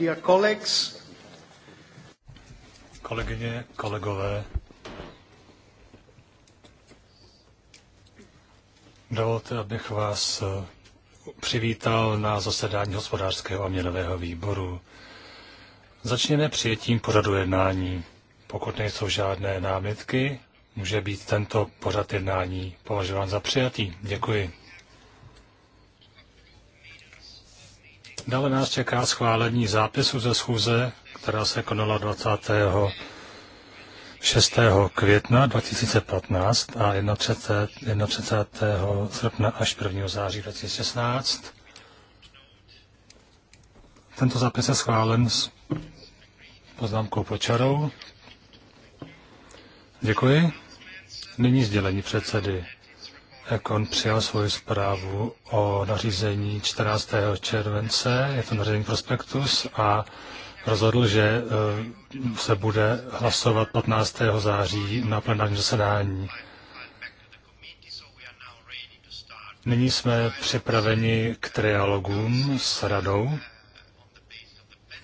Dear colleagues. Kolegyně, kolegové, dovolte, abych vás eh, přivítal na zasedání hospodářského a měnového výboru. Začněme přijetím pořadu jednání. Pokud nejsou žádné námitky, může být tento pořad jednání považován za přijatý. Děkuji. Dále nás čeká schválení zápisu ze schůze, která se konala 26. května 2015 a 31. 31. srpna až 1. září 2016. Tento zápis je schválen s poznámkou počarou. Děkuji. Nyní sdělení předsedy on přijal svoji zprávu o nařízení 14. července, je to nařízení prospektus a rozhodl, že eh, se bude hlasovat 15. září na plenárním zasedání. Nyní jsme připraveni k trialogům s radou,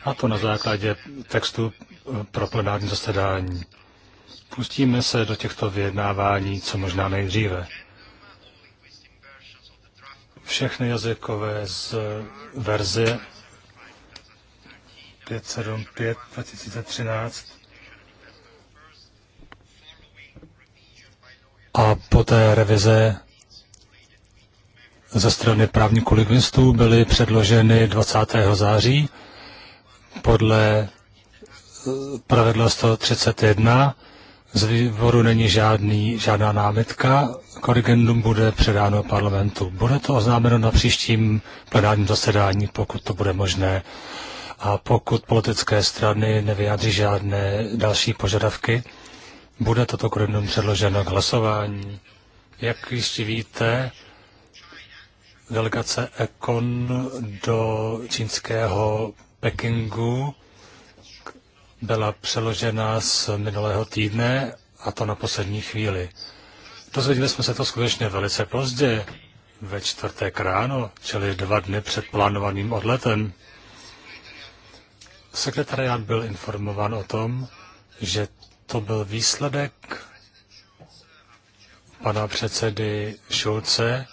a to na základě textu eh, pro plenární zasedání. Pustíme se do těchto vyjednávání co možná nejdříve všechny jazykové z verze 575 2013 a po té revize ze strany právníků lingvistů byly předloženy 20. září podle pravidla 131 z výboru není žádný, žádná námitka, korrigendum bude předáno parlamentu. Bude to oznámeno na příštím plenárním zasedání, pokud to bude možné. A pokud politické strany nevyjádří žádné další požadavky, bude toto korrigendum předloženo k hlasování. Jak jistě víte, delegace Ekon do čínského Pekingu byla přeložena z minulého týdne a to na poslední chvíli. Dozvěděli jsme se to skutečně velice pozdě, ve čtvrtek ráno, čili dva dny před plánovaným odletem. Sekretariát byl informován o tom, že to byl výsledek pana předsedy Šulce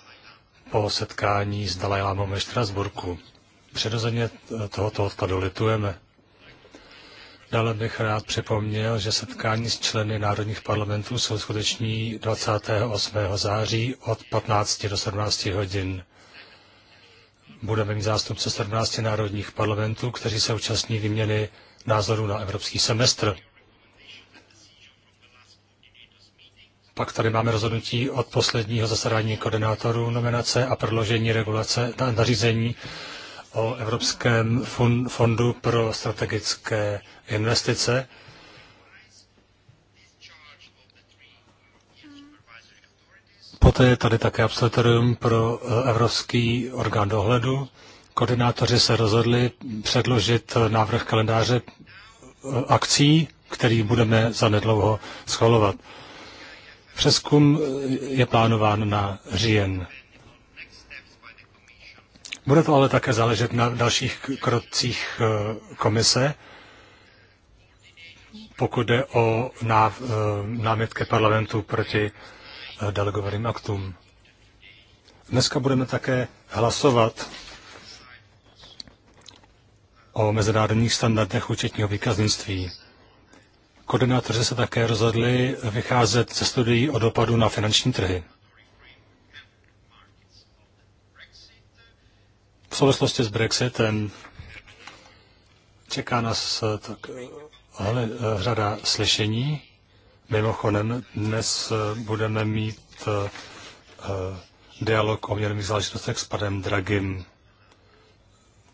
po setkání s Dalajlámou ve Štrasburku. Přirozeně tohoto odpadu litujeme. Dále bych rád připomněl, že setkání s členy národních parlamentů jsou skuteční 28. září od 15 do 17 hodin. Budeme mít zástupce 17 národních parlamentů, kteří se účastní výměny názorů na evropský semestr. Pak tady máme rozhodnutí od posledního zasedání koordinátorů nominace a prodloužení regulace na nařízení o Evropském fondu pro strategické investice. Poté je tady také absolutorium pro eh, Evropský orgán dohledu. Koordinátoři se rozhodli předložit návrh kalendáře eh, akcí, který budeme zanedlouho schvalovat. Přeskum eh, je plánován na říjen. Bude to ale také záležet na dalších krocích eh, komise, pokud jde o eh, námitky parlamentu proti eh, delegovaným aktům. Dneska budeme také hlasovat o mezinárodních standardech účetního výkaznictví. Koordinátoři se také rozhodli vycházet ze studií o dopadu na finanční trhy. v souvislosti s Brexitem čeká nás eh, tak eh, hele, eh, řada slyšení. Mimochodem, dnes budeme mít dialog o měrných záležitostech s panem Dragim.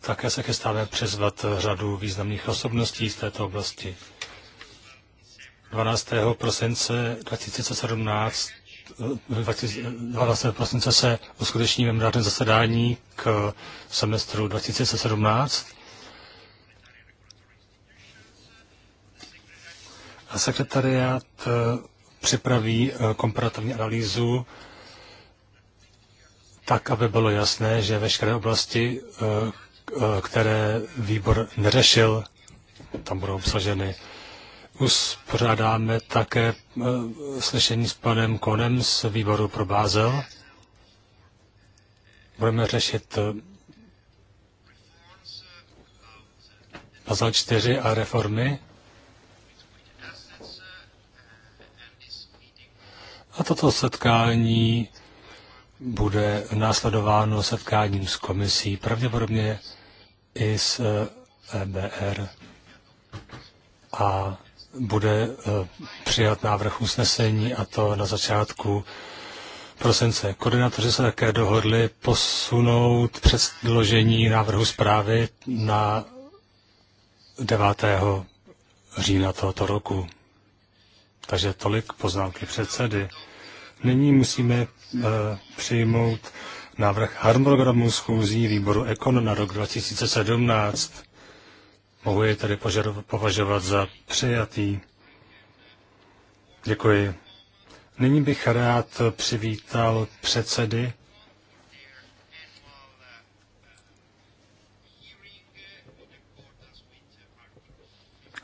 Také se chystáme přizvat řadu významných osobností z této oblasti. 12. prosince 2017 20. prosince se uskuteční mimořádné zasedání k semestru 2017. A sekretariát eh, připraví eh, komparativní analýzu tak, aby bylo jasné, že veškeré oblasti, eh, které výbor neřešil, tam budou obsaženy. Uspořádáme také eh, slyšení s panem Konem z výboru pro Bázel. Budeme řešit eh, Basel 4 a reformy. A toto setkání bude následováno setkáním s komisí, pravděpodobně i s EBR. Eh, e a bude eh, přijat návrh usnesení a to na začátku prosince. Koordinátoři se také dohodli posunout předložení návrhu zprávy na 9. října tohoto roku. Takže tolik poznámky předsedy. Nyní musíme e, přijmout návrh harmonogramu schůzí výboru Ekon na rok 2017. Mohu je tedy považovat za přijatý. Děkuji. Nyní bych rád přivítal předsedy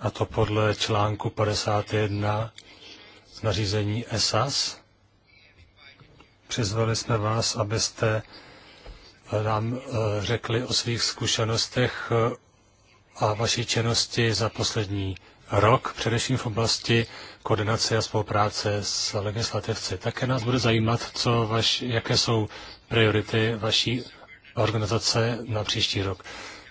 a to podle článku 51 z nařízení ESAS. Přizvali jsme vás, abyste nám eh, řekli o svých zkušenostech eh, a vaší činnosti za poslední rok, především v oblasti koordinace a spolupráce s legislativci. Také nás bude zajímat, co vaš, jaké jsou priority vaší organizace na příští rok.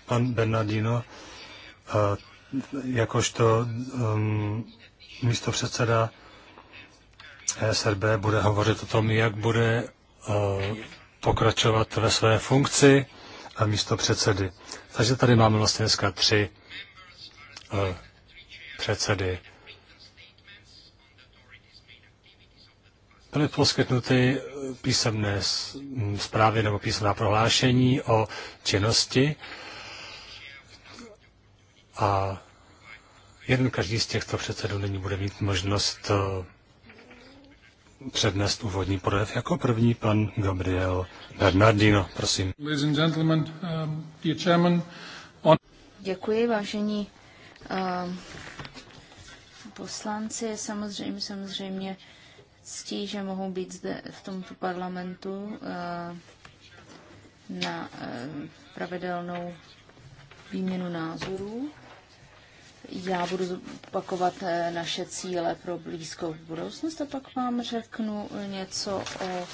Pan Bernardino, eh, jakožto eh, místo předseda SRB bude hovořit o tom, jak bude eh, pokračovat ve své funkci místo předsedy. Takže tady máme vlastně dneska tři uh, předsedy. Byly poskytnuty písemné zprávy nebo písemná prohlášení o činnosti a jeden každý z těchto předsedů není bude mít možnost uh, přednést úvodní projev. Jako první pan Gabriel Bernardino, prosím. Um, Děkuji, vážení um, poslanci. Samozřejmě, samozřejmě ctí, že mohou být zde v tomto parlamentu uh, na uh, pravidelnou výměnu názorů. Já budu opakovat eh, naše cíle pro blízkou budoucnost a pak vám řeknu eh, něco o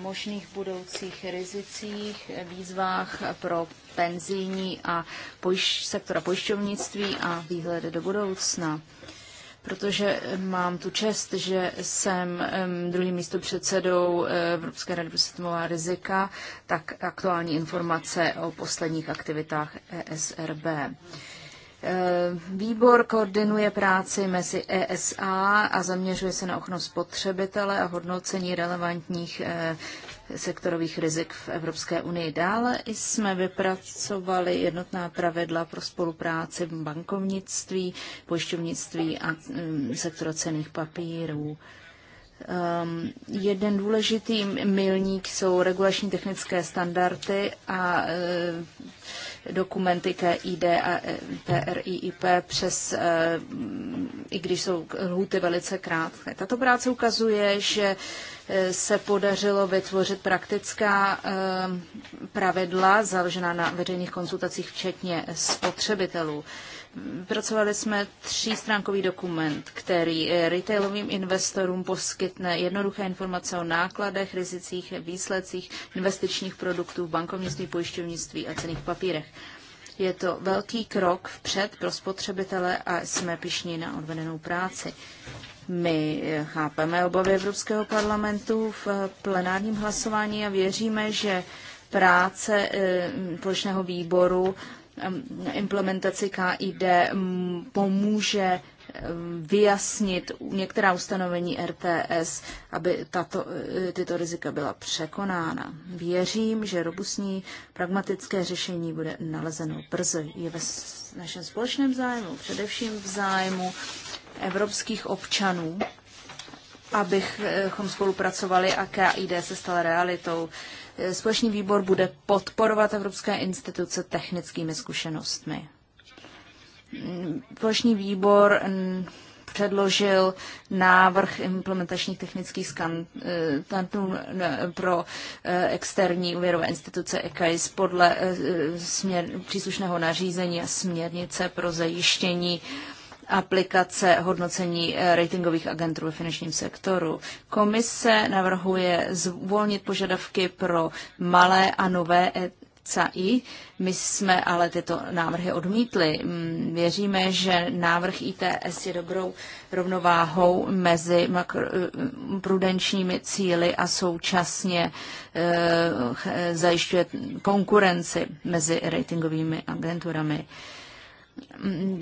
možných budoucích rizicích, výzvách pro penzijní a pojiš- sektora pojišťovnictví a výhledy do budoucna. Protože eh, mám tu čest, že jsem druhým místo předsedou Evropské rady pro rizika, tak aktuální informace o posledních aktivitách ESRB. Eh, výbor koordinuje práci mezi ESA a zaměřuje se na ochranu spotřebitele a hodnocení relevantních eh, sektorových rizik v Evropské unii. Dále jsme vypracovali jednotná pravidla pro spolupráci v bankovnictví, pojišťovnictví a mm, sektoru cených papírů. Um, jeden důležitý milník jsou regulační technické standardy a uh, dokumenty KID a PRIIP e, přes, e, i když jsou lhuty velice krátké. Tato práce ukazuje, že e, se podařilo vytvořit praktická pravidla založená na veřejných konzultacích, včetně spotřebitelů. Vypracovali jsme třístránkový dokument, který eh, retailovým investorům poskytne jednoduché informace o nákladech, rizicích, výsledcích investičních produktů v bankovnictví, pojišťovnictví a cených papírech. Je to velký krok vpřed pro spotřebitele a jsme pišní na odvedenou práci. My eh, chápeme obavy Evropského parlamentu v eh, plenárním hlasování a věříme, že práce společného výboru implementaci KID pomůže vyjasnit některá ustanovení RTS, aby tato, e, tyto rizika byla překonána. Věřím, že robustní pragmatické řešení bude nalezeno brzy. Je ve našem společném zájmu, především v zájmu evropských občanů, abychom e, spolupracovali a KID se stala realitou. Společný výbor bude podporovat evropské instituce technickými zkušenostmi. Společný výbor mm, předložil návrh implementačních technických eh, standardů eh, pro eh, externí úvěrové instituce EKIS podle směr, příslušného nařízení a směrnice pro zajištění uh, aplikace hodnocení eh, ratingových agentů ve finančním sektoru. Komise navrhuje zvolnit požadavky pro malé a nové e CAI. My jsme ale tyto návrhy odmítli. Mm, věříme, že návrh ITS je dobrou rovnováhou mezi eh, prudenčními cíly a současně eh, zajišťuje konkurenci mezi ratingovými agenturami.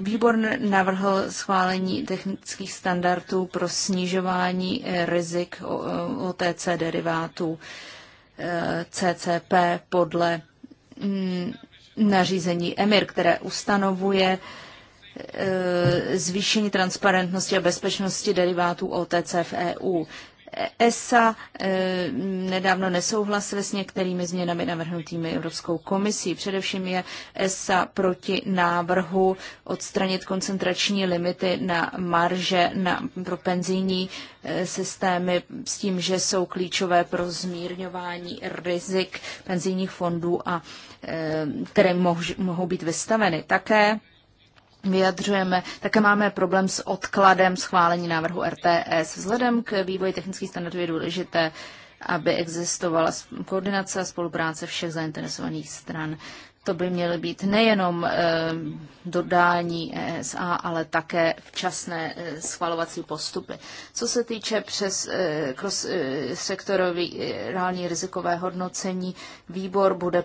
Výbor navrhl schválení technických standardů pro snižování rizik OTC derivátů eh, CCP podle mm, nařízení EMIR, které ustanovuje eh, zvýšení transparentnosti a bezpečnosti derivátů OTC v EU. ESA e, nedávno nesouhlasili s některými změnami navrhnutými Evropskou komisí. Především je ESA proti návrhu odstranit koncentrační limity na marže na, pro penzijní e, systémy s tím, že jsou klíčové pro zmírňování rizik penzijních fondů, a, e, které mohou být vystaveny. Také vyjadřujeme. Také máme problém s odkladem schválení návrhu RTS. Vzhledem k vývoji technických standardů je důležité, aby existovala koordinace a spolupráce všech zainteresovaných stran. To by měly být nejenom eh, dodání ESA, ale také včasné eh, schvalovací postupy. Co se týče přes eh, cross, sektorový reální rizikové hodnocení, výbor bude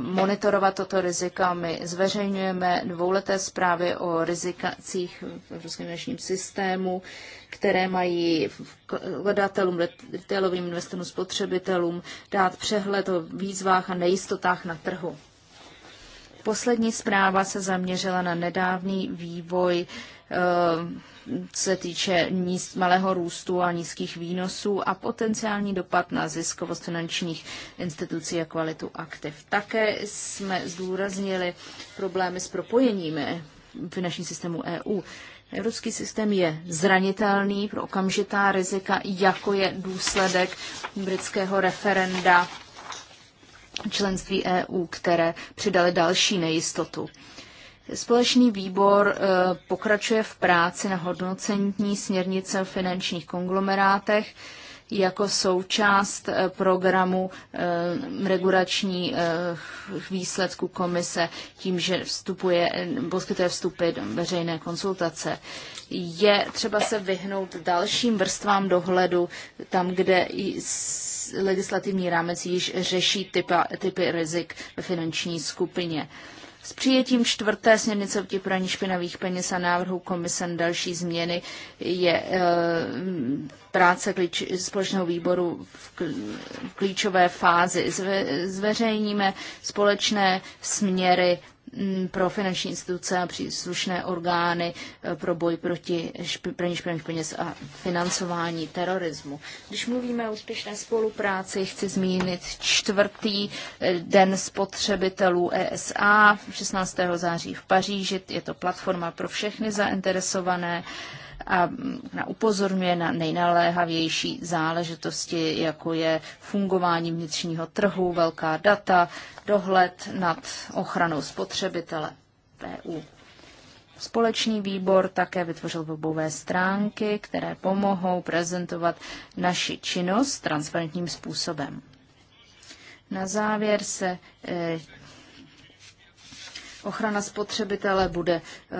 monitorovat toto rizika. My zveřejňujeme dvouleté zprávy o rizikacích v evropském finančním systému, které mají vkladatelům, retailovým investorům, spotřebitelům dát přehled o výzvách a nejistotách na trhu. Poslední zpráva se zaměřila na nedávný vývoj eh, se týče níz, malého růstu a nízkých výnosů a potenciální dopad na ziskovost finančních institucí a kvalitu aktiv. Také jsme zdůraznili problémy s propojením finančních systémů EU. Evropský systém je zranitelný pro okamžitá rizika, jako je důsledek britského referenda členství EU, které přidaly další nejistotu. Společný výbor e, pokračuje v práci na hodnocení směrnice o finančních konglomerátech jako součást e, programu e, regulační výsledku komise tím, že vstupuje, poskytuje vstupy do veřejné konsultace. Je třeba se vyhnout dalším vrstvám dohledu tam, kde legislativní rámec již řeší typa, typy rizik ve finanční skupině. S přijetím čtvrté směrnice o praní špinavých peněz a návrhu komise na další změny je e, práce klíč, společného výboru v klíčové fázi. Zve, zveřejníme společné směry Mm, pro finanční instituce a příslušné orgány eh, pro boj proti praní špinavých peněz a financování terorismu. Když mluvíme o úspěšné spolupráci, chci zmínit čtvrtý eh, den spotřebitelů e ESA 16. září v Paříži. Je to platforma pro všechny zainteresované a mm, upozorňuje na nejnaléhavější záležitosti, jako je fungování vnitřního trhu, velká data, dohled nad ochranou spotřebitele EU. Společný výbor také vytvořil webové stránky, které pomohou prezentovat naši činnost transparentním způsobem. Na závěr se eh, ochrana spotřebitele bude eh,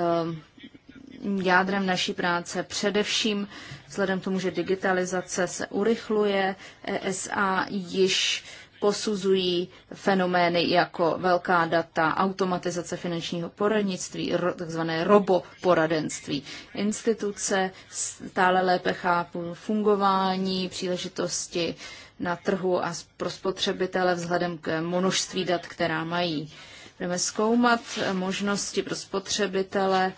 jádrem naší práce, především vzhledem k tomu, že digitalizace se urychluje, ESA již posuzují fenomény jako velká data, automatizace finančního poradnictví, takzvané roboporadenství. Instituce stále lépe chápu fungování, příležitosti na trhu a pro spotřebitele vzhledem k množství dat, která mají. Budeme zkoumat možnosti pro spotřebitele,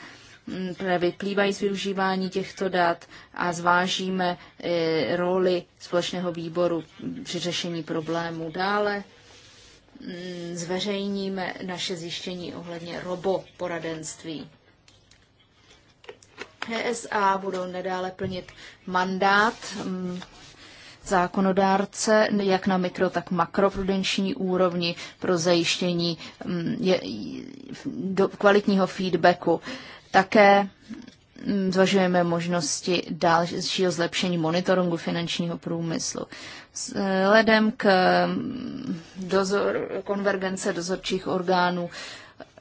které vyplývají z využívání těchto dat a zvážíme e, roli společného výboru při řešení problémů. Dále zveřejníme naše zjištění ohledně roboporadenství. PSA budou nadále plnit mandát zákonodárce, jak na mikro, tak makroprudenční úrovni pro zajištění kvalitního feedbacku také mm, zvažujeme možnosti dalšího zlepšení monitoringu finančního průmyslu. S ledem k mm, dozor, konvergence dozorčích orgánů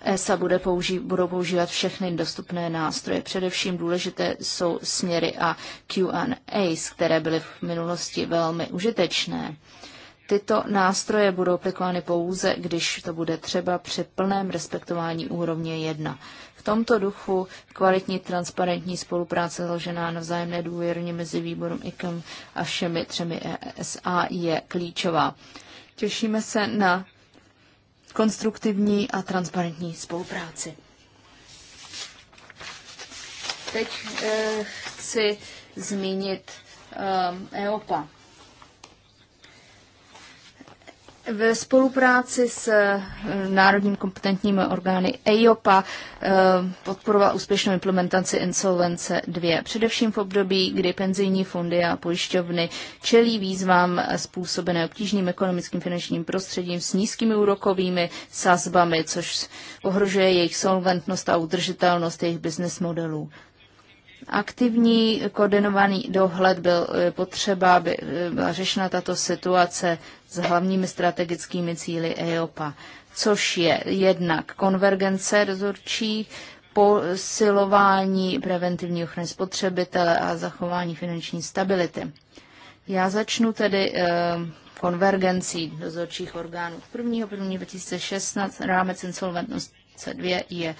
ESA bude použí, budou používat všechny dostupné nástroje. Především důležité jsou směry a Q&As, které byly v minulosti velmi užitečné. Tyto nástroje budou aplikovány pouze, když to bude třeba při plném respektování úrovně 1 tomto duchu kvalitní transparentní spolupráce založená na vzájemné důvěrně mezi výborem IKEM a všemi třemi ESA je klíčová. Těšíme se na konstruktivní a transparentní spolupráci. Teď eh, chci zmínit eh, EOPA. Ve spolupráci s eh, národním kompetentními orgány EIOPA eh, podporoval úspěšnou implementaci insolvence 2, především v období, kdy penzijní fondy a pojišťovny čelí výzvám způsobené obtížným ekonomickým finančním prostředím s nízkými úrokovými sazbami, což ohrožuje jejich solventnost a udržitelnost jejich business modelů. Aktivní koordinovaný dohled byl eh, potřeba, aby eh, byla řešena tato situace s hlavními strategickými cíly EOPA, což je jednak konvergence dozorčích, posilování preventivní ochrany spotřebitele a zachování finanční stability. Já začnu tedy eh, konvergencí dozorčích orgánů. 1.1.2016 1. 2016 rámec insolventnosti 2 je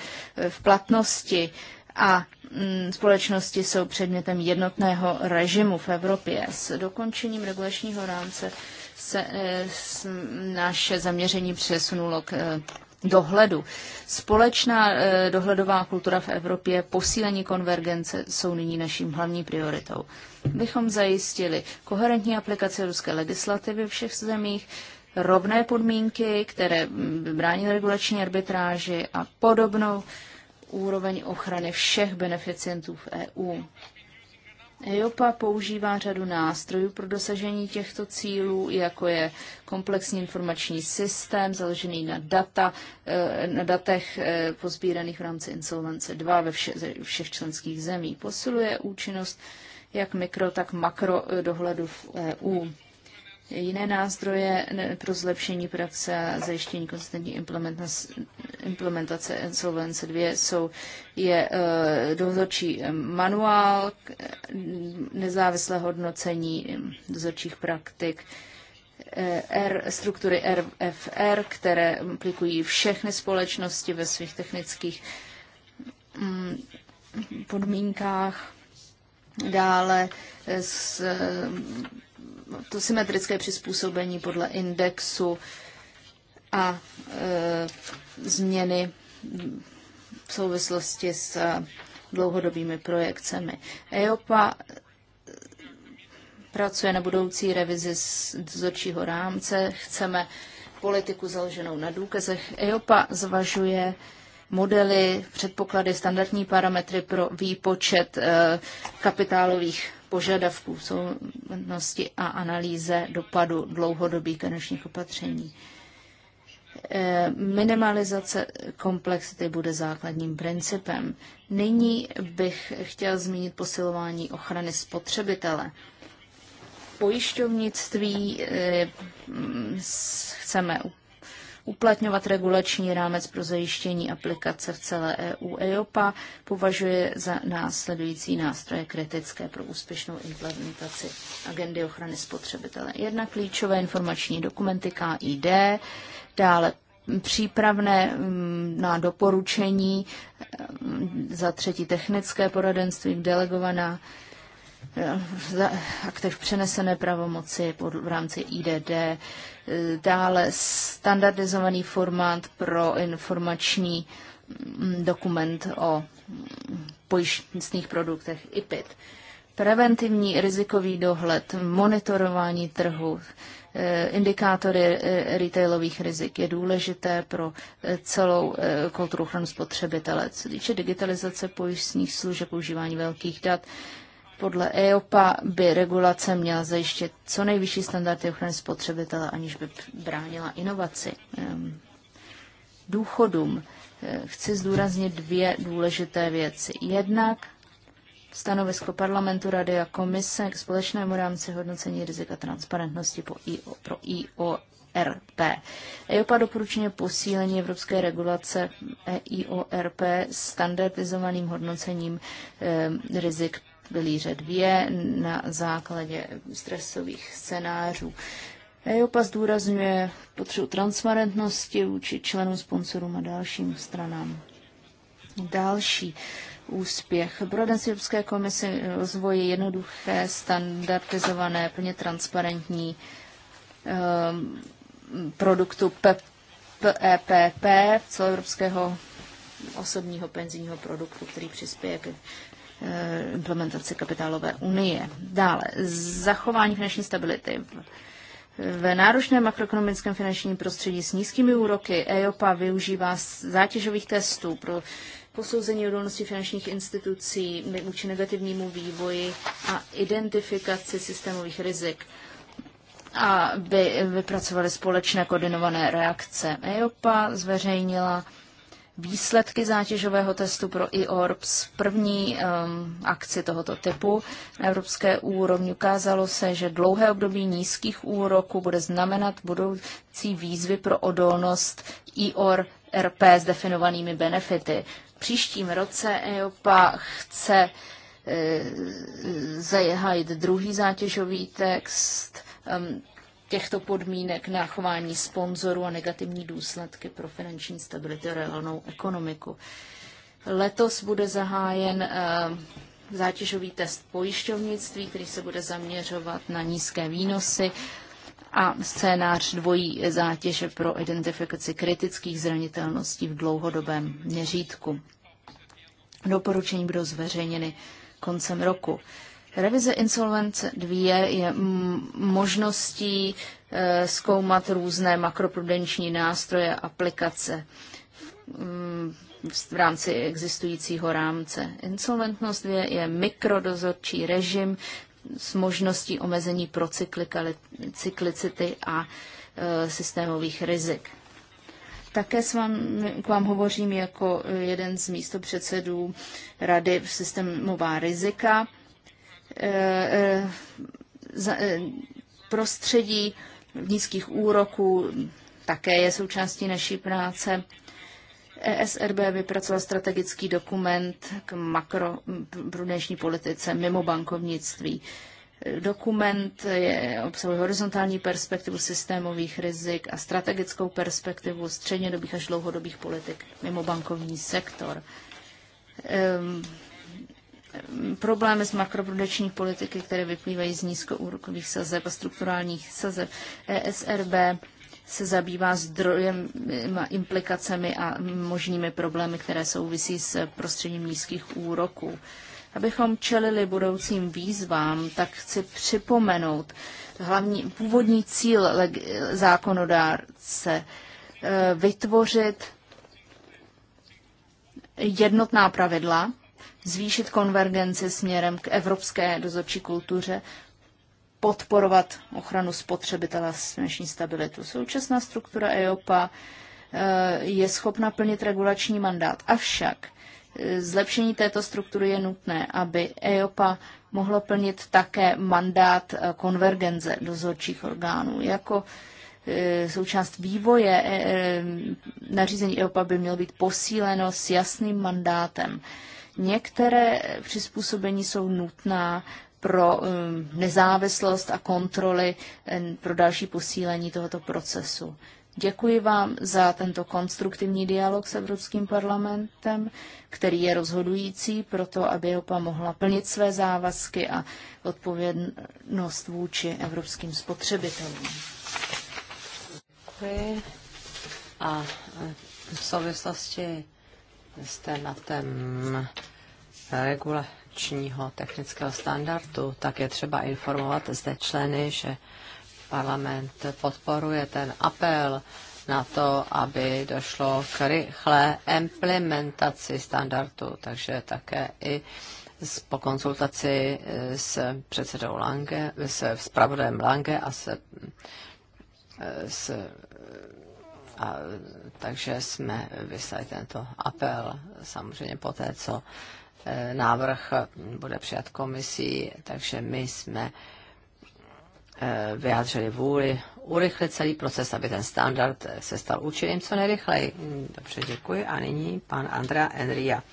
v platnosti a mm, společnosti jsou předmětem jednotného režimu v Evropě. S dokončením regulačního rámce se eh, naše zaměření přesunulo k eh, dohledu. Společná eh, dohledová kultura v Evropě, posílení konvergence jsou nyní naším hlavní prioritou. Bychom zajistili koherentní aplikaci ruské legislativy ve všech zemích, rovné podmínky, které by mm, bránily regulační arbitráži a podobnou úroveň ochrany všech beneficientů v EU. EIOPA používá řadu nástrojů pro dosažení těchto cílů, jako je komplexní informační systém založený na, data, e, na datech e, pozbíraných v rámci Insolvence 2 ve vše, všech členských zemí. Posiluje účinnost jak mikro, tak makro e, dohledu v EU jiné nástroje pro zlepšení praxe a zajištění konstantní implementace Insolvence 2 jsou, je eh, dozorčí eh, manuál, eh, nezávislé hodnocení dozorčích praktik, R, struktury RFR, které implikují všechny společnosti ve svých technických mm, podmínkách, dále s to symetrické přizpůsobení podle indexu a e, změny v souvislosti s e, dlouhodobými projekcemi. EOPA pracuje na budoucí revizi dozorčího rámce. Chceme politiku založenou na důkazech. EOPA zvažuje modely, předpoklady, standardní parametry pro výpočet eh, kapitálových požadavků, souvislosti a analýze dopadu dlouhodobých konečných opatření. Eh, minimalizace komplexity bude základním principem. Nyní bych chtěl zmínit posilování ochrany spotřebitele. Pojišťovnictví eh, chceme uplatňovat regulační rámec pro zajištění aplikace v celé EU. EOPA považuje za následující nástroje kritické pro úspěšnou implementaci agendy ochrany spotřebitele. Jedna klíčové informační dokumenty KID, dále přípravné mm, na doporučení, mm, za třetí technické poradenství, delegovaná aktech přenesené pravomoci v rámci IDD, dále standardizovaný formát pro informační mm, dokument o mm, pojištěných produktech IPIT, preventivní rizikový dohled, monitorování trhu, eh, indikátory eh, retailových rizik je důležité pro eh, celou kulturu ochranu spotřebitele. Co týče digitalizace pojistných služeb, používání velkých dat, podle EOPA by regulace měla zajištět co nejvyšší standardy ochrany spotřebitele, aniž by bránila inovaci. Důchodům eh, chci zdůraznit dvě důležité věci. Jednak stanovisko parlamentu, rady a komise k společnému rámci hodnocení rizika transparentnosti po IO, pro IORP. EOPA doporučuje posílení evropské regulace e IORP standardizovaným hodnocením eh, rizik pilíře dvě na základě stresových scénářů. EIOPA zdůrazňuje potřebu transparentnosti vůči členům, sponsorům a dalším stranám. Další úspěch. Brodenství Evropské komise rozvoje jednoduché, standardizované, plně transparentní um, produktu PEPP, e celoevropského osobního penzijního produktu, který přispěje k Eh, implementaci kapitálové unie. Dále, zachování finanční stability. V náročném makroekonomickém finančním prostředí s nízkými úroky EIOPA využívá zátěžových testů pro posouzení odolnosti finančních institucí vůči negativnímu vývoji a identifikaci systémových rizik aby vypracovali společné koordinované reakce. EIOPA zveřejnila výsledky zátěžového testu pro IORPS, první um, akci tohoto typu na evropské úrovni. Ukázalo se, že dlouhé období nízkých úroků bude znamenat budoucí výzvy pro odolnost IORP s definovanými benefity. V příštím roce EOPA chce e, druhý zátěžový text, um, těchto podmínek na chování sponzorů a negativní důsledky pro finanční stabilitu a reálnou ekonomiku. Letos bude zahájen eh, zátěžový test pojišťovnictví, který se bude zaměřovat na nízké výnosy a scénář dvojí zátěže pro identifikaci kritických zranitelností v dlouhodobém měřítku. Doporučení budou zveřejněny koncem roku. Revize insolvence 2 je možností e, zkoumat různé makroprudenční nástroje, aplikace v rámci existujícího rámce. Insolventnost 2 je mikrodozorčí režim s možností omezení pro cyklicity a e, systémových rizik. Také s vám, k vám hovořím jako jeden z místopředsedů Rady systémová rizika. Eh, eh, eh, prostředí nízkých úroků také je součástí naší práce. ESRB vypracoval strategický dokument k makroprudenční politice mimo bankovnictví. Dokument je, obsahuje horizontální perspektivu systémových rizik a strategickou perspektivu střednědobých až dlouhodobých politik mimo bankovní sektor. Ehm, problémy z makroprudenční politiky, které vyplývají z nízkoúrokových sazeb a strukturálních sazeb. ESRB se zabývá zdrojem, implikacemi a možnými problémy, které souvisí s prostředím nízkých úroků. Abychom čelili budoucím výzvám, tak chci připomenout hlavní původní cíl zákonodárce e, vytvořit jednotná pravidla zvýšit konvergenci směrem k evropské dozorčí kultuře, podporovat ochranu spotřebitela a finanční stabilitu. Současná struktura EOPA eh, je schopna plnit regulační mandát. Avšak eh, zlepšení této struktury je nutné, aby EOPA mohlo plnit také mandát eh, konvergence dozorčích orgánů. Jako součást vývoje nařízení EOPA by mělo být posíleno s jasným mandátem Některé přizpůsobení jsou nutná pro um, nezávislost a kontroly um, pro další posílení tohoto procesu. Děkuji vám za tento konstruktivní dialog s Evropským parlamentem, který je rozhodující pro to, aby Evropa mohla plnit své závazky a odpovědnost vůči evropským spotřebitelům. Děkuji. A v souvislosti s tématem regulačního technického standardu, tak je třeba informovat zde členy, že parlament podporuje ten apel na to, aby došlo k rychlé implementaci standardu, takže také i po konzultaci eh, s předsedou Lange, s pravodem Lange a se s eh, a, takže jsme vyslali tento apel samozřejmě po té, co e, návrh bude přijat komisí, takže my jsme e, vyjádřili vůli urychlit celý proces, aby ten standard se stal účinným co nejrychleji. Dobře, děkuji. A nyní pan Andrea Enria.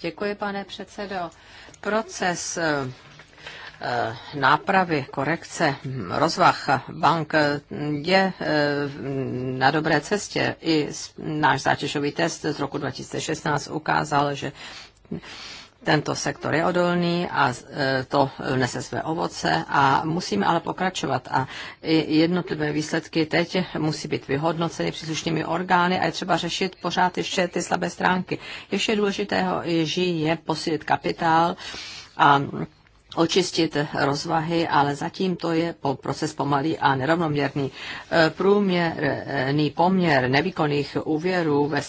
Děkuji, pane předsedo. Proces e, Eh, nápravy, korekce, hm, rozvah bank eh, je eh, na dobré cestě. I náš zátěžový test z roku 2016 ukázal, že tento sektor je odolný a to nese své ovoce a musíme ale pokračovat a jednotlivé výsledky teď musí být vyhodnoceny příslušnými orgány a je třeba řešit pořád ještě ty slabé stránky. Ještě důležitého je posílit kapitál a očistit rozvahy, ale zatím to je proces pomalý a nerovnoměrný. E, průměrný poměr nevýkonných úvěrů ve,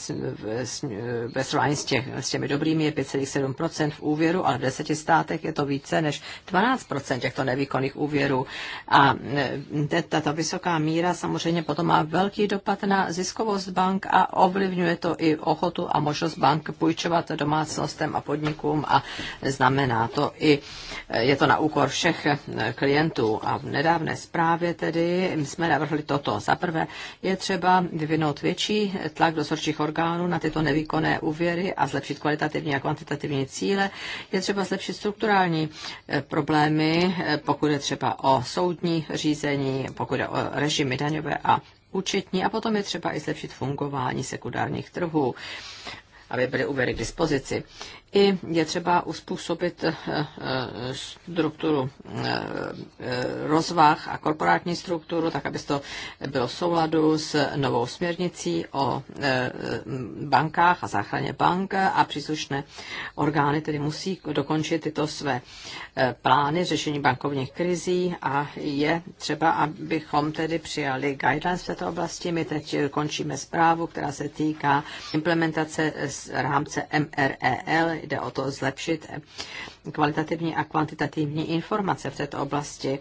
ve, ve srovnání s, tě, s těmi dobrými je 5,7 v úvěru, ale v deseti státech je to více než 12 těchto nevýkonných úvěrů. A e, tato vysoká míra samozřejmě potom má velký dopad na ziskovost bank a ovlivňuje to i ochotu a možnost bank půjčovat domácnostem a podnikům a znamená to i je to na úkor všech eh, klientů. A v nedávné zprávě tedy jsme navrhli toto. Za prvé je třeba vyvinout větší tlak dozorčích orgánů na tyto nevýkonné úvěry a zlepšit kvalitativní a kvantitativní cíle. Je třeba zlepšit strukturální eh, problémy, eh, pokud je třeba o soudní řízení, pokud je o režimy daňové a účetní a potom je třeba i zlepšit fungování sekundárních trhů aby byly úvěry k dispozici. I je třeba uspůsobit eh, eh, strukturu eh, rozvah a korporátní strukturu, tak aby to bylo v souladu s novou směrnicí o bankách a záchraně bank a příslušné orgány tedy musí dokončit tyto své plány řešení bankovních krizí a je třeba, abychom tedy přijali guidelines v této oblasti. My teď končíme zprávu, která se týká implementace rámce MREL. Jde o to zlepšit kvalitativní a kvantitativní informace v této oblasti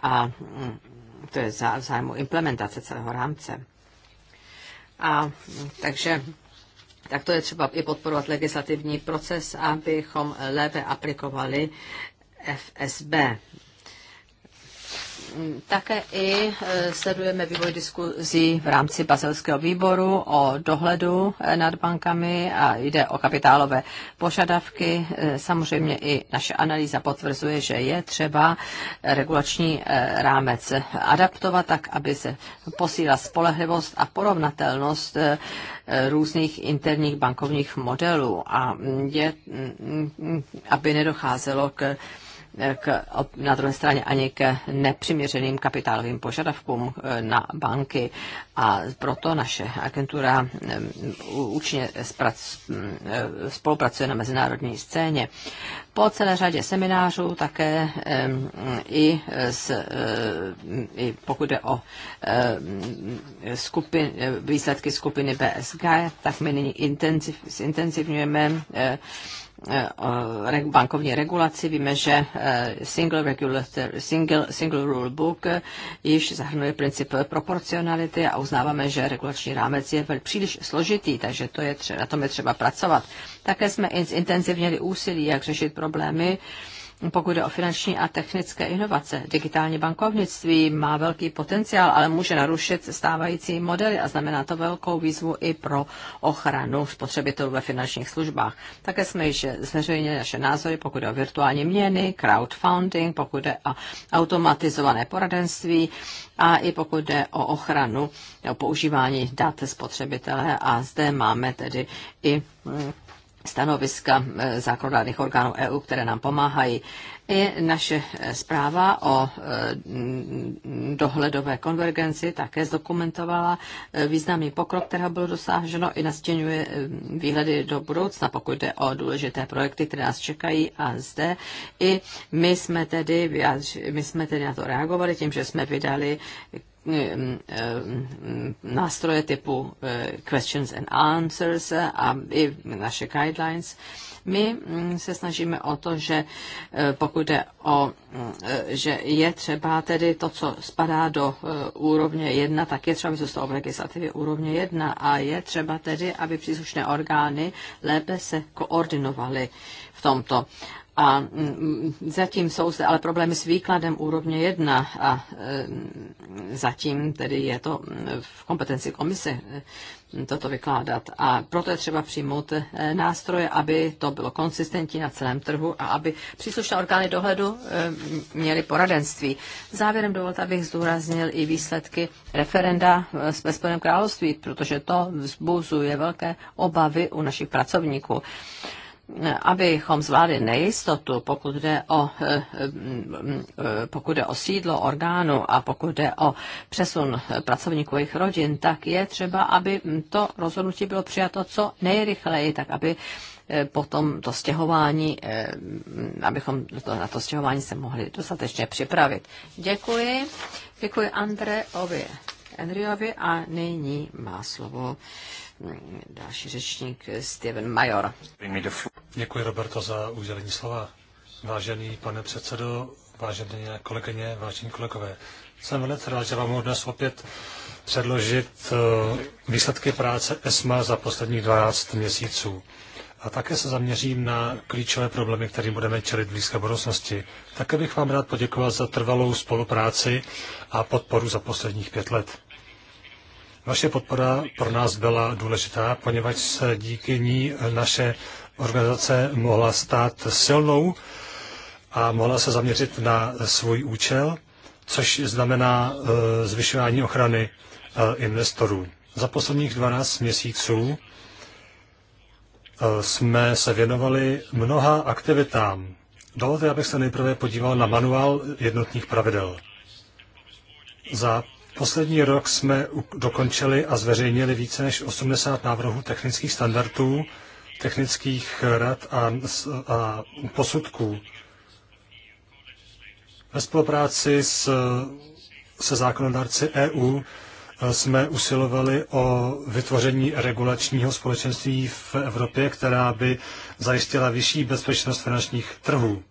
a mm, to je v zájmu implementace celého rámce. A mm, takže tak to je třeba i podporovat legislativní proces, abychom lépe aplikovali FSB také i e, sledujeme vývoj diskuzí v rámci Baselského výboru o dohledu e, nad bankami a jde o kapitálové požadavky. E, samozřejmě i naše analýza potvrzuje, že je třeba regulační rámec adaptovat tak, aby se posílila spolehlivost a porovnatelnost různých interních bankovních modelů a je, aby nedocházelo k k, na druhé straně ani k nepřiměřeným kapitálovým požadavkům e, na banky. A proto naše agentura e, účně e, spolupracuje na mezinárodní scéně. Po celé řadě seminářů také i, s, i pokud jde o skupin, výsledky skupiny BSG, tak my nyní intenzivňujeme Eh, eh, bankovní regulaci. Víme, že eh, single, regulator, single, single rule book již zahrnuje princip proporcionality a uznáváme, že regulační rámec je velmi příliš složitý, takže to je třeba, na tom je třeba pracovat. Také jsme intenzivněli úsilí, jak řešit problémy, pokud jde o finanční a technické inovace. Digitální bankovnictví má velký potenciál, ale může narušit stávající modely a znamená to velkou výzvu i pro ochranu spotřebitelů ve finančních službách. Také jsme již zveřejnili naše názory, pokud jde o virtuální měny, crowdfunding, pokud jde o automatizované poradenství a i pokud jde o ochranu o používání dat spotřebitele. A zde máme tedy i mm, stanoviska eh, zákonodárných orgánů EU, které nám pomáhají. I naše eh, zpráva o eh, dohledové konvergenci také zdokumentovala významný pokrok, kterého bylo dosáženo i nastěňuje výhledy do budoucna, pokud jde o důležité projekty, které nás čekají a zde. I my jsme tedy, my jsme tedy na to reagovali tím, že jsme vydali Eh, nástroje typu eh, questions and answers a i naše guidelines. My mm, se snažíme o to, že eh, pokud jde o, že je třeba tedy to, co spadá do úrovně 1, tak je třeba, aby zůstalo v legislativě úrovně 1 a je třeba tedy, aby příslušné orgány lépe se koordinovaly v tomto. A mm, mm, zatím jsou zde ale problémy s výkladem úrovně 1 a mm, zatím tedy je to v kompetenci komise toto vykládat. A proto je třeba přijmout eh, nástroje, aby to bylo konsistentní na celém trhu a aby příslušné orgány dohledu eh, měly poradenství. Závěrem dovolte, abych zdůraznil i výsledky referenda eh, ve Spojeném království, protože to vzbuzuje velké obavy u našich pracovníků abychom zvládli nejistotu, pokud jde o, eh, eh, eh, pokud jde o sídlo orgánu a pokud jde o přesun pracovníků jejich rodin, tak je třeba, aby to rozhodnutí bylo přijato co nejrychleji, tak aby potom to stěhování, abychom na to stěhování se mohli dostatečně připravit. Děkuji. Děkuji Andreovi Enriovi a nyní má slovo další řečník Steven Major. Děkuji, Roberto, za udělení slova. Vážený pane předsedo, vážené kolegyně, vážení kolegové, jsem velice rád, že vám mohu dnes opět předložit eh, výsledky práce ESMA za posledních 12 měsíců. A také se zaměřím na klíčové problémy, kterým budeme čelit v blízké budoucnosti. Také bych vám rád poděkoval za trvalou spolupráci a podporu za posledních pět let. Vaše podpora pro nás byla důležitá, poněvadž se díky ní naše organizace mohla stát silnou a mohla se zaměřit na svůj účel, což znamená eh, zvyšování ochrany eh, investorů. Za posledních 12 měsíců eh, jsme se věnovali mnoha aktivitám. Dovolte, abych se nejprve podíval na manuál jednotných pravidel. Za Poslední rok jsme dokončili a zveřejnili více než 80 návrhů technických standardů, technických rad a, a posudků. Ve spolupráci s, se zákonodárci EU eh, jsme usilovali o vytvoření regulačního společenství v Evropě, která by zajistila vyšší bezpečnost finančních trhů.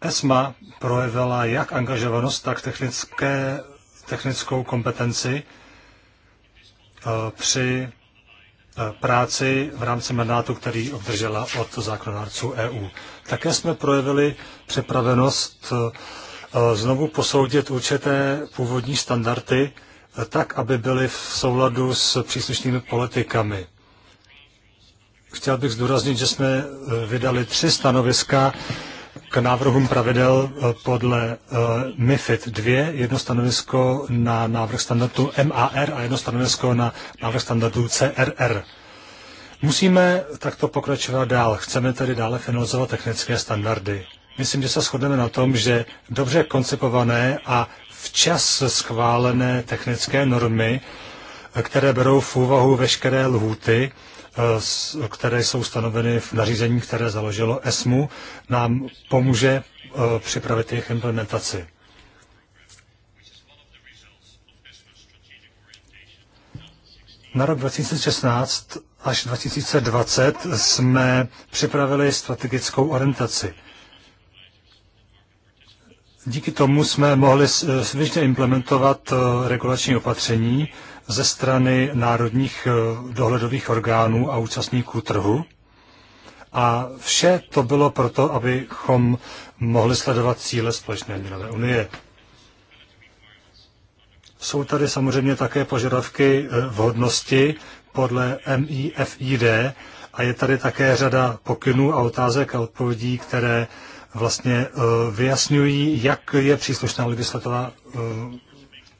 ESMA projevila jak angažovanost, tak technické technickou kompetenci eh, při eh, práci v rámci mandátu, který obdržela od zákonodárců EU. Také jsme projevili připravenost eh, znovu posoudit určité původní standardy tak, aby byly v souladu s příslušnými politikami. Chtěl bych zdůraznit, že jsme vydali tři stanoviska k návrhům pravidel eh, podle eh, MIFID 2, jedno stanovisko na návrh standardu MAR a jedno stanovisko na návrh standardu CRR. Musíme takto pokračovat dál. Chceme tedy dále finalizovat technické standardy. Myslím, že se shodneme na tom, že dobře koncipované a včas schválené technické normy, eh, které berou v úvahu veškeré lhůty, Eh, které jsou stanoveny v nařízení, které založilo ESMU, nám pomůže eh, připravit jejich implementaci. Na rok 2016 až 2020 jsme připravili strategickou orientaci. Díky tomu jsme mohli e, svěžně implementovat e, regulační opatření ze strany národních e, dohledových orgánů a účastníků trhu. A vše to bylo proto, abychom mohli sledovat cíle společné měnové unie. Jsou tady samozřejmě také požadavky vhodnosti podle MIFID a je tady také řada pokynů a otázek a odpovědí, které vlastně eh, vyjasňují, jak je příslušná legislativa, eh,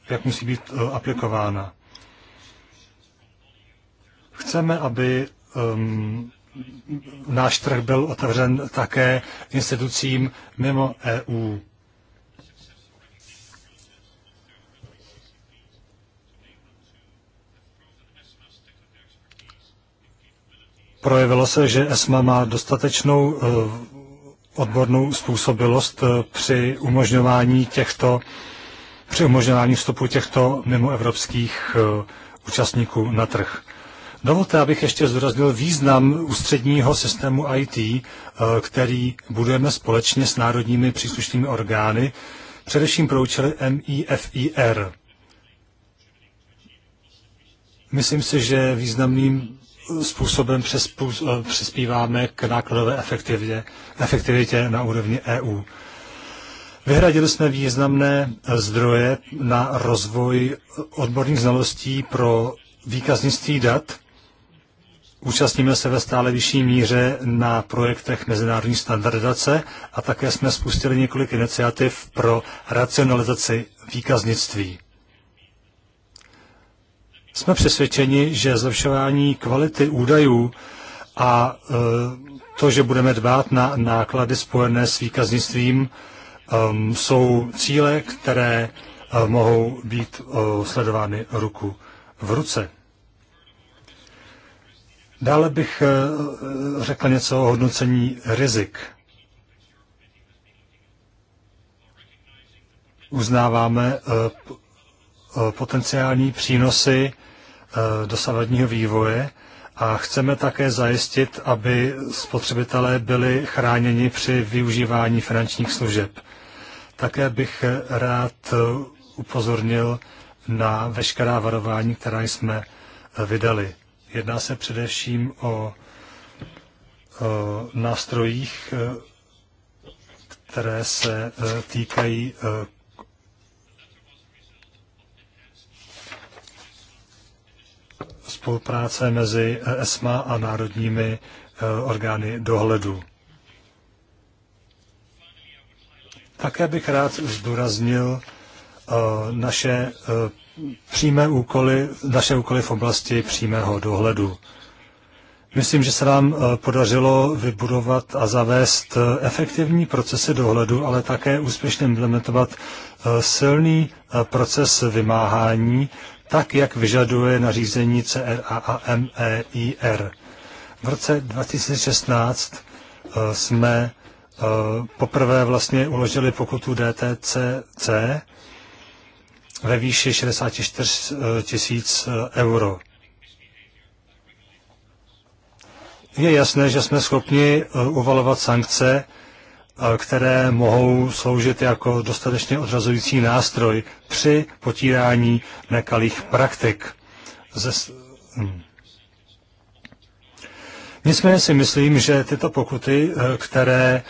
jak musí být eh, aplikována. Chceme, aby ehm, náš trh byl otevřen také institucím mimo EU. Projevilo se, že ESMA má dostatečnou odbornou způsobilost eh, při umožňování těchto při umožňování vstupu těchto mimoevropských eh, účastníků na trh. Dovolte, abych ještě zdůraznil význam ústředního systému IT, eh, který budujeme společně s národními příslušnými orgány, především pro účely MIFIR. Myslím si, že významným způsobem eh, přispíváme k nákladové efektivitě, efektivitě na úrovni EU. Vyhradili jsme významné zdroje na rozvoj odborných znalostí pro výkaznictví dat. Účastníme se ve stále vyšší míře na projektech mezinárodní standardizace a také jsme spustili několik iniciativ pro racionalizaci výkaznictví. Jsme přesvědčeni, že zlepšování kvality údajů a e, to, že budeme dbát na náklady spojené s výkaznictvím, e, jsou cíle, které e, mohou být sledovány ruku v ruce. Dále bych řekl něco o hodnocení rizik. Uznáváme potenciální přínosy Eh, dosavadního vývoje a chceme také zajistit, aby spotřebitelé byli chráněni při využívání finančních služeb. Také bych rád upozornil na veškerá varování, která jsme eh, vydali. Jedná se především o, o nástrojích, eh, které se týkají spolupráce mezi ESMA a národními eh, orgány dohledu. Také bych rád zdůraznil eh, naše eh, přímé úkoly, naše úkoly v oblasti přímého dohledu. Myslím, že se nám podařilo vybudovat a zavést efektivní procesy dohledu, ale také úspěšně implementovat silný proces vymáhání, tak jak vyžaduje nařízení CRA a MEIR. V roce 2016 eh, jsme eh, poprvé vlastně uložili pokutu DTCC ve výši 64 tisíc eh, euro. Je jasné, že jsme schopni uvalovat sankce které mohou sloužit jako dostatečně odrazující nástroj při potírání nekalých praktik. Ze... Hm. Nicméně si myslím, že tyto pokuty, eh, které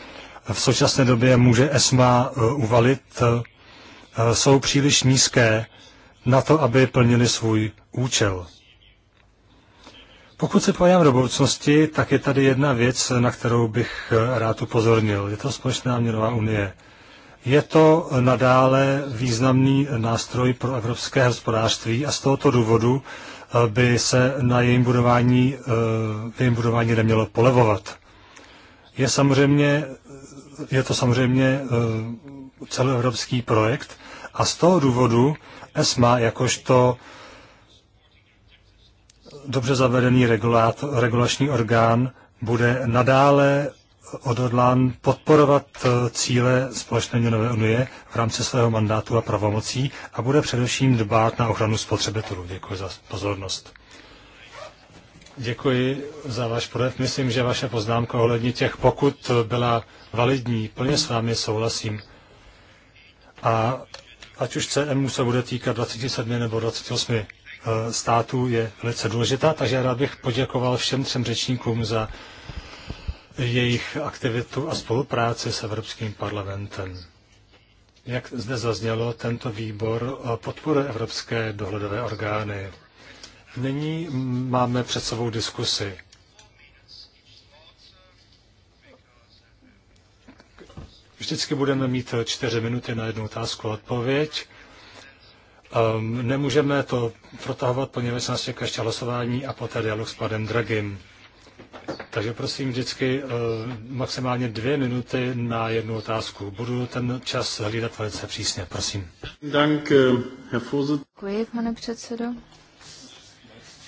v současné době může ESMA eh, uvalit, eh, jsou příliš nízké na to, aby plnili svůj účel. Pokud se pojám do budoucnosti, tak je tady jedna věc, na kterou bych eh, rád upozornil. Je to společná měnová unie. Je to nadále významný nástroj pro evropské hospodářství a z tohoto důvodu eh, by se na jejím budování, eh, jejím budování nemělo polevovat. Je, samozřejmě, je to samozřejmě celoevropský projekt a z toho důvodu ESMA jakožto dobře zavedený regulátor, regulační orgán bude nadále odhodlán podporovat eh, cíle společné měnové unie v rámci svého mandátu a pravomocí a bude především dbát na ochranu spotřebitelů. Děkuji za pozornost. Děkuji za váš projev. Myslím, že vaše poznámka ohledně těch pokud byla validní, plně s vámi souhlasím. A ať už CMU se bude týkat 27 nebo 28 Eh, států je velice důležitá, takže rád bych poděkoval všem třem řečníkům za jejich aktivitu a spolupráci s Evropským parlamentem. Jak zde zaznělo, tento výbor eh, podporuje evropské dohledové orgány. Nyní máme před sebou diskusi. Vždycky budeme mít čtyři minuty na jednu otázku a odpověď. Um, nemůžeme to protahovat, poněvadž nás čeká ještě hlasování a poté dialog s panem Dragim. Takže prosím vždycky uh, maximálně dvě minuty na jednu otázku. Budu ten čas hlídat velice přísně, prosím. Eh, Děkuji, pane předsedo.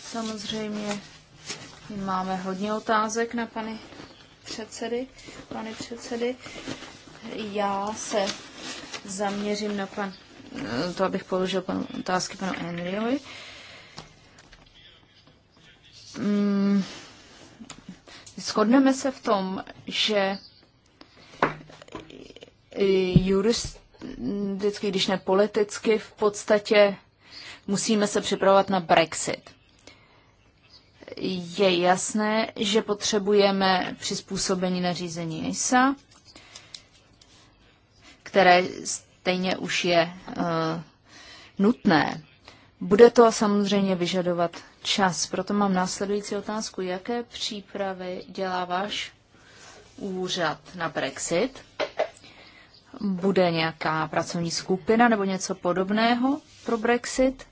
Samozřejmě máme hodně otázek na pany předsedy. Pane předsedy, já se zaměřím na pan to abych položil panu, otázky panu Henryovi. Mm, shodneme se v tom, že juristicky, když ne politicky, v podstatě musíme se připravovat na Brexit. Je jasné, že potřebujeme přizpůsobení nařízení ISA, které stejně už je uh, nutné. Bude to samozřejmě vyžadovat čas, proto mám následující otázku. Jaké přípravy dělá váš úřad na Brexit? Bude nějaká pracovní skupina nebo něco podobného pro Brexit?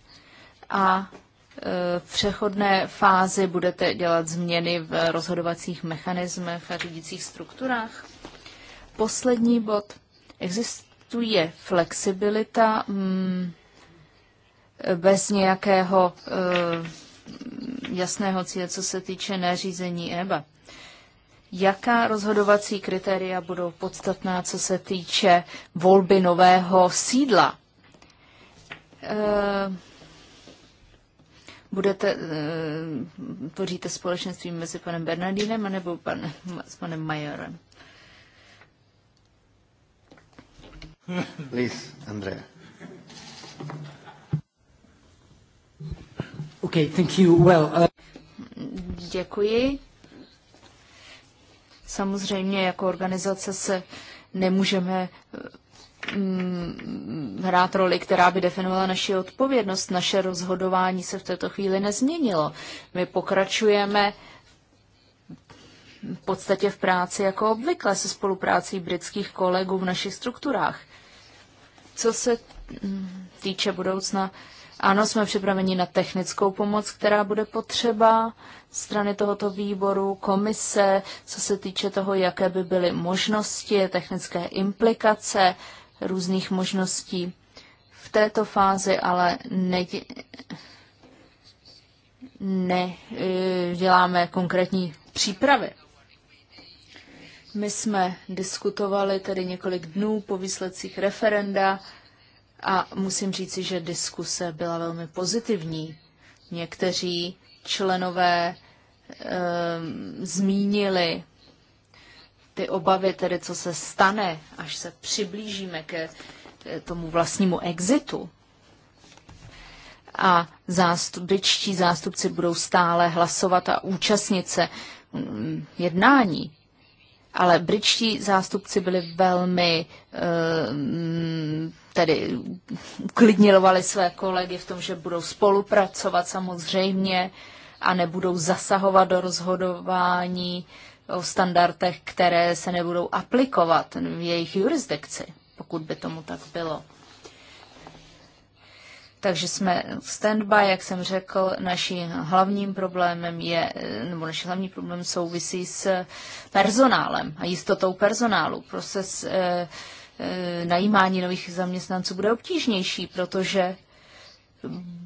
A eh, v přechodné fázi budete dělat změny v rozhodovacích mechanismech a řídících strukturách? Poslední bod. Exist, rozpočtu je flexibilita mm, bez nějakého e, jasného cíle, co se týče neřízení EBA. Jaká rozhodovací kritéria budou podstatná, co se týče volby nového sídla? E, budete, e, tvoříte společenství mezi panem Bernardínem nebo pan, s panem Majorem? Please, Andrea. Okay, thank you. Well, uh... Děkuji. Samozřejmě jako organizace se nemůžeme mm, hrát roli, která by definovala naši odpovědnost. Naše rozhodování se v této chvíli nezměnilo. My pokračujeme uh, v podstatě v práci jako obvykle se spoluprácí britských kolegů v našich strukturách. Co se mm, týče budoucna, ano, jsme připraveni na technickou pomoc, která bude potřeba strany tohoto výboru, komise, co se týče toho, jaké by byly možnosti, technické implikace různých možností. V této fázi ale ne e, děláme konkrétní přípravy. My jsme diskutovali tedy několik dnů po výsledcích referenda a musím říci, že diskuse byla velmi pozitivní. Někteří členové e, zmínili ty obavy, tedy co se stane, až se přiblížíme ke e, tomu vlastnímu exitu. A zástupčtí zástupci budou stále hlasovat a účastnit se mm, jednání. Ale britští zástupci byli velmi, eh, tedy uklidnilovali své kolegy v tom, že budou spolupracovat samozřejmě a nebudou zasahovat do rozhodování o standardech, které se nebudou aplikovat v jejich jurisdikci, pokud by tomu tak bylo. Takže jsme standby, jak jsem řekl, naším hlavním problémem je, nebo naš hlavní problém souvisí s personálem a jistotou personálu. Proces e, e, najímání nových zaměstnanců bude obtížnější, protože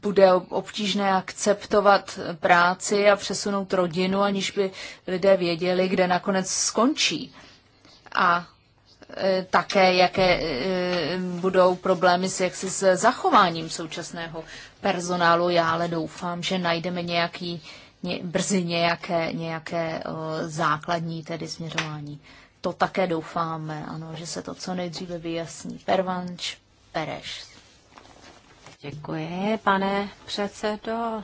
bude obtížné akceptovat práci a přesunout rodinu, aniž by lidé věděli, kde nakonec skončí. A E, také, jaké e, budou problémy s, jaksi s zachováním současného personálu. Já ale doufám, že najdeme nějaký, ně, brzy nějaké, nějaké základní tedy směřování. To také doufáme, ano, že se to co nejdříve vyjasní. Pervanč, Pereš. Děkuji, pane předsedo.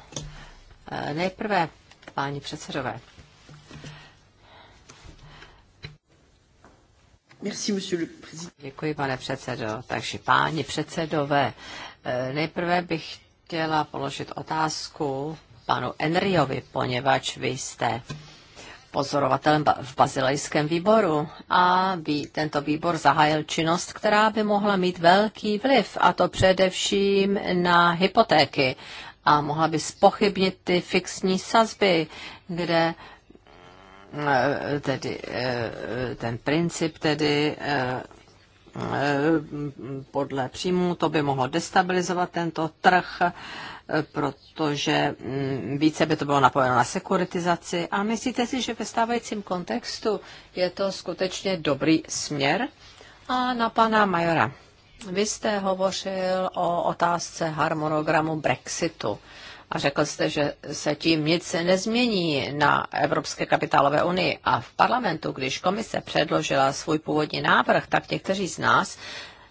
E, nejprve, páni předsedové, Děkuji, pane předsedo. Takže páni předsedové, eh, nejprve bych chtěla položit otázku panu Enriovi, poněvadž vy jste pozorovatelem v bazilejském výboru a by tento výbor zahájil činnost, která by mohla mít velký vliv, a to především na hypotéky a mohla by spochybnit ty fixní sazby, kde Eh, tedy eh, ten princip tedy eh, podle příjmu, to by mohlo destabilizovat tento trh, protože mm, více by to bylo napojeno na sekuritizaci. A myslíte si, že ve stávajícím kontextu je to skutečně dobrý směr? A na pana Majora. Vy jste hovořil o otázce harmonogramu Brexitu a řekl jste, že se tím nic nezmění na Evropské kapitálové unii. A v parlamentu, když komise předložila svůj původní návrh, tak někteří z nás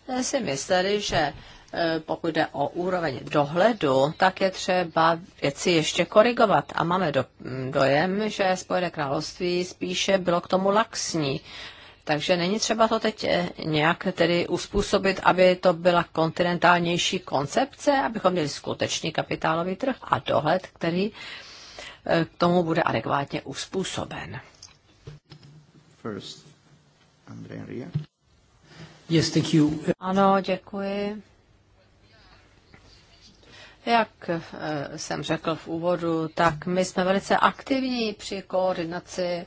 eh, si mysleli, že eh, pokud jde o úroveň dohledu, tak je třeba věci ještě korigovat. A máme do, dojem, že Spojené království spíše bylo k tomu laxní takže není třeba to teď eh, nějak tedy uspůsobit, aby to byla kontinentálnější koncepce, abychom měli skutečný kapitálový trh a dohled, který eh, k tomu bude adekvátně uspůsoben. First, Andrea. Yes, thank you. Ano, děkuji. Jak eh, jsem řekl v úvodu, tak my jsme velice aktivní při koordinaci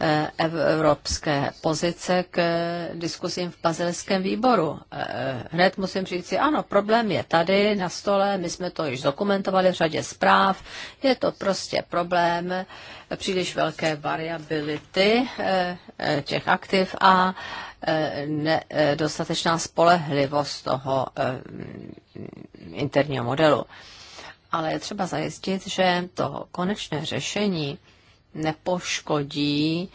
Eh, evropské pozice k eh, diskusím v bazilském výboru. Eh, hned musím říct si, ano, problém je tady na stole, my jsme to již dokumentovali v řadě zpráv, je to prostě problém příliš velké variability těch aktiv a dostatečná spolehlivost toho interního modelu. Ale je třeba zajistit, že to konečné řešení nepoškodí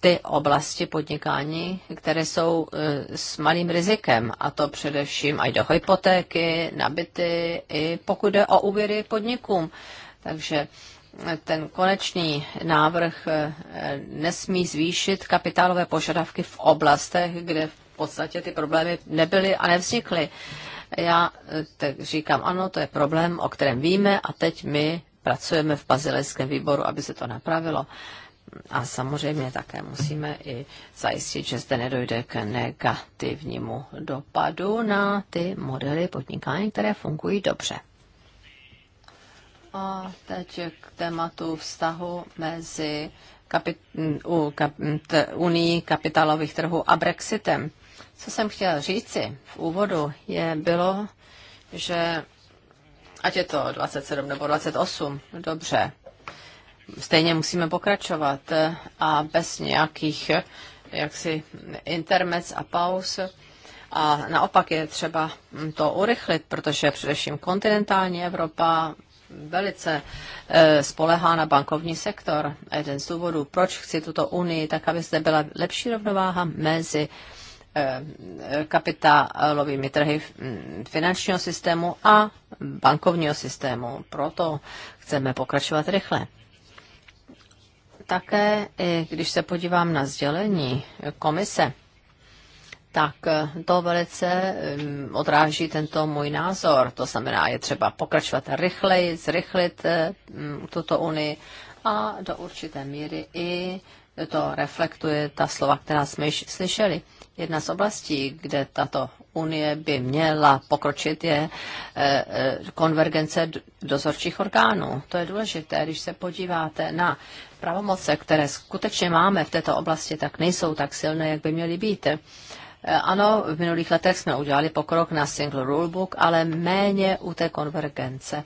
ty oblasti podnikání, které jsou e, s malým rizikem, a to především i do hypotéky, nabity, i pokud jde o úvěry podnikům. Takže e, ten konečný návrh e, nesmí zvýšit kapitálové požadavky v oblastech, kde v podstatě ty problémy nebyly a nevznikly. Já tak říkám, ano, to je problém, o kterém víme a teď my pracujeme v bazilejském výboru, aby se to napravilo. A samozřejmě také musíme i zajistit, že zde nedojde k negativnímu dopadu na ty modely podnikání, které fungují dobře. A teď k tématu vztahu mezi kapit, u, kap, t, unii kapitálových trhů a Brexitem. Co jsem chtěl říci v úvodu, je bylo, že Ať je to 27 nebo 28, dobře. Stejně musíme pokračovat a bez nějakých jaksi intermec a pauz. A naopak je třeba to urychlit, protože především kontinentální Evropa velice eh, spolehá na bankovní sektor. A jeden z důvodů, proč chci tuto unii, tak aby zde byla lepší rovnováha mezi Eh, kapitálovými trhy finančního systému a bankovního systému. Proto chceme pokračovat rychle. Také, když se podívám na sdělení komise, tak to velice mm, odráží tento můj názor. To znamená, je třeba pokračovat rychleji, zrychlit eh, mm, tuto unii a do určité míry i to reflektuje ta slova, která jsme již slyšeli. Jedna z oblastí, kde tato unie by měla pokročit, je eh, eh, konvergence dozorčích orgánů. To je důležité. Když se podíváte na pravomoce, které skutečně máme v této oblasti, tak nejsou tak silné, jak by měly být. Eh, ano, v minulých letech jsme udělali pokrok na single rulebook, ale méně u té konvergence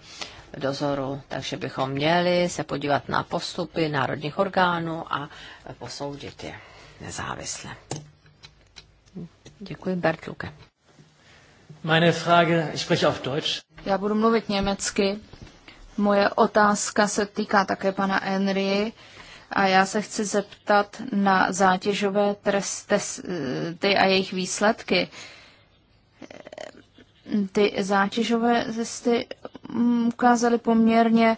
dozoru. Takže bychom měli se podívat na postupy národních orgánů a posoudit je nezávisle. Děkuji, Bert Luke. Meine Frage, ich spreche auf Deutsch. Já budu mluvit německy. Moje otázka se týká také pana Henry a já se chci zeptat na zátěžové testy a jejich výsledky. Ty zátěžové testy mm, ukázaly poměrně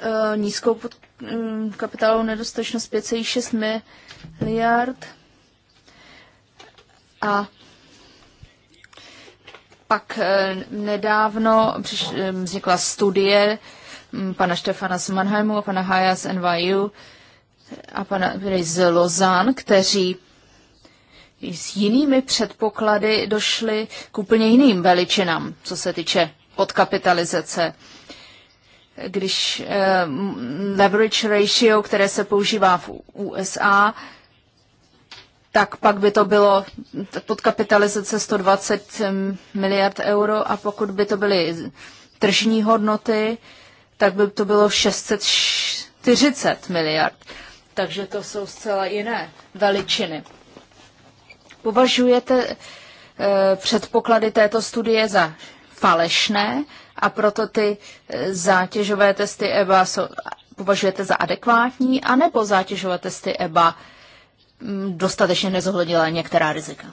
eh, nízkou mm, kapitálovou nedostatečnost 5,6 miliard a pak eh, nedávno eh, vznikla studie hm, pana Štefana z Mannheimu a pana Haya z NYU a pana z Lozán, kteří s jinými předpoklady došli k úplně jiným veličinám, co se týče podkapitalizace. Když eh, leverage ratio, které se používá v USA, eh, tak pak by to bylo podkapitalizace 120 miliard euro a pokud by to byly tržní hodnoty, tak by to bylo 640 miliard. Takže to jsou zcela jiné veličiny. Považujete e, předpoklady této studie za falešné a proto ty eh, zátěžové testy EBA jsou, považujete za adekvátní, anebo zátěžové testy EBA e, Mm, dostatečně nezohlednila některá rizika.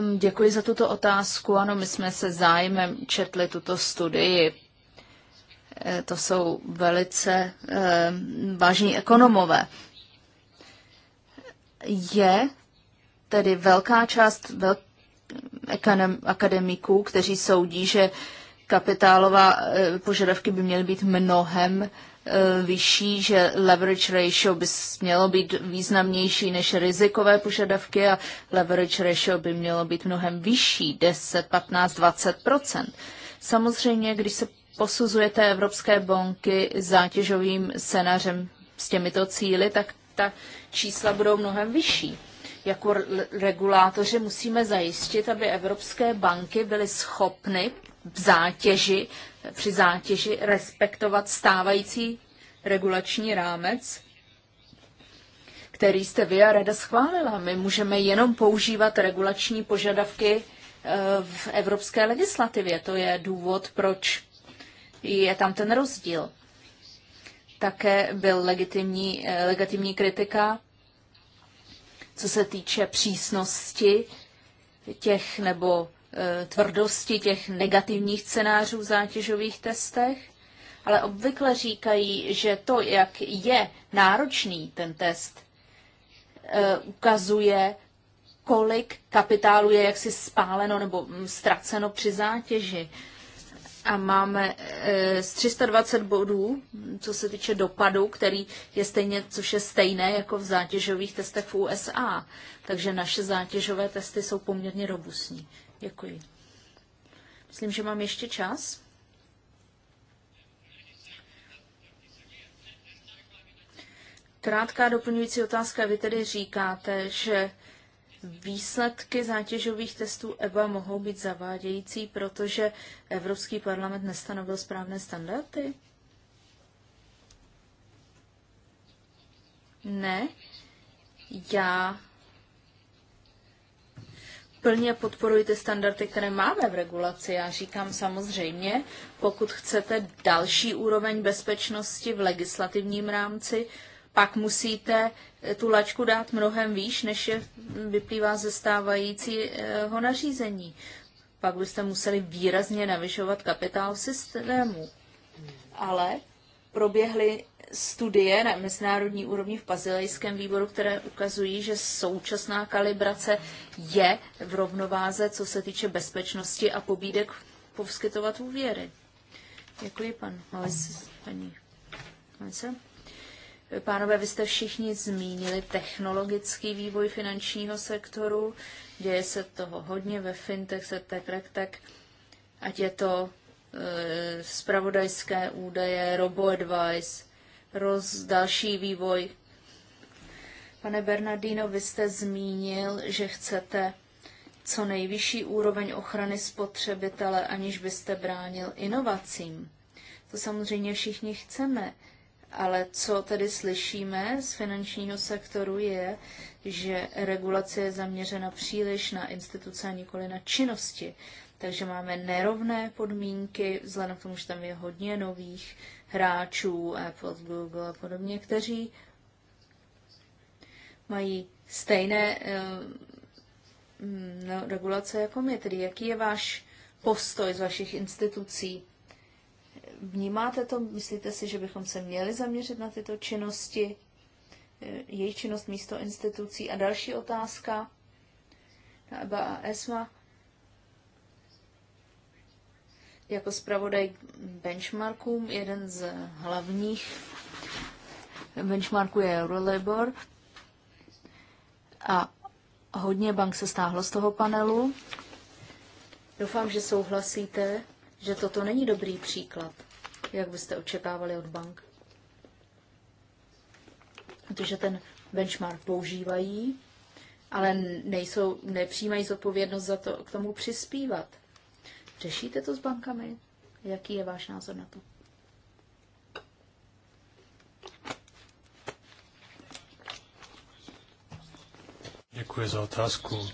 Mm, děkuji za tuto otázku. Ano, my jsme se zájmem četli tuto studii. E, to jsou velice eh, vážní ekonomové. Je tedy velká část vel- akademiků, kteří soudí, že kapitálová eh, požadavky by měly být mnohem eh, vyšší, že leverage ratio by mělo být významnější než rizikové požadavky a leverage ratio by mělo být mnohem vyšší, 10, 15, 20 Samozřejmě, když se posuzujete evropské banky zátěžovým scénářem s těmito cíly, tak ta čísla budou mnohem vyšší. Jako regulátoři musíme zajistit, aby evropské banky byly schopny v zátěži, při zátěži respektovat stávající regulační rámec, který jste vy a rada schválila. My můžeme jenom používat regulační požadavky eh, v evropské legislativě. To je důvod, proč je tam ten rozdíl. Také byl legitimní, eh, legitimní kritika, co se týče přísnosti těch nebo Eh, tvrdosti těch negativních scénářů v zátěžových testech, ale obvykle říkají, že to, jak je náročný ten test, eh, ukazuje, kolik kapitálu je jaksi spáleno nebo mm, ztraceno při zátěži. A máme eh, z 320 bodů, co se týče dopadu, který je stejně, což je stejné jako v zátěžových testech v USA. Takže naše zátěžové testy jsou poměrně robustní. Děkuji. Myslím, že mám ještě čas. Krátká doplňující otázka. Vy tedy říkáte, že výsledky zátěžových testů EBA mohou být zavádějící, protože Evropský parlament nestanovil správné standardy? Ne. Já plně podporuji ty standardy, které máme v regulaci. Já říkám samozřejmě, pokud chcete další úroveň bezpečnosti v legislativním rámci, pak musíte eh, tu lačku dát mnohem výš, než je mm, vyplývá ze stávajícího nařízení. Pak byste museli výrazně navyšovat kapitál systému. Ale proběhly studie na mezinárodní úrovni v Bazilejském výboru, které ukazují, že současná kalibrace je v rovnováze, co se týče bezpečnosti a pobídek poskytovat úvěry. Děkuji, pan Malis, paní Holice. Pánové, vy jste všichni zmínili technologický vývoj finančního sektoru. Děje se toho hodně ve fintech, se tak, tak, tak. Ať je to e, eh, spravodajské údaje, robo-advice, roz, další vývoj. Pane Bernardino, vy jste zmínil, že chcete co nejvyšší úroveň ochrany spotřebitele, aniž byste bránil inovacím. To samozřejmě všichni chceme, ale co tedy slyšíme z finančního sektoru je, že regulace je zaměřena příliš na instituce a nikoli na činnosti. Takže máme nerovné podmínky, vzhledem k tomu, že tam je hodně nových hráčů, Apple, Google a podobně, kteří mají stejné no, regulace jako my. Tedy jaký je váš postoj z vašich institucí? Vnímáte to? Myslíte si, že bychom se měli zaměřit na tyto činnosti? Eh, její činnost místo institucí? A další otázka na EBA a ESMA. Jako zpravodaj benchmarkům, jeden z hlavních benchmarků je Eurolibor a hodně bank se stáhlo z toho panelu. Doufám, že souhlasíte, že toto není dobrý příklad, jak byste očekávali od bank. Protože ten benchmark používají, ale nejsou, nepřijímají zodpovědnost za to, k tomu přispívat. Řešíte to s bankami? Jaký je váš názor na to? Děkuji za otázku.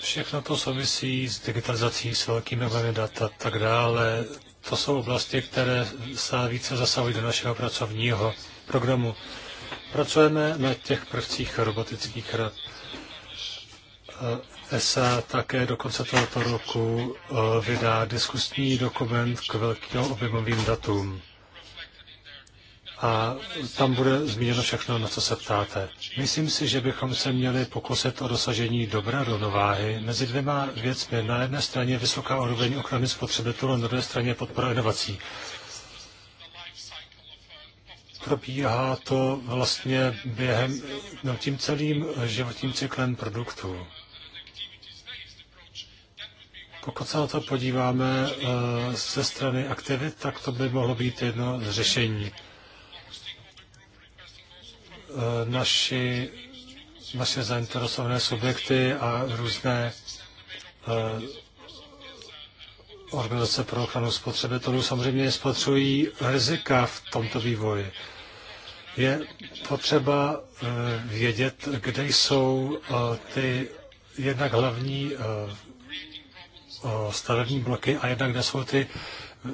Všechno to souvisí s digitalizací, s velkými objemy dat a tak dále. To jsou oblasti, které se více zasahují do našeho pracovního programu. Pracujeme na těch prvcích robotických rad. ESA také do konce tohoto roku eh, vydá diskusní dokument k velkým objemovým datům. A tam bude zmíněno všechno, na co se ptáte. Myslím si, že bychom se měli pokusit o dosažení dobré rovnováhy mezi dvěma věcmi. Na jedné straně vysoká úroveň ochrany spotřebitelů, na druhé straně podpora inovací. Probíhá to vlastně během no, tím celým životním cyklem produktů. Pokud se na to podíváme eh, ze strany aktivit, tak to by mohlo být jedno z řešení. Eh, naši, naše zainteresované subjekty a různé eh, organizace pro ochranu spotřebitelů samozřejmě spotřují rizika v tomto vývoji. Je potřeba vědět, kde jsou ty jednak hlavní stavební bloky a jednak kde jsou ty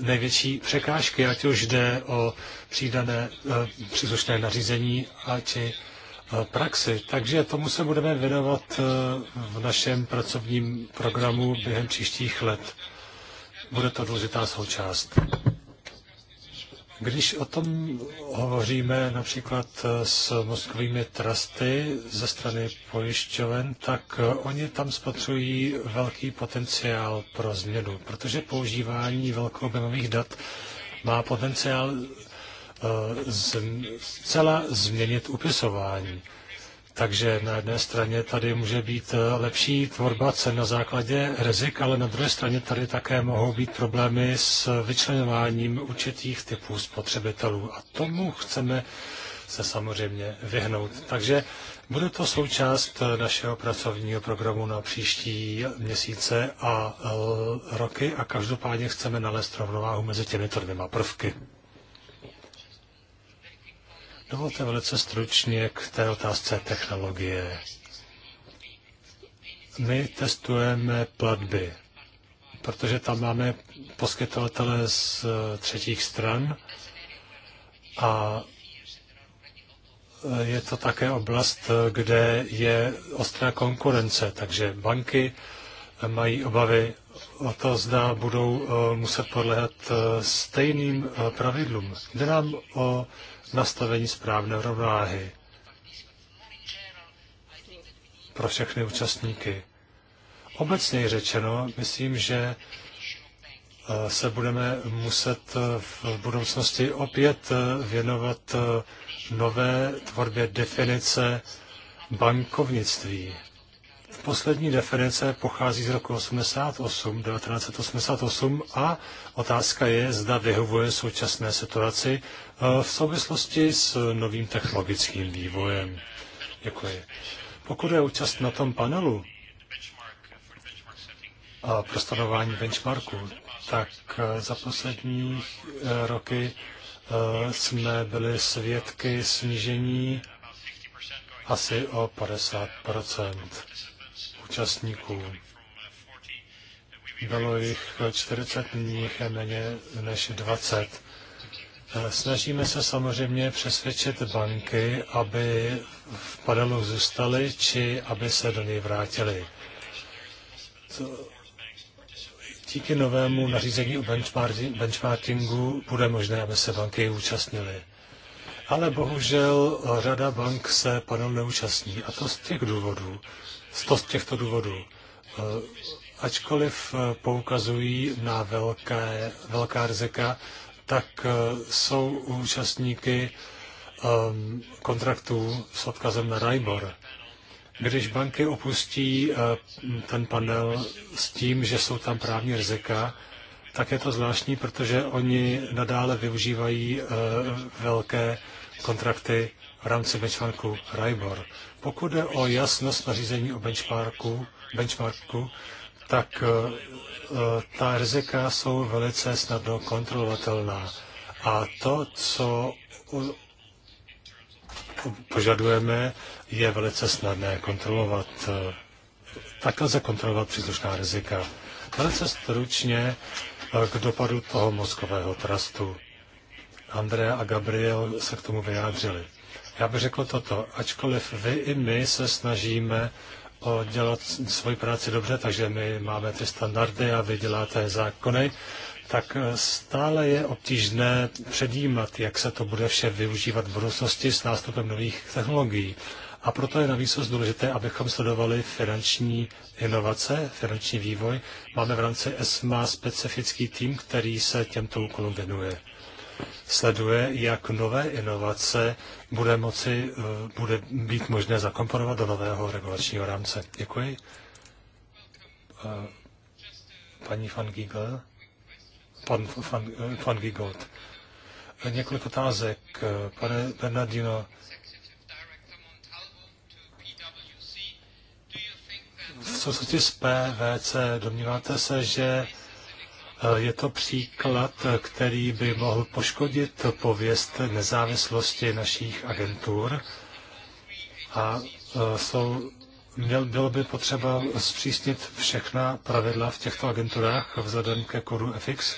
největší překážky, ať už jde o přídané e, příslušné nařízení a či e, praxi. Takže tomu se budeme věnovat e, v našem pracovním programu během příštích let. Bude to důležitá součást. Když o tom hovoříme například s mozkovými trusty ze strany pojišťoven, tak oni tam spatřují velký potenciál pro změnu, protože používání velkoobjemových dat má potenciál eh, zcela změnit upisování. Takže na jedné straně tady může být eh, lepší tvorba cen na základě rizik, ale na druhé straně tady také mohou být problémy s vyčlenováním určitých typů spotřebitelů. A tomu chceme se samozřejmě vyhnout. Takže bude to součást eh, našeho pracovního programu na příští měsíce a eh, roky a každopádně chceme nalézt rovnováhu mezi těmito dvěma prvky. Dovolte velice stručně k té otázce technologie. My testujeme platby, protože tam máme poskytovatele z eh, třetích stran a eh, je to také oblast, eh, kde je ostrá konkurence, takže banky mají obavy o to, zda budou muset podlehat stejným pravidlům. Jde nám o nastavení správné rovnováhy pro všechny účastníky. Obecně řečeno, myslím, že eh, se budeme muset eh, v budoucnosti opět eh, věnovat nové tvorbě definice bankovnictví. Poslední definice pochází z roku 88, 1988 a otázka je, zda vyhovuje současné situaci v souvislosti s novým technologickým vývojem. Děkuji. Pokud je účast na tom panelu a pro stanování benchmarku, tak eh, za poslední eh, roky eh, jsme byli svědky snížení asi o 50 účastníků. Bylo jich 40, nyní méně než 20. Eh, snažíme se samozřejmě přesvědčit banky, aby v padelu zůstaly, či aby se do něj vrátily. Díky novému nařízení o benchmarkingu bude možné, aby se banky účastnily. Ale bohužel eh, řada bank se panel neúčastní, a to z těch důvodů, to z těchto důvodů. Eh, ačkoliv poukazují na velké, velká rizika, tak eh, jsou účastníky ehm, kontraktů s odkazem na RIBOR. Když banky opustí eh, ten panel s tím, že jsou tam právní rizika, tak je to zvláštní, protože oni nadále využívají eh, velké kontrakty v rámci benchmarku RIBOR. Pokud jde o jasnost nařízení o benchmarku, benchmarku tak Eh, ta rizika jsou velice snadno kontrolovatelná. A to, co požadujeme, je velice snadné kontrolovat. Eh, tak lze kontrolovat příslušná rizika. Velice stručně eh, k dopadu toho mozkového trastu. Andrea a Gabriel se k tomu vyjádřili. Já bych řekl toto, ačkoliv vy i my se snažíme dělat svoji práci dobře, takže my máme ty standardy a vy děláte zákony, tak eh, stále je obtížné předjímat, jak se to bude vše využívat v budoucnosti s nástupem nových technologií. A proto je navíc důležité, abychom sledovali finanční inovace, finanční vývoj. Máme v rámci ESMA specifický tým, který se těmto úkolům věnuje sleduje, jak nové inovace bude, moci, eh, bude být možné zakomponovat do nového regulačního rámce. Děkuji. Eh, paní van Giegel? Pan van, eh, van Giegel. Několik otázek. Pane Bernardino, v souvislosti s PVC domníváte se, že je to příklad, který by mohl poškodit pověst nezávislosti našich agentur a e, jsou, měl, bylo by potřeba zpřísnit všechna pravidla v těchto agenturách vzhledem ke kodu FX.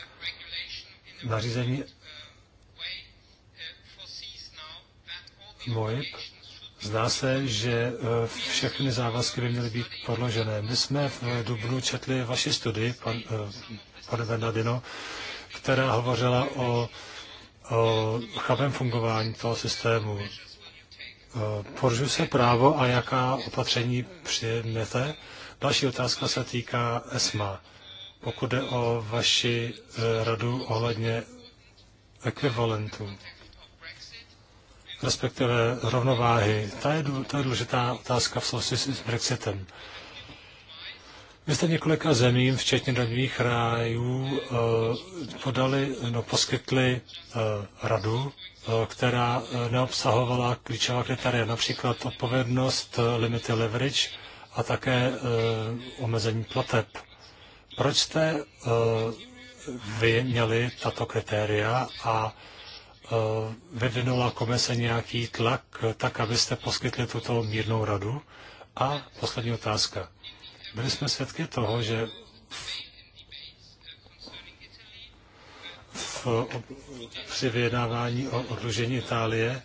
Nařízení MOIP Zdá se, že e, všechny závazky by měly být podložené. My jsme v Dubnu četli vaši studii, pan, e, Bernardino, která hovořila o, o chabém fungování toho systému. E, porušuje se právo a jaká opatření přijmete? Další otázka se týká ESMA. Pokud jde o vaši e, radu ohledně ekvivalentů, respektive rovnováhy, ta je, ta je důležitá otázka v souvislosti s Brexitem. Vy jste několika zemím, včetně daňových rájů, eh, podali, no, poskytli eh, radu, eh, která neobsahovala klíčová kritéria, například odpovědnost, limity leverage a také omezení plateb. Proč jste vy měli tato kritéria a vyvinula komise nějaký tlak, tak abyste poskytli tuto mírnou radu? A poslední otázka. Byli jsme svědky toho, že v, při vyjednávání o odlužení Itálie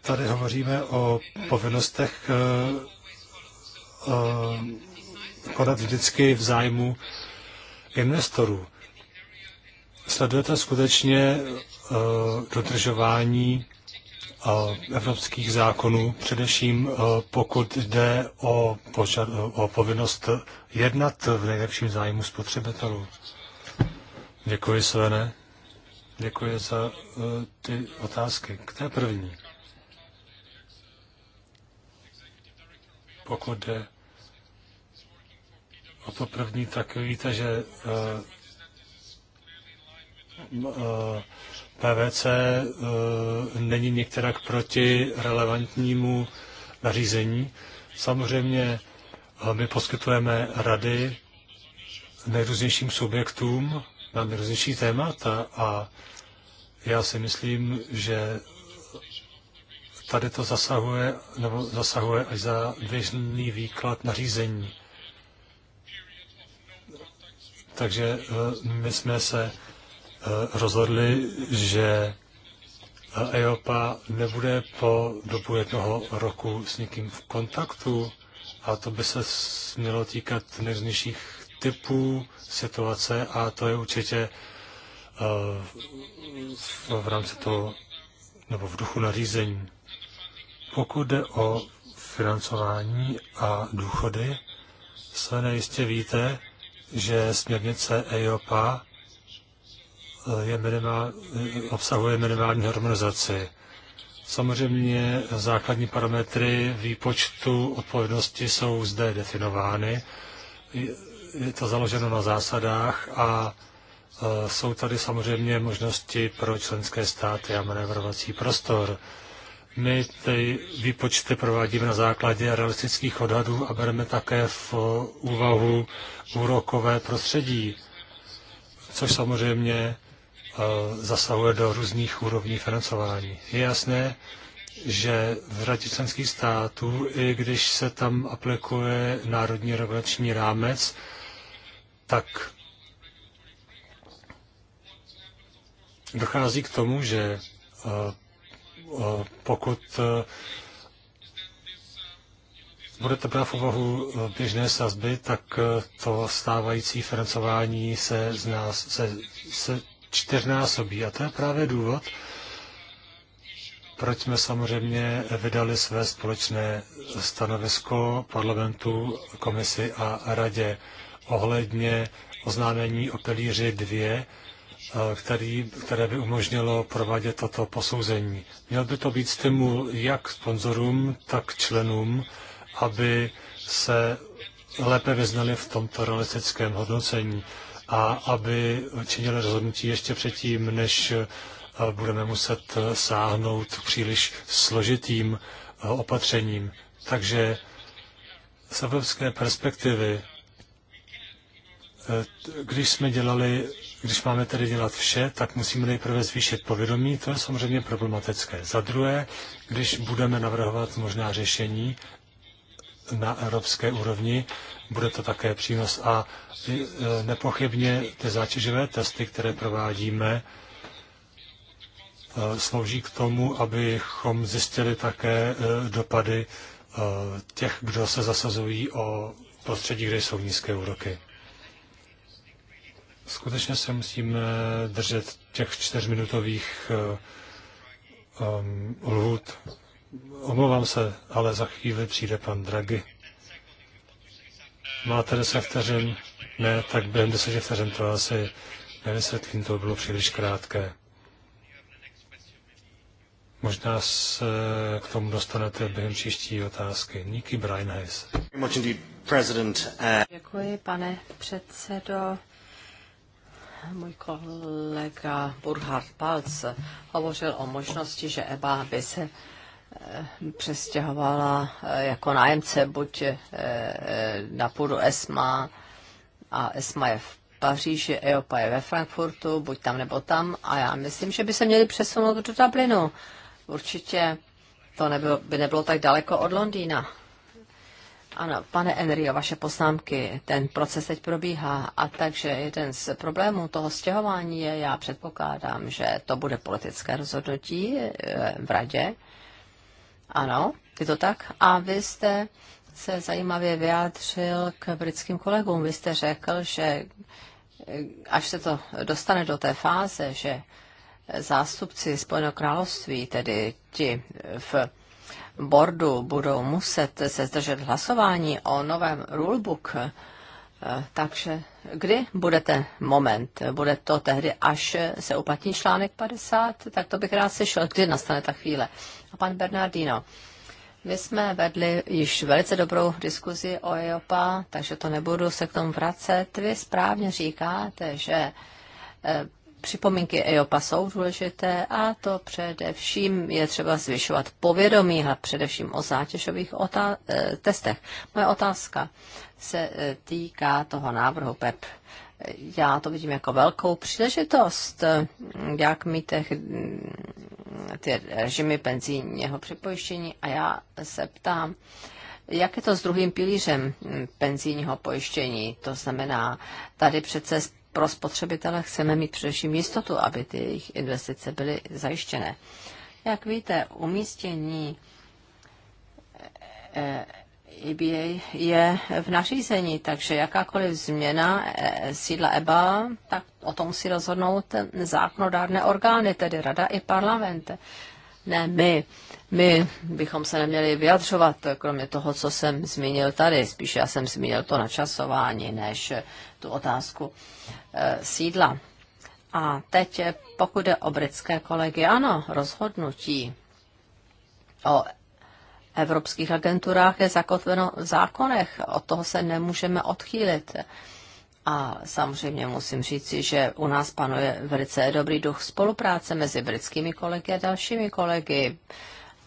tady hovoříme o povinnostech uh, eh, uh, eh, konat vždycky v zájmu investorů. Sledujete skutečně Eh, dodržování eh, evropských zákonů, především eh, pokud jde o, požad, o povinnost jednat v nejlepším zájmu spotřebitelů. Děkuji, Svene. Děkuji za ty otázky. K té první. Pokud jde o to první, tak víte, že uh, uh, PVC e, není některak proti relevantnímu nařízení. Samozřejmě e, my poskytujeme rady nejrůznějším subjektům na nejrůznější témata a já si myslím, že tady to zasahuje, nebo zasahuje až za běžný výklad nařízení. Takže e, my jsme se Eh, rozhodli, že EOPA eh, nebude po dobu jednoho roku s někým v kontaktu a to by se mělo týkat nejrůznějších typů situace a to je určitě eh, v rámci toho nebo v duchu nařízení. Pokud jde o financování a důchody, se nejistě víte, že směrnice EIOPA je minimál, obsahuje minimální harmonizaci. Samozřejmě základní parametry výpočtu odpovědnosti jsou zde definovány. Je to založeno na zásadách a e, jsou tady samozřejmě možnosti pro členské státy a manévrovací prostor. My ty výpočty provádíme na základě realistických odhadů a bereme také v úvahu úrokové prostředí, což samozřejmě zasahuje do různých úrovní financování. Je jasné, že v řadě členských států, i když se tam aplikuje národní regulační rámec, tak dochází k tomu, že pokud budete brát v úvahu běžné sazby, tak to stávající financování se, z nás, se, se čtyřnásobí. A to je právě důvod, proč jsme samozřejmě vydali své společné stanovisko parlamentu, komisi a radě ohledně oznámení o pilíři 2, eh, který, které by umožnilo provádět toto posouzení. Měl by to být stimul jak sponzorům, tak členům, aby se lépe vyznali v tomto realistickém hodnocení a aby činili rozhodnutí ještě předtím, než eh, budeme muset eh, sáhnout příliš složitým eh, opatřením. Takže z evropské perspektivy, když jsme dělali, když máme tedy dělat vše, tak musíme nejprve zvýšit povědomí, to je samozřejmě problematické. Za druhé, když budeme navrhovat možná řešení na evropské úrovni, bude to také přínos. A e, nepochybně ty zátěžové testy, které provádíme, e, slouží k tomu, abychom zjistili také e, dopady těch, kdo se zasazují o prostředí, kde jsou nízké úroky. Skutečně se musíme držet těch čtyřminutových um, lhůt. Omlouvám se, ale za chvíli přijde pan Draghi. Máte 10 vteřin? Ne, tak během 10 vteřin to asi nevysvětlím, to bylo příliš krátké. Možná se k tomu dostanete během příští otázky. Díky, Brian Hayes. Děkuji, pane předsedo. Můj kolega Burhard Palc hovořil o možnosti, že EBA by se Eh, přestěhovala eh, jako nájemce buď eh, na půdu ESMA a ESMA je v Paříži, EOPA je ve Frankfurtu, buď tam nebo tam a já myslím, že by se měli přesunout do Dublinu. Určitě to nebylo, by nebylo tak daleko od Londýna. Ano, pane Enrio, vaše poznámky, ten proces teď probíhá a takže jeden z problémů toho stěhování je, já předpokládám, že to bude politické rozhodnutí v radě, ano, je to tak. A vy jste se zajímavě vyjádřil k britským kolegům. Vy jste řekl, že eh, až se to dostane do té fáze, že zástupci Spojeného království, tedy ti eh, v bordu, budou muset se zdržet hlasování o novém rulebook, eh, takže kdy budete moment? Bude to tehdy, až se uplatní článek 50? Tak to bych rád slyšel, kdy nastane ta chvíle. A pan Bernardino, my jsme vedli již velice dobrou diskuzi o EOPA, takže to nebudu se k tomu vracet. Vy správně říkáte, že eh, Připomínky EOPA jsou důležité a to především je třeba zvyšovat povědomí a především o zátěžových eh, testech. Moje otázka se eh, týká toho návrhu PEP. Já to vidím jako velkou příležitost, eh, jak mít těch, ty režimy penzijního připojištění a já se ptám, jak je to s druhým pilířem mm, penzijního pojištění? To znamená, tady přece pro spotřebitele chceme mít především jistotu, aby ty jejich investice byly zajištěné. Jak víte, umístění EBA eh, eh, je v nařízení, takže jakákoliv změna eh, sídla EBA, tak o tom si rozhodnou zákonodárné orgány, tedy rada i parlament, ne my my bychom se neměli vyjadřovat, kromě toho, co jsem zmínil tady. Spíš já jsem zmínil to načasování, než tu otázku e, sídla. A teď, eh, pokud jde o britské kolegy, ano, rozhodnutí o evropských agenturách je zakotveno v zákonech. Od toho se nemůžeme odchýlit. A samozřejmě musím říci, že u nás panuje velice dobrý duch spolupráce mezi britskými kolegy a dalšími kolegy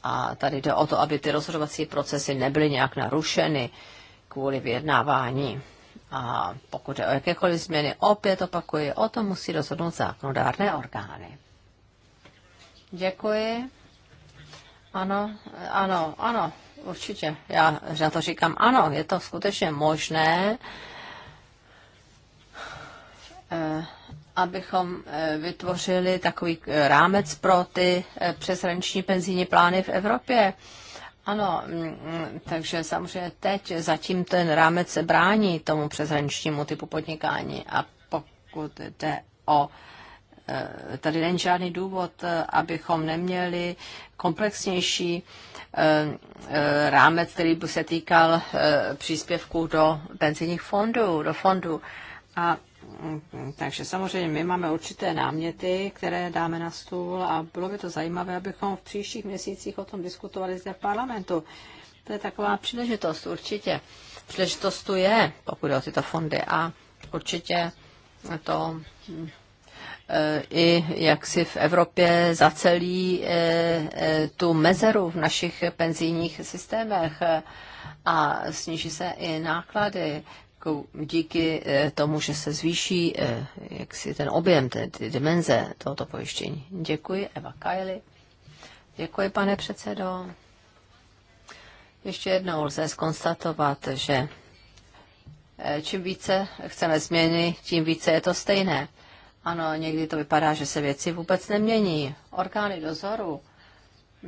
a tady jde o to, aby ty rozhodovací procesy nebyly nějak narušeny kvůli vyjednávání. A pokud je o jakékoliv změny, opět opakuji, o tom musí rozhodnout zákonodárné orgány. Děkuji. Ano, ano, ano, určitě. Já na to říkám ano, je to skutečně možné. E, abychom eh, vytvořili takový eh, rámec pro ty eh, přeshraniční penzijní plány v Evropě. Ano, mm, mm, takže samozřejmě teď zatím ten rámec se brání tomu přeshraničnímu typu podnikání a pokud jde o tady není žádný důvod, abychom neměli komplexnější rámec, který by se týkal příspěvků do penzijních fondů, do fondů. A takže samozřejmě my máme určité náměty, které dáme na stůl a bylo by to zajímavé, abychom v příštích měsících o tom diskutovali zde v parlamentu. To je taková příležitost určitě. Příležitost tu je, pokud je o tyto fondy a určitě to eh, i jak si v Evropě zacelí eh, eh, tu mezeru v našich penzijních systémech a sníží se i náklady. Jako díky eh, tomu, že se zvýší eh, jak si ten objem, ty, ty dimenze tohoto pojištění. Děkuji, Eva Kajli. Děkuji, pane předsedo. Ještě jednou lze skonstatovat, že eh, čím více chceme změny, tím více je to stejné. Ano, někdy to vypadá, že se věci vůbec nemění. Orgány dozoru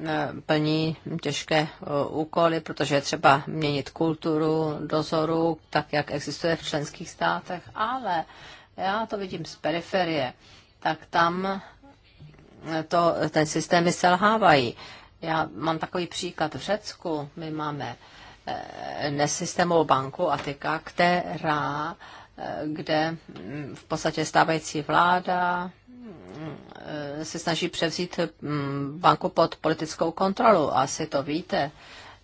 Eh, plní těžké eh, úkoly, protože je třeba měnit kulturu dozoru, tak jak existuje v členských státech, ale já to vidím z periferie, tak tam eh, to, ten systémy selhávají. Já mám takový příklad v Řecku. My máme nesystémovou banku Atika, která, kde hm, v podstatě stávající vláda Eh, se snaží převzít mm, banku pod politickou kontrolu. Asi to víte,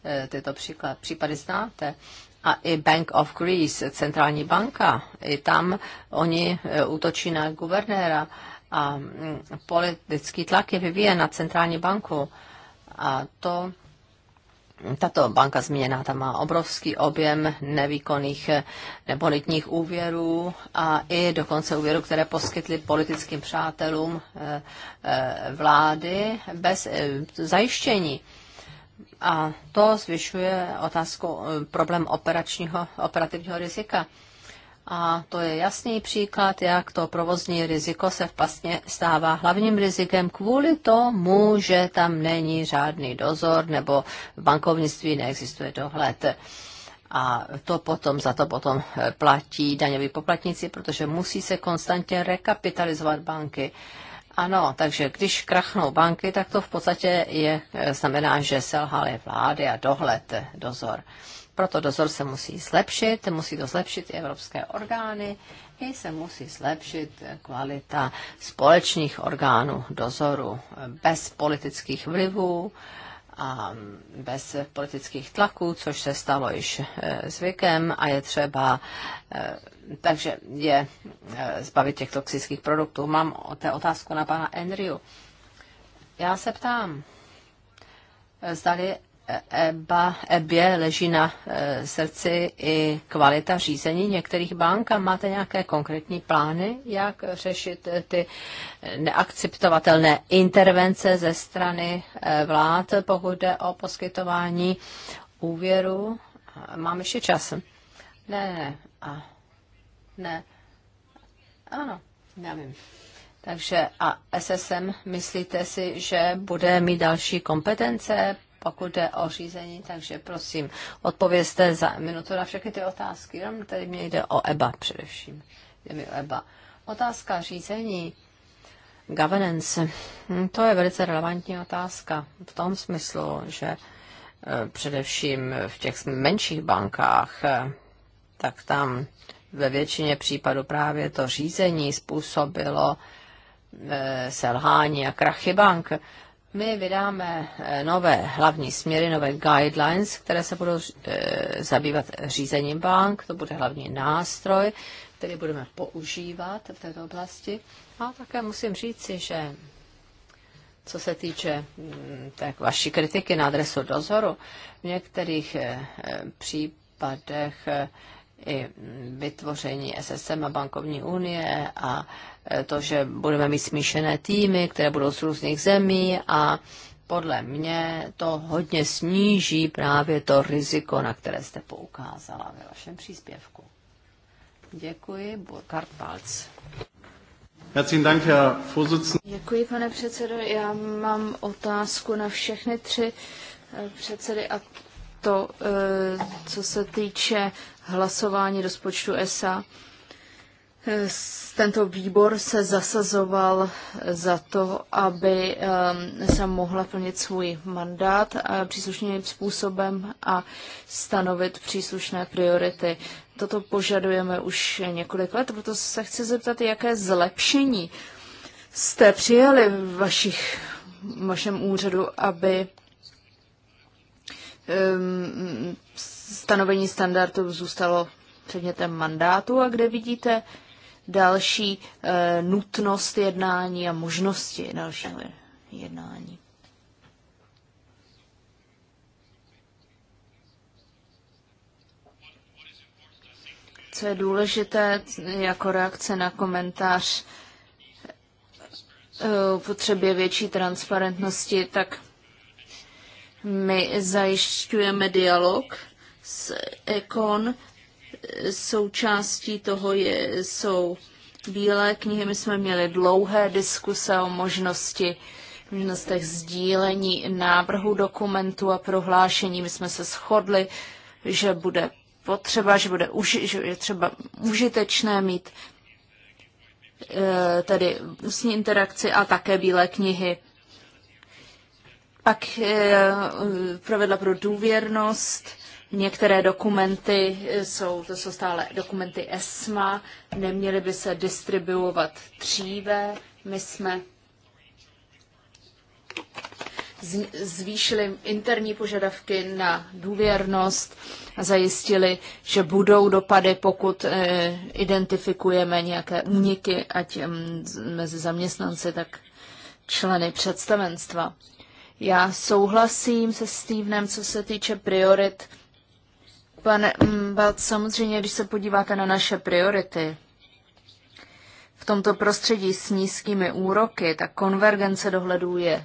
eh, tyto příklad, případy znáte. A i Bank of Greece, centrální banka, i tam oni eh, útočí na guvernéra a mm, politický tlak je vyvíjen na centrální banku. A to tato banka změná, tam má obrovský objem nevýkonných eh, nebonitních úvěrů a i dokonce úvěrů, které poskytly politickým přátelům eh, eh, vlády bez zajištění. A to zvyšuje otázku problém operačního, operativního rizika. A to je jasný příklad, jak to provozní riziko se vlastně stává hlavním rizikem kvůli tomu, že tam není žádný dozor nebo v bankovnictví neexistuje dohled. A to potom, za to potom platí daňoví poplatníci, protože musí se konstantně rekapitalizovat banky. Ano, takže když krachnou banky, tak to v podstatě je, e, znamená, že selhaly vlády a dohled, dozor. Proto dozor se musí zlepšit, musí to zlepšit i evropské orgány, i se musí zlepšit kvalita společných orgánů dozoru bez politických vlivů a bez politických tlaků, což se stalo již e, zvykem a je třeba, e, takže je e, zbavit těch toxických produktů. Mám o té otázku na pana Enriu. Já se ptám, zdali EBA, EBA leží na e, srdci i kvalita řízení některých bank a máte nějaké konkrétní plány, jak řešit e, ty neakceptovatelné intervence ze strany e, vlád, pokud jde o poskytování úvěru? Mám ještě čas. Ne, ne, a ne. Ano, já vím. Takže a SSM, myslíte si, že bude mít další kompetence pokud jde o řízení, takže prosím, odpovězte za minutu na všechny ty otázky, jenom tady mě jde o EBA především. Jde mi o EBA. Otázka řízení, governance, hm, to je velice relevantní otázka v tom smyslu, že eh, především v těch menších bankách, eh, tak tam ve většině případů právě to řízení způsobilo eh, selhání a krachy bank. My vydáme eh, nové hlavní směry, nové guidelines, které se budou eh, zabývat řízením bank. To bude hlavní nástroj, který budeme používat v této oblasti. A také musím říci, že co se týče mm, tak vaší kritiky na adresu dozoru, v některých eh, případech i vytvoření SSM a bankovní unie a e, to, že budeme mít smíšené týmy, které budou z různých zemí a podle mě to hodně sníží právě to riziko, na které jste poukázala ve vašem příspěvku. Děkuji, Burkhard Balc. Děkuji, pane předsedo. Já mám otázku na všechny tři eh, předsedy a to, eh, co se týče hlasování rozpočtu ESA. Eh, tento výbor se zasazoval za to, aby ehm, se mohla plnit svůj mandát eh, příslušným způsobem a stanovit příslušné priority. Toto požadujeme už několik let, proto se chci zeptat, jaké zlepšení jste přijali v vašich, v vašem úřadu, aby um, stanovení standardů zůstalo předmětem mandátu a kde vidíte další e, nutnost jednání a možnosti dalšího jednání. Co je důležité jako reakce na komentář eh, o potřebě větší transparentnosti, tak my zajišťujeme dialog z Ekon. Součástí toho je, jsou bílé knihy. My jsme měli dlouhé diskuse o možnosti možnostech sdílení návrhu dokumentu a prohlášení. My jsme se shodli, že bude potřeba, že bude uži, že je třeba užitečné mít eh, tedy ústní interakci a také bílé knihy. Pak e, eh, pravidla pro důvěrnost, Některé dokumenty jsou, to jsou stále dokumenty ESMA, neměly by se distribuovat dříve. My jsme zvýšili interní požadavky na důvěrnost a zajistili, že budou dopady, pokud eh, identifikujeme nějaké úniky, ať mm, mezi zaměstnanci, tak členy představenstva. Já souhlasím se Stevenem, co se týče priorit Pane Mbalt, samozřejmě, když se podíváte na naše priority v tomto prostředí s nízkými úroky, tak konvergence dohledů je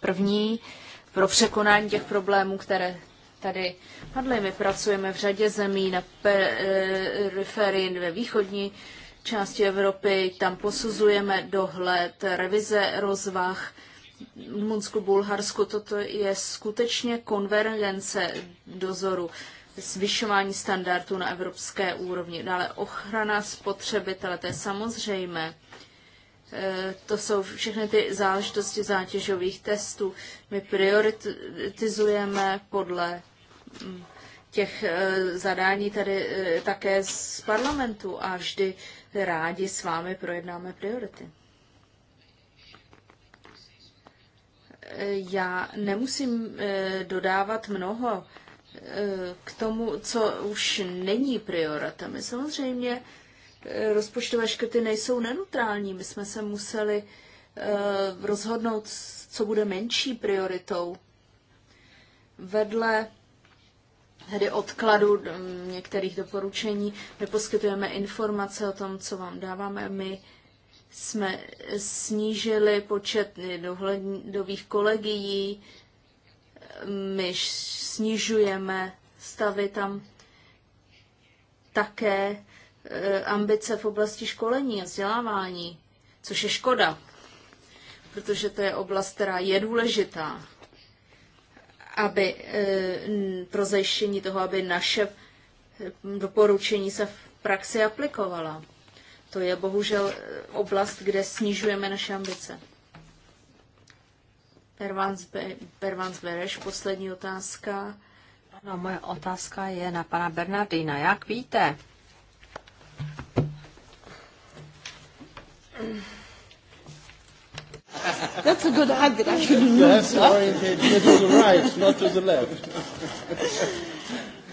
první pro překonání těch problémů, které tady padly. My pracujeme v řadě zemí na periferii ve východní části Evropy, tam posuzujeme dohled, revize rozvah, Rumunsku, Bulharsku, toto je skutečně konvergence dozoru zvyšování standardů na evropské úrovni. Dále ochrana spotřebitele, to je samozřejmé. E, to jsou všechny ty záležitosti zátěžových testů. My prioritizujeme podle mm, těch e, zadání tady e, také z parlamentu a vždy rádi s vámi projednáme priority. Já nemusím dodávat mnoho Eh, k tomu, co už není prioritami. Samozřejmě eh, rozpočtové škrty nejsou neutrální. My jsme se museli eh, rozhodnout, co bude menší prioritou. Vedle tedy odkladu mm, některých doporučení neposkytujeme informace o tom, co vám dáváme. My jsme snížili počet dohledových kolegií, my snižujeme stavy tam také e, ambice v oblasti školení a vzdělávání, což je škoda, protože to je oblast, která je důležitá aby e, pro zajištění toho, aby naše e, doporučení se v praxi aplikovala. To je bohužel oblast, kde snižujeme naše ambice. Pervans Bereš, poslední otázka. Ano, moje otázka je na pana Bernardina. Jak víte? That's a good habit, I should to the right, not to the left.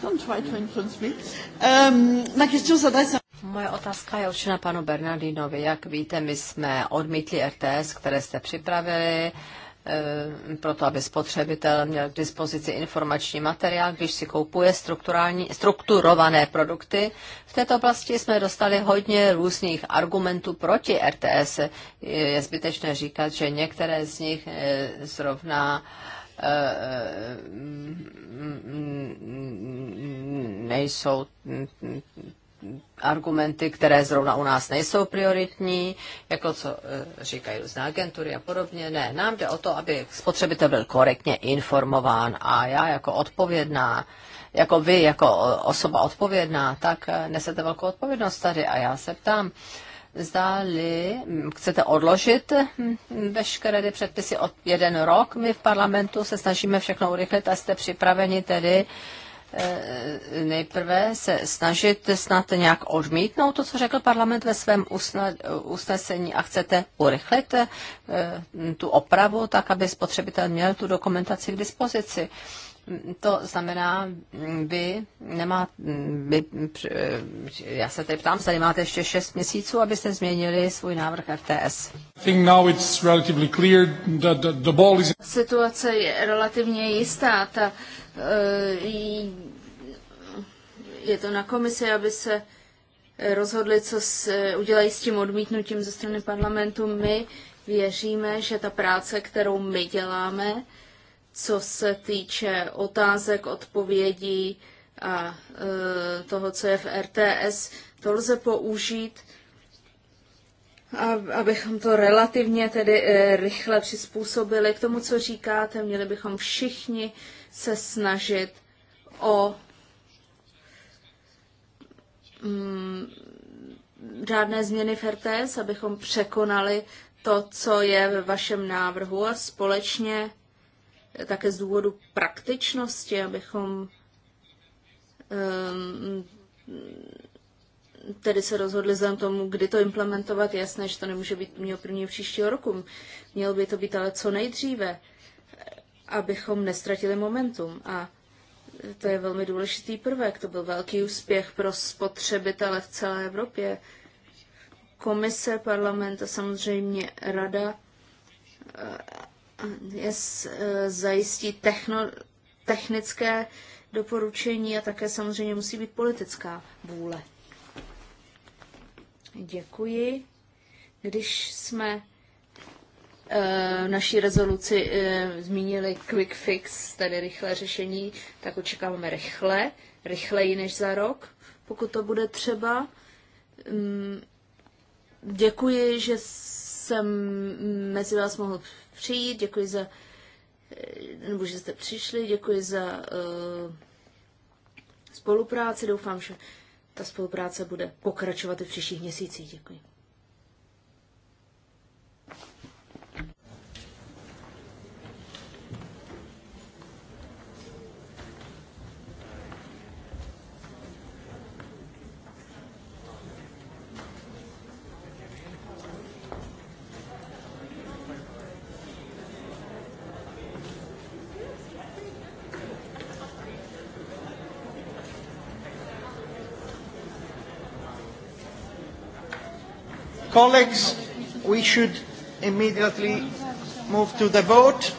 Don't try to influence me. Um, ma question s'adresse Moje otázka je určena panu Bernardinovi. Jak víte, my jsme odmítli RTS, které jste připravili. Eh, proto aby spotřebitel měl k dispozici informační materiál, když si koupuje strukturální, strukturované produkty. V této oblasti jsme dostali hodně různých argumentů proti RTS. Je zbytečné říkat, že některé z nich eh, zrovna eh, mm, mm, mm, nejsou argumenty, které zrovna u nás nejsou prioritní, jako co e, říkají různé agentury a podobně. Ne, nám jde o to, aby spotřebitel byl korektně informován a já jako odpovědná, jako vy, jako e, osoba odpovědná, tak e, nesete velkou odpovědnost tady a já se ptám, Zdáli chcete odložit veškeré ty předpisy od jeden rok. My v parlamentu se snažíme všechno urychlit a jste připraveni tedy uh, Eh, nejprve se snažit snad nějak odmítnout to, co řekl parlament ve svém usnesení a chcete urychlit eh, tu opravu, tak aby spotřebitel měl tu dokumentaci k dispozici. To znamená, vy nemá, vy, já se tady ptám, tady máte ještě 6 měsíců, abyste změnili svůj návrh RTS. Situace je relativně jistá. Ta, eh, je to na komisi, aby se rozhodli, co s, udělají s tím odmítnutím ze strany parlamentu. My věříme, že ta práce, kterou my děláme, co se týče otázek, odpovědí a e, toho, co je v RTS, to lze použít, A abychom to relativně tedy e, rychle přizpůsobili k tomu, co říkáte. Měli bychom všichni se snažit o žádné mm, změny v RTS, abychom překonali to, co je ve vašem návrhu a společně také z důvodu praktičnosti, abychom um, tedy se rozhodli za tomu, kdy to implementovat. Jasné, že to nemůže být mělo první příštího roku. Mělo by to být ale co nejdříve, abychom nestratili momentum. A to je velmi důležitý prvek. To byl velký úspěch pro spotřebitele v celé Evropě. Komise, parlament a samozřejmě rada je eh, zajistí techno, technické doporučení a také samozřejmě musí být politická vůle. Děkuji. Když jsme eh, naší rezoluci eh, zmínili quick fix, tedy rychlé řešení, tak očekáváme rychle, rychleji než za rok, pokud to bude třeba. Mm, děkuji, že jsem mezi vás mohl přijít, děkuji za, nebo že jste přišli, děkuji za uh, spolupráci. Doufám, že ta spolupráce bude pokračovat i v příštích měsících. Děkuji. Colleagues, we should immediately move to the vote.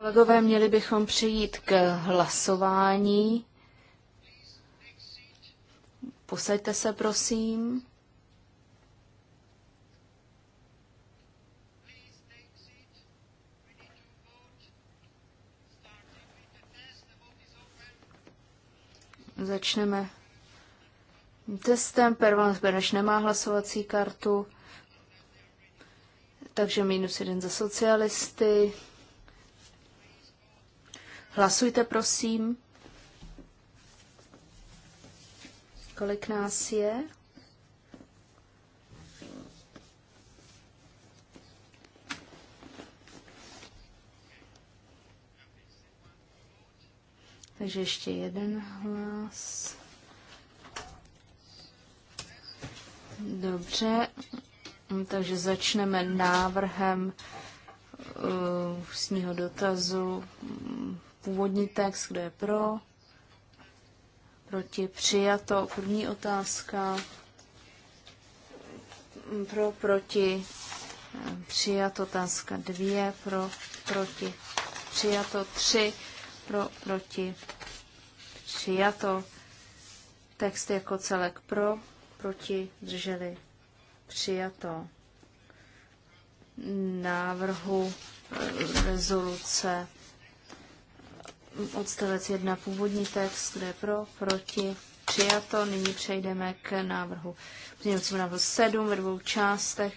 Kolegové, měli bychom přejít k hlasování. Posaďte se, prosím. Začneme testem. Pervan Beneš nemá hlasovací kartu, takže minus jeden za socialisty. Hlasujte, prosím. Kolik nás je? Takže ještě jeden hlas. Dobře, takže začneme návrhem eh, ústního dotazu. Původní text, kde je pro, proti, přijato. První otázka, pro, proti, přijato. Otázka dvě, pro, proti, přijato. Tři, pro, proti, přijato. Text jako celek pro, proti, drželi, přijato. Návrhu rezoluce odstavec 1 původní text, kde je pro, proti, přijato. Nyní přejdeme k návrhu, pozměňovacímu návrhu 7 ve dvou částech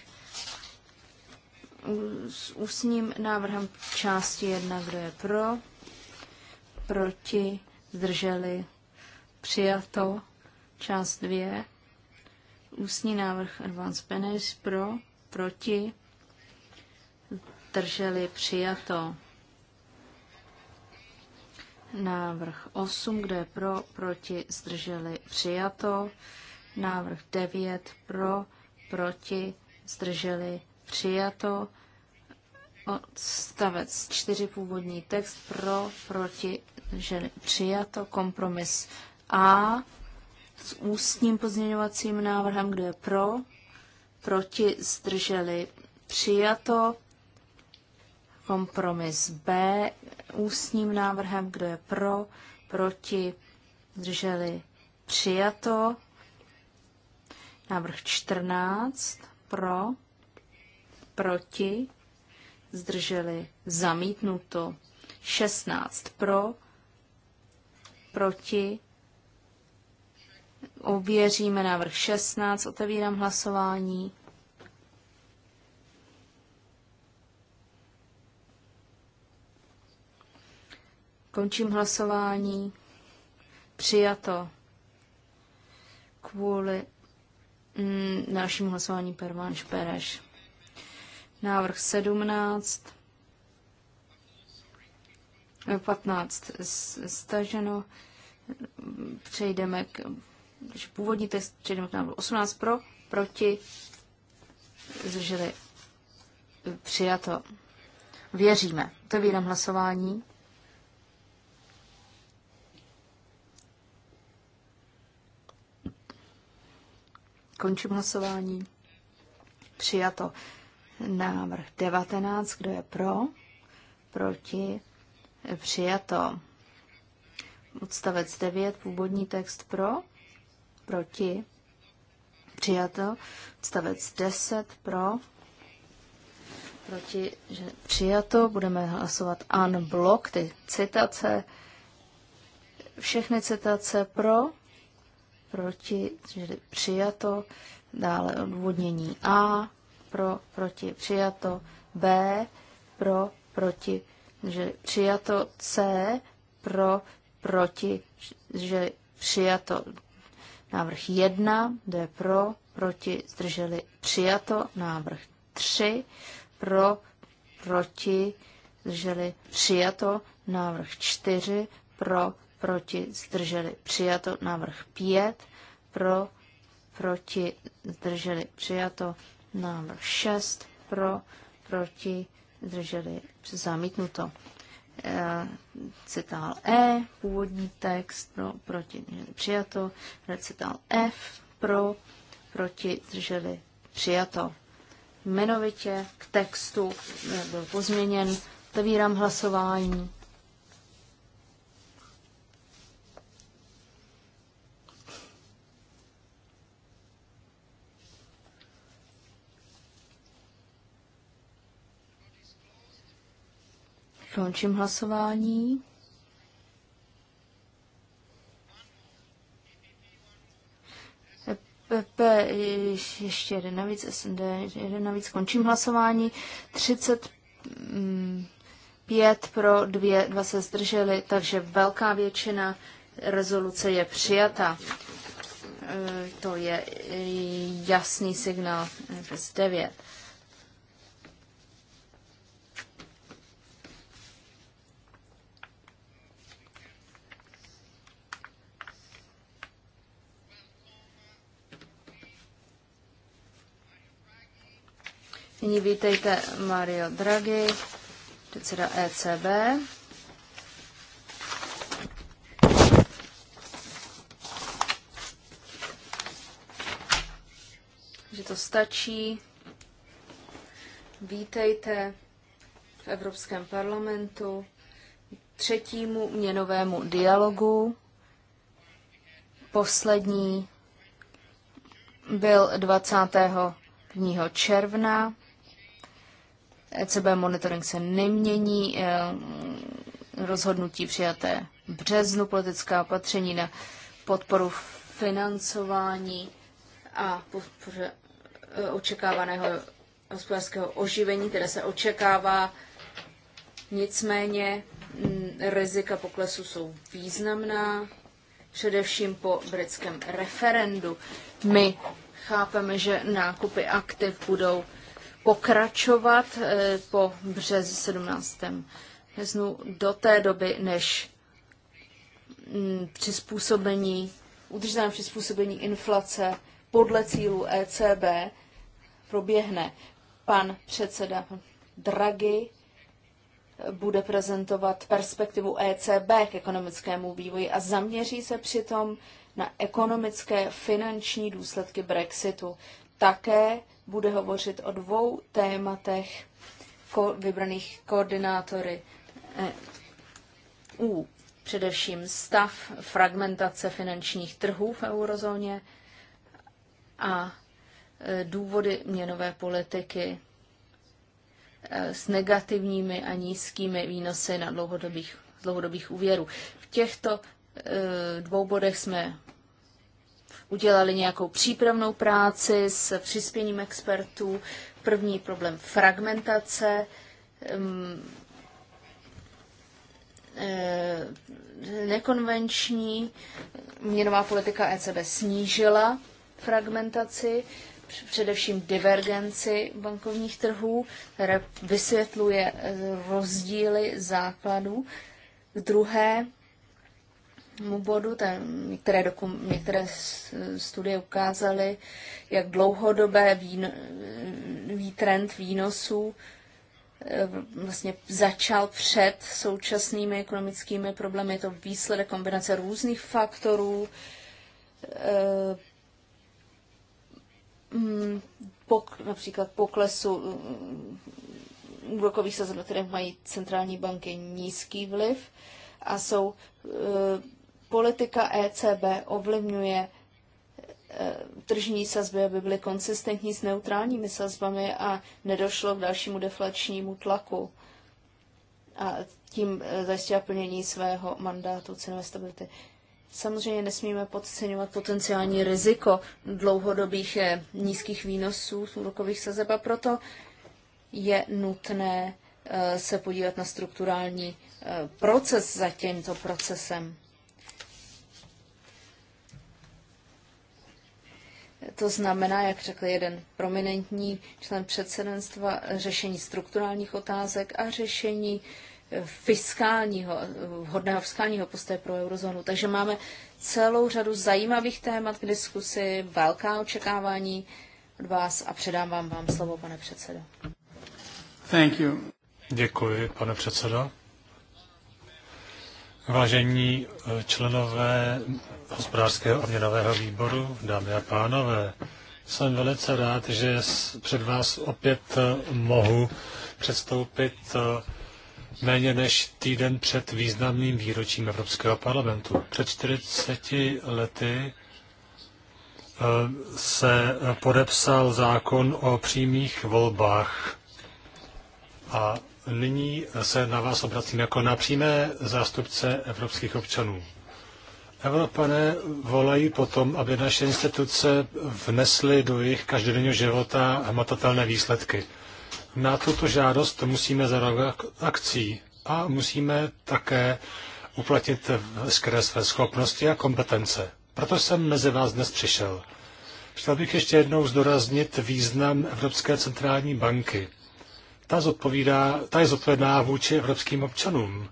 s ústním návrhem části 1, kdo je pro, proti, zdrželi, přijato, část 2, Ústní návrh Advance Penis pro, proti, drželi přijato. Návrh 8, kde pro, proti, zdrželi přijato. Návrh 9, pro, proti, zdrželi přijato. Odstavec 4, původní text, pro, proti, zdrželi přijato. Kompromis A, s ústním pozměňovacím návrhem, kdo je pro, proti zdrželi přijato, kompromis B ústním návrhem, kdo je pro, proti zdrželi přijato, návrh 14 pro, proti zdrželi zamítnuto, 16 pro, proti Ověříme návrh 16, otevírám hlasování. Končím hlasování. Přijato kvůli mm, dalšímu hlasování Pervan Špereš. Návrh 17. 15. Staženo. Přejdeme k když původní test před předem byl 18 pro, proti, zdrželi přijato. Věříme. To je hlasování. Končím hlasování. Přijato návrh 19. Kdo je pro? Proti? Přijato. Odstavec 9. Původní text pro? proti, přijato, odstavec 10 pro, proti, že přijato, budeme hlasovat an blok ty citace, všechny citace pro, proti, že přijato, dále odvodnění A, pro, proti, přijato, B, pro, proti, že přijato, C, pro, proti, že přijato, Návrh 1, kdo je pro, proti, zdrželi, přijato. Návrh 3, pro, proti, zdrželi, přijato. Návrh 4, pro, proti, zdrželi, přijato. Návrh 5, pro, proti, zdrželi, přijato. Návrh 6, pro, proti, zdrželi, zamítnuto. Eh, recital E, původní text pro, proti, přijato, recital F, pro, proti, drželi, přijato. Jmenovitě k textu eh, byl pozměněn, otevírám hlasování. Končím hlasování. PP ještě jeden navíc, SND jeden navíc, končím hlasování. 35 mm, pro, dvě, dva se zdrželi, takže velká většina rezoluce je přijata. E, to je jasný signál 9. Nyní vítejte Mario Draghi, předseda ECB. Že to stačí. Vítejte v Evropském parlamentu třetímu měnovému dialogu. Poslední byl 20. 1. června ECB monitoring se nemění, e, rozhodnutí přijaté v březnu, politická opatření na podporu financování a podpoře e, očekávaného hospodářského oživení, které se očekává. Nicméně mm, rizika poklesu jsou významná, především po britském referendu. My chápeme, že nákupy aktiv budou pokračovat eh, po břez 17. březnu do té doby, než mm, přizpůsobení, udržené přizpůsobení inflace podle cílu ECB proběhne. Pan předseda Draghi eh, bude prezentovat perspektivu ECB k ekonomickému vývoji a zaměří se přitom na ekonomické finanční důsledky Brexitu. Také bude hovořit o dvou tématech ko- vybraných koordinátory EU. Eh, především stav fragmentace finančních trhů v eurozóně a eh, důvody měnové politiky eh, s negativními a nízkými výnosy na dlouhodobých, dlouhodobých úvěrů. V těchto dvou bodech jsme udělali nějakou přípravnou práci s přispěním expertů. První problém fragmentace, ehm, ehm, nekonvenční měnová politika ECB snížila fragmentaci, především divergenci bankovních trhů, vysvětluje eh, rozdíly základů. druhé, bodu. Tam některé, dokum, některé studie ukázaly, jak dlouhodobé výtrend výnosů eh, vlastně začal před současnými ekonomickými problémy. Je to výsledek kombinace různých faktorů. Eh, mm, pok, například poklesu mm, úrokových sazeb, které mají centrální banky nízký vliv a jsou eh, politika ECB ovlivňuje eh, tržní sazby, aby byly konsistentní s neutrálními sazbami a nedošlo k dalšímu deflačnímu tlaku a tím eh, zajistila plnění svého mandátu cenové stability. Samozřejmě nesmíme podceňovat potenciální riziko dlouhodobých eh, nízkých výnosů z úrokových sazeb a proto je nutné se podívat na strukturální proces za tímto procesem. To znamená, jak řekl jeden prominentní člen předsedenstva, řešení strukturálních otázek a řešení eh, fiskálního, eh, hodného fiskálního postoje pro eurozónu. Takže máme celou řadu zajímavých témat k diskusi, velká očekávání od vás a předám vám, vám slovo, pane předsedo. Thank you. Děkuji, pane předsedo. Vážení eh, členové hospodářského a měnového výboru, dámy a pánové. Jsem velice rád, že před vás opět eh, mohu předstoupit eh, méně než týden před významným výročím Evropského parlamentu. Před 40 lety eh, se podepsal zákon o přímých volbách a nyní se na vás obracím jako na přímé zástupce evropských občanů. Evropané volají potom, aby naše instituce vnesly do jejich každodenního života hmatatelné výsledky. Na tuto žádost musíme zareagovat akcí a musíme také uplatnit veškeré své schopnosti a kompetence. Proto jsem mezi vás dnes přišel. Chtěl bych ještě jednou zdoraznit význam Evropské centrální banky. Ta, ta je zodpovědná vůči evropským občanům.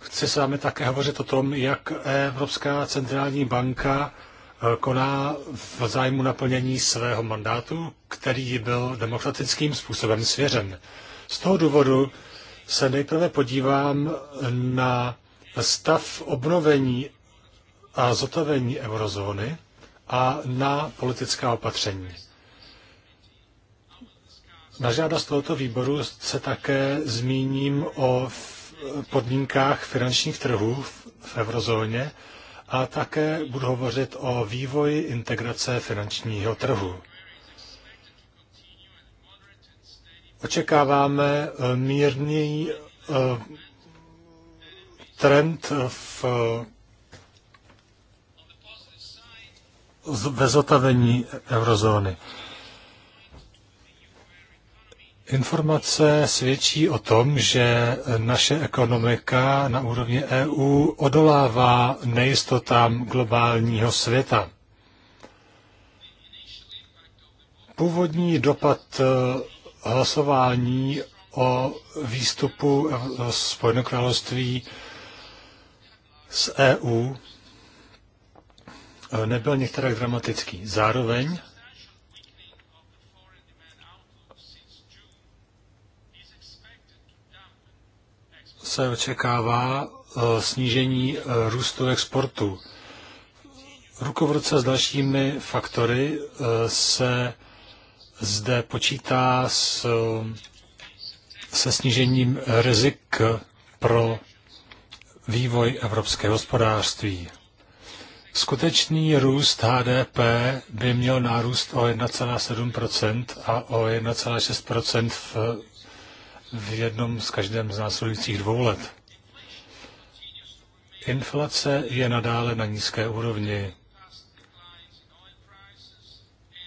Chci s vámi také hovořit o tom, jak Evropská centrální banka eh, koná v zájmu naplnění svého mandátu, který byl demokratickým způsobem svěřen. Z toho důvodu se nejprve podívám na stav obnovení a zotavení eurozóny a na politická opatření. Na žádost tohoto výboru se také zmíním o podmínkách finančních trhů v eurozóně a také budu hovořit o vývoji integrace finančního trhu. Očekáváme eh, mírný eh, trend v ve zotavení eurozóny. Informace svědčí o tom, že naše ekonomika na úrovni EU odolává nejistotám globálního světa. Původní dopad eh, hlasování o výstupu Spojeného království z EU eh, nebyl některak dramatický. Zároveň se očekává e, snížení e, růstu exportu. Ruku v ruce s dalšími faktory e, se zde počítá s, se snížením rizik pro vývoj evropského hospodářství. Skutečný růst HDP by měl nárůst o 1,7 a o 1,6 v v jednom z každém z následujících dvou let. Inflace je nadále na nízké úrovni.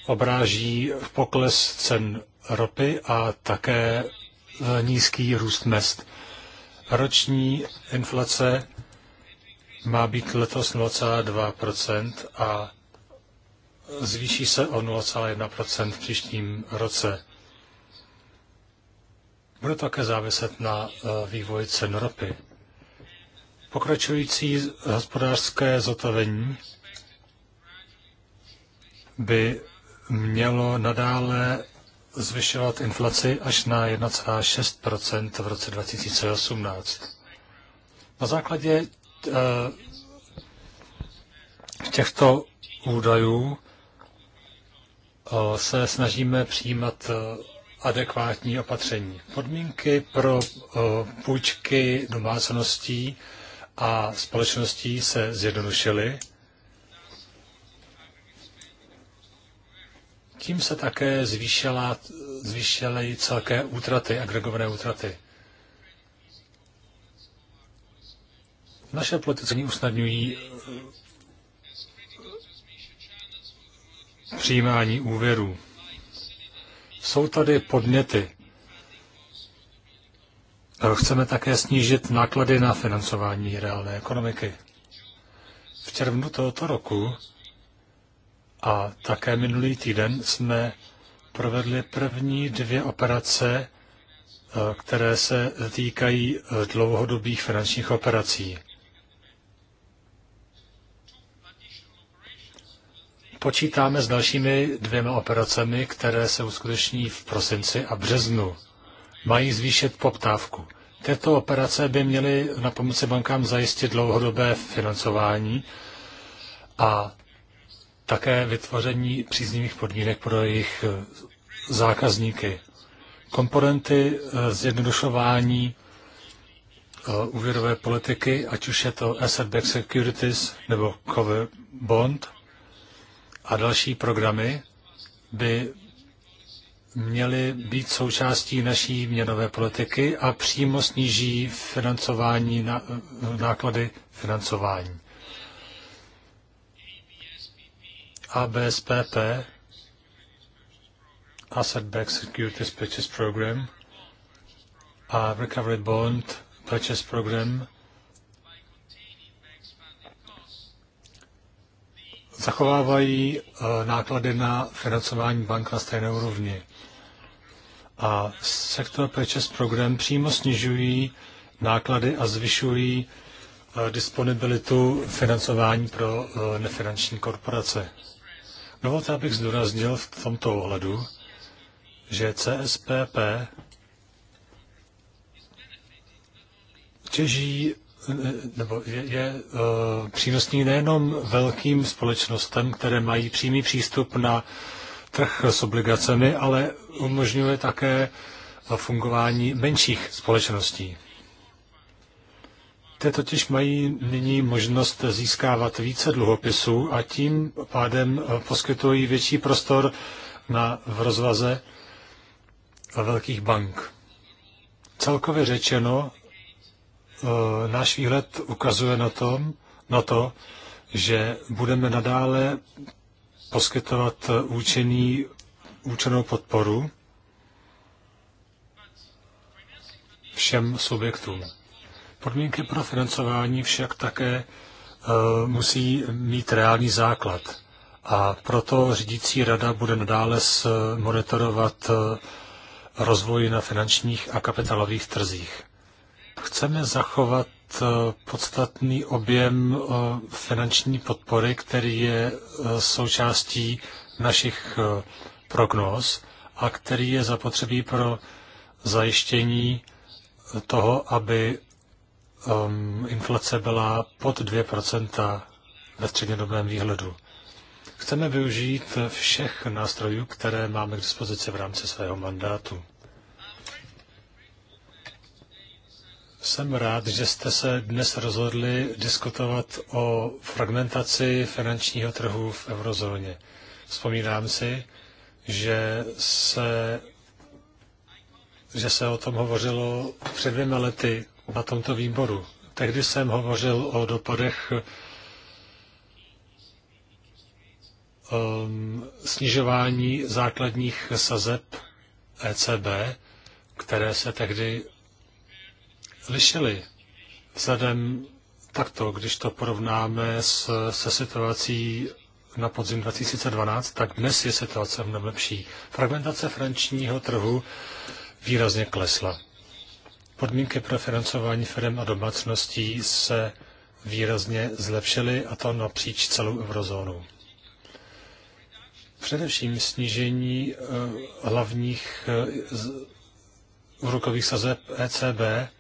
Obráží v pokles cen ropy a také nízký růst mest. Roční inflace má být letos 0,2 a zvýší se o 0,1 v příštím roce. Bude také záviset na eh, vývoji cen ropy. Pokračující hospodářské zotavení by mělo nadále zvyšovat inflaci až na 1,6 v roce 2018. Na základě eh, těchto údajů eh, se snažíme přijímat adekvátní opatření. Podmínky pro půjčky domácností a společností se zjednodušily. Tím se také zvýšila, zvýšily celké útraty, agregované útraty. Naše politice usnadňují e, přijímání úvěrů. Jsou tady podněty. Chceme také snížit náklady na financování reálné ekonomiky. V červnu tohoto roku a také minulý týden jsme provedli první dvě operace, eh, které se týkají eh, dlouhodobých finančních operací. počítáme s dalšími dvěma operacemi, které se uskuteční v prosinci a březnu. Mají zvýšit poptávku. Tyto operace by měly na pomoci bankám zajistit dlouhodobé financování a také vytvoření příznivých podmínek pro jejich eh, zákazníky. Komponenty eh, zjednodušování eh, úvěrové politiky, ať už je to asset-backed securities nebo cover bond, a další programy by měly být součástí naší měnové politiky a přímo sníží financování, náklady financování. ABSPP, Asset Backed Securities Purchase Program a Recovery Bond Purchase Program zachovávají eh, náklady na financování bank na stejné úrovni. A sektor Purchase Program přímo snižují náklady a zvyšují eh, disponibilitu financování pro eh, nefinanční korporace. Dovolte, abych zdůraznil v tomto ohledu, že CSPP těží nebo je, je eh, přínosný nejenom velkým společnostem, které mají přímý přístup na trh s obligacemi, ale umožňuje také fungování menších společností. Ty totiž mají nyní možnost získávat více dluhopisů a tím pádem eh, poskytují větší prostor na v rozvaze eh, velkých bank. Celkově řečeno, Eh, náš výhled ukazuje na, tom, na to, že budeme nadále poskytovat eh, účinný, účinnou podporu všem subjektům. Podmínky pro financování však také eh, musí mít reálný základ. A proto řídící rada bude nadále monitorovat rozvoj na finančních a kapitálových trzích. Chceme zachovat eh, podstatný objem eh, finanční podpory, který je eh, součástí našich prognóz a který je zapotřebí pro zajištění toho, aby ehm, inflace byla pod 2% ve střednědobém výhledu. Chceme využít všech nástrojů, které máme k dispozici v rámci svého mandátu. Jsem rád, že jste se dnes rozhodli diskutovat o fragmentaci finančního trhu v eurozóně. Vzpomínám si, že se, že se o tom hovořilo před dvěma lety na tomto výboru. Tehdy jsem hovořil o dopadech um, snižování základních sazeb ECB, které se tehdy lišily. Vzhledem takto, když to porovnáme s, se situací na podzim 2012, tak dnes je situace mnohem lepší. Fragmentace frančního trhu výrazně klesla. Podmínky pro financování firm a domácností se výrazně zlepšily, a to napříč celou eurozónu. Především snížení eh, hlavních eh, úrokových sazeb ECB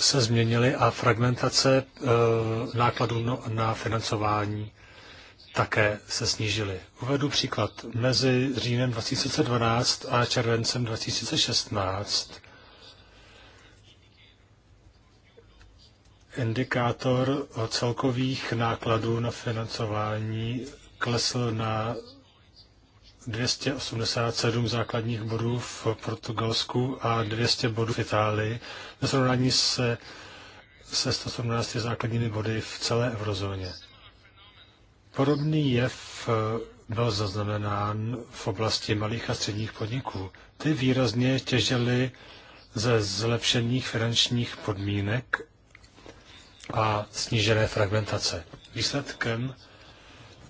se změnily a fragmentace e, nákladů no, na financování také se snížily. Uvedu příklad. Mezi říjnem 2012 a červencem 2016 indikátor celkových nákladů na financování klesl na 287 základních bodů v Portugalsku a 200 bodů v Itálii ve srovnání se, se 117 základními body v celé eurozóně. Podobný jev eh, byl zaznamenán v oblasti malých a středních podniků. Ty výrazně těžily ze zlepšených finančních podmínek a snížené fragmentace. Výsledkem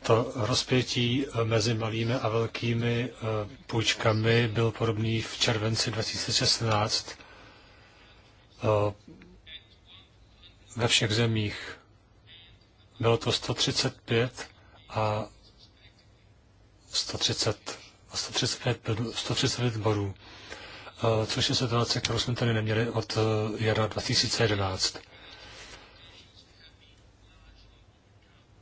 to rozpětí eh, mezi malými a velkými eh, půjčkami byl podobný v červenci 2016 eh, ve všech zemích. Bylo to 135 a 130 a 135, 135 bodů, což je situace, kterou jsme tady neměli od jara 2011.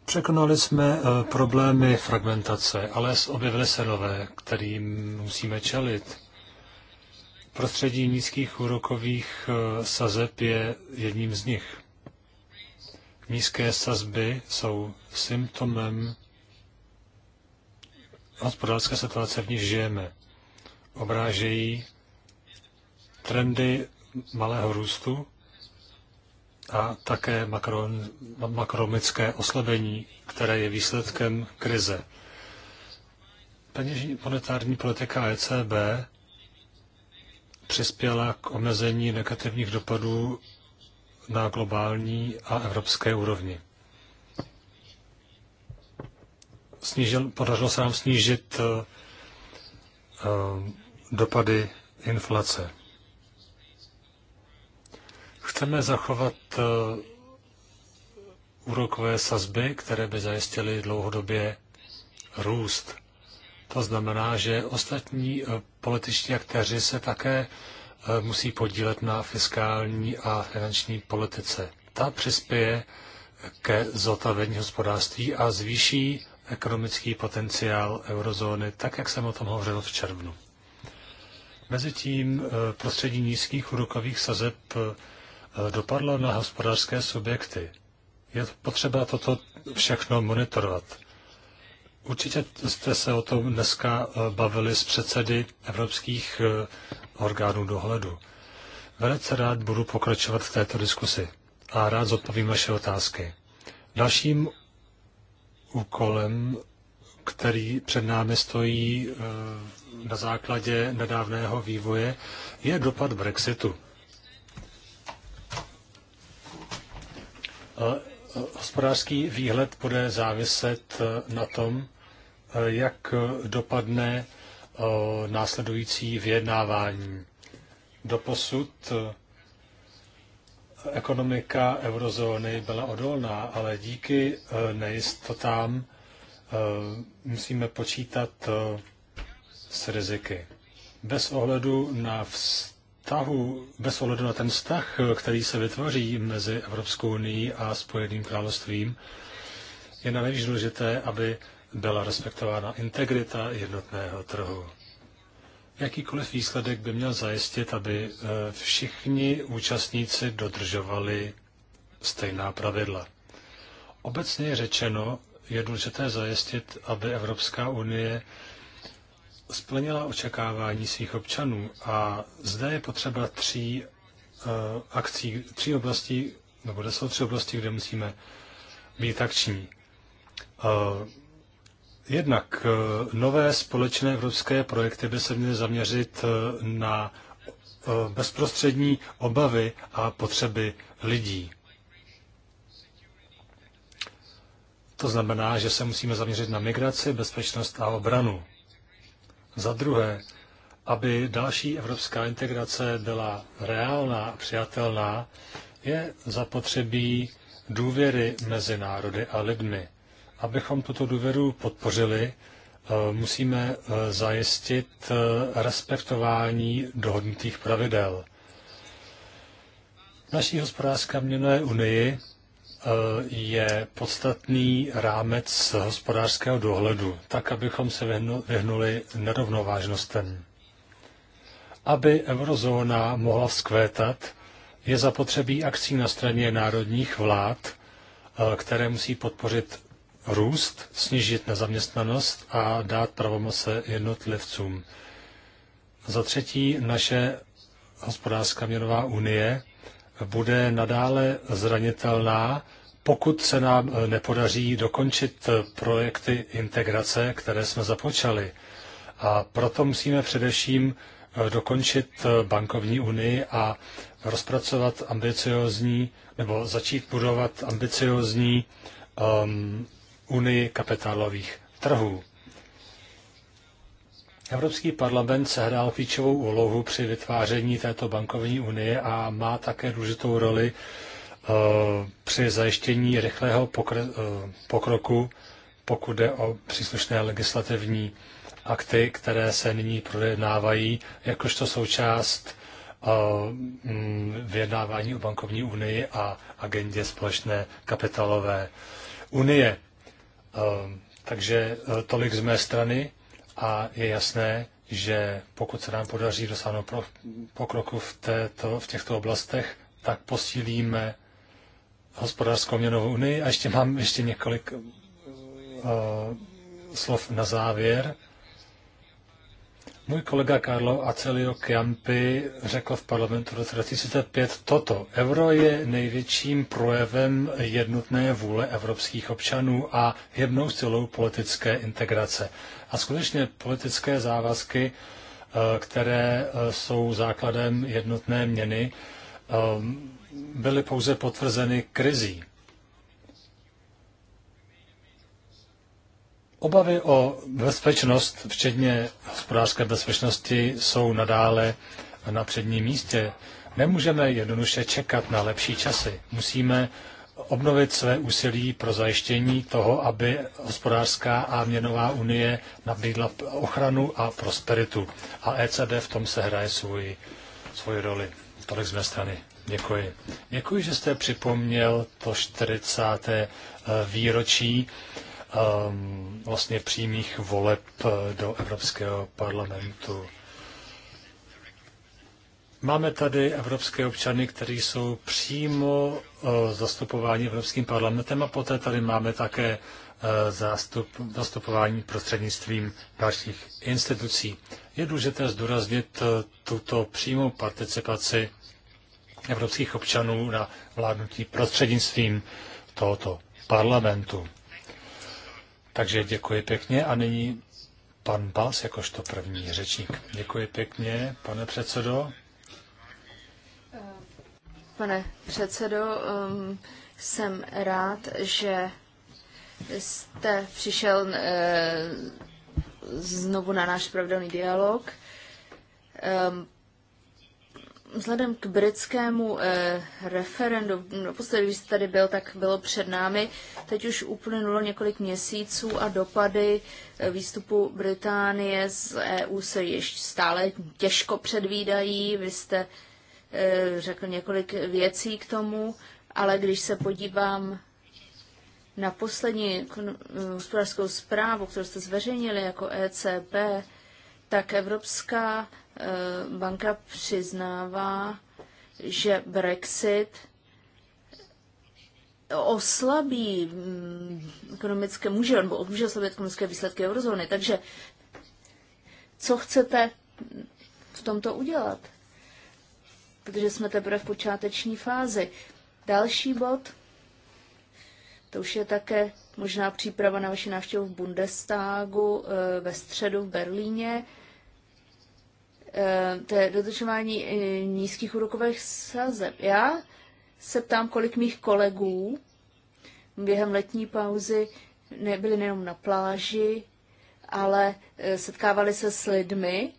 Překonali jsme eh, problémy fragmentace, ale objevily se nové, kterým musíme čelit. Prostředí nízkých úrokových eh, sazeb je jedním z nich. Nízké sazby jsou symptomem hospodářské situace, v níž žijeme. Obrážejí trendy malého růstu a také makro, makromické oslabení, které je výsledkem krize. Peněžní monetární politika ECB přispěla k omezení negativních dopadů na globální a evropské úrovni. Snížil, podařilo se nám snížit uh, dopady inflace. Chceme zachovat eh, úrokové sazby, které by zajistily dlouhodobě růst. To znamená, že ostatní eh, političtí aktéři se také eh, musí podílet na fiskální a finanční politice. Ta přispěje ke zotavení hospodářství a zvýší ekonomický potenciál eurozóny, tak jak jsem o tom hovořil v červnu. Mezitím prostředí nízkých úrokových sazeb Eh, dopadlo na hospodářské subjekty. Je potřeba toto všechno monitorovat. Určitě jste se o tom dneska eh, bavili s předsedy evropských eh, orgánů dohledu. Velice rád budu pokračovat v této diskusi a rád zodpovím vaše otázky. Dalším úkolem, který před námi stojí na základě nedávného vývoje, je dopad Brexitu. hospodářský výhled bude záviset e, na tom, e, jak dopadne e, následující vyjednávání. Doposud ekonomika eurozóny byla odolná, ale díky nejistotám musíme počítat s riziky. Bez ohledu na vst- tahu bez ohledu na ten vztah, který se vytvoří mezi Evropskou unii a Spojeným královstvím, je na důležité, aby byla respektována integrita jednotného trhu. Jakýkoliv výsledek by měl zajistit, aby e, všichni účastníci dodržovali stejná pravidla. Obecně řečeno je důležité zajistit, aby Evropská unie splnila očekávání svých občanů a zde je potřeba tří uh, akcí, tří oblasti, nebo zde jsou tři oblasti, kde musíme být akční. Uh, jednak uh, nové společné evropské projekty by se měly zaměřit uh, na uh, bezprostřední obavy a potřeby lidí. To znamená, že se musíme zaměřit na migraci, bezpečnost a obranu. Za druhé, aby další evropská integrace byla reálná a přijatelná, je zapotřebí důvěry mezi národy a lidmi. Abychom tuto důvěru podpořili, eh, musíme eh, zajistit eh, respektování dohodnutých pravidel. V naší hospodářské měnové unii Eh, je podstatný rámec hospodářského dohledu, tak abychom se vyhnuli nerovnovážnostem. Aby eurozóna mohla vzkvétat, je zapotřebí akcí na straně národních vlád, eh, které musí podpořit růst, snížit nezaměstnanost a dát pravomoce jednotlivcům. Za třetí, naše hospodářská měnová unie bude nadále zranitelná, pokud se nám eh, nepodaří dokončit eh, projekty integrace, které jsme započali. A proto musíme především eh, dokončit bankovní unii a rozpracovat ambiciozní nebo začít budovat ambiciozní um, unii kapitálových trhů. Evropský parlament sehrál klíčovou úlohu při vytváření této bankovní unie a má také důležitou roli eh, při zajištění rychlého eh, pokroku, pokud jde o příslušné legislativní akty, které se nyní projednávají jakožto součást eh, mm, vyjednávání o bankovní unii a agendě společné kapitalové unie. Takže tolik z mé strany a je jasné, že pokud se nám podaří dosáhnout pokroku v, této, v těchto oblastech, tak posílíme hospodářskou měnovou unii. A ještě mám ještě několik uh, slov na závěr. Můj kolega Carlo Acelio Campi řekl v parlamentu v roce 2005 toto. Euro je největším projevem jednotné vůle evropských občanů a jednou silou politické integrace. A skutečně politické závazky, eh, které eh, jsou základem jednotné měny, eh, byly pouze potvrzeny krizí. Obavy o bezpečnost, včetně hospodářské bezpečnosti, jsou nadále na předním místě. Nemůžeme jednoduše čekat na lepší časy. Musíme obnovit své úsilí pro zajištění toho, aby hospodářská a měnová unie nabídla ochranu a prosperitu. A ECB v tom se hraje svoji, svoji roli. Tolik z mé strany. Děkuji. Děkuji, že jste připomněl to 40. Eh, výročí Um, vlastně přímých voleb eh, do Evropského parlamentu. Máme tady evropské občany, kteří jsou přímo eh, zastupováni Evropským parlamentem a poté tady máme také eh, zastup zastupování prostřednictvím dalších institucí. Je důležité zdůraznit tuto přímou participaci evropských občanů na vládnutí prostřednictvím tohoto parlamentu. Takže děkuji pěkně a nyní pan Bas jakožto první řečník. Děkuji pěkně, pane předsedo. Pane předsedo, um, jsem rád, že jste přišel uh, znovu na náš pravidelný dialog. Um, Vzhledem k britskému eh, referendu, poslední, když jste tady byl, tak bylo před námi. Teď už uplynulo několik měsíců a dopady eh, výstupu Británie z EU se ještě stále těžko předvídají. Vy jste eh, řekl několik věcí k tomu, ale když se podívám na poslední eh, hospodářskou zprávu, kterou jste zveřejnili jako ECB, tak Evropská Eh, banka přiznává, že Brexit oslabí mm, ekonomické, může, nebo může oslabit ekonomické výsledky eurozóny. Takže co chcete v tomto udělat? Protože jsme teprve v počáteční fázi. Další bod, to už je také možná příprava na vaši návštěvu v Bundestagu eh, ve středu v Berlíně. Eh, to je dodržování eh, nízkých úrokových sazeb. Já se ptám, kolik mých kolegů během letní pauzy nebyli nejenom na pláži, ale eh, setkávali se s lidmi,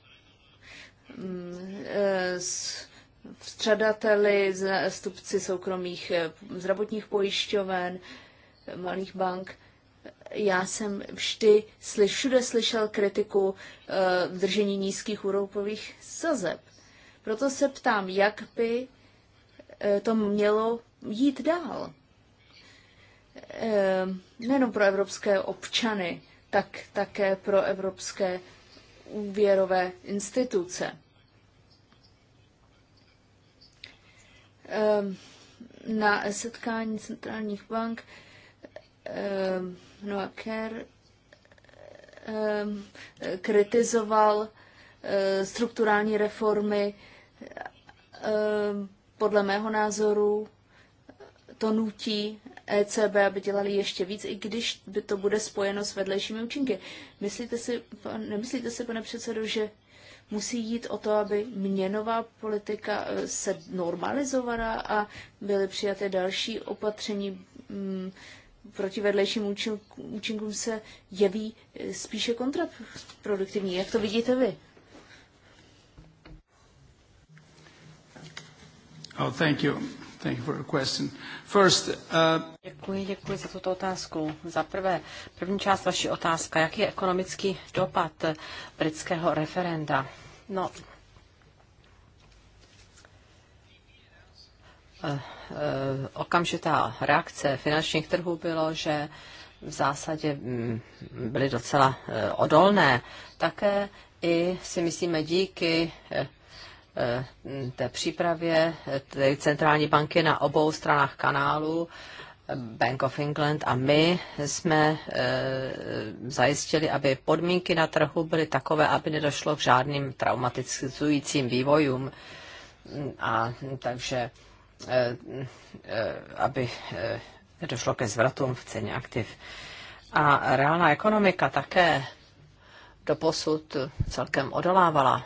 mm, s střadateli, zástupci soukromých zdravotních pojišťoven, malých bank já jsem vždy sly, všude slyšel kritiku uh, držení nízkých úrokových sazeb. Proto se ptám, jak by eh, to mělo jít dál. E, nejenom pro evropské občany, tak také pro evropské úvěrové instituce. Na setkání centrálních bank Noaker eh, kritizoval eh, strukturální reformy. Eh, podle mého názoru to nutí ECB, aby dělali ještě víc, i když by to bude spojeno s vedlejšími účinky. Myslíte si, nemyslíte si, pane předsedo, že musí jít o to, aby měnová politika se normalizovala a byly přijaty další opatření mm, proti vedlejším účinkům se jeví eh, spíše kontraproduktivní. Jak to vidíte vy? Oh, thank you. Thank you for your question. First, uh... Děkuji, děkuji za tuto otázku. Za prvé, první část vaší otázka, jaký je ekonomický dopad britského referenda? No, Eh, okamžitá reakce finančních trhů bylo, že v zásadě mm, byly docela eh, odolné. Také i si myslíme díky eh, té přípravě té centrální banky na obou stranách kanálu, Bank of England a my jsme zajistili, aby podmínky na trhu byly takové, aby nedošlo k žádným traumatizujícím vývojům. Mm, a takže Eh, eh, aby nedošlo eh, ke zvratům v ceně aktiv. A reálná ekonomika také do posud celkem odolávala.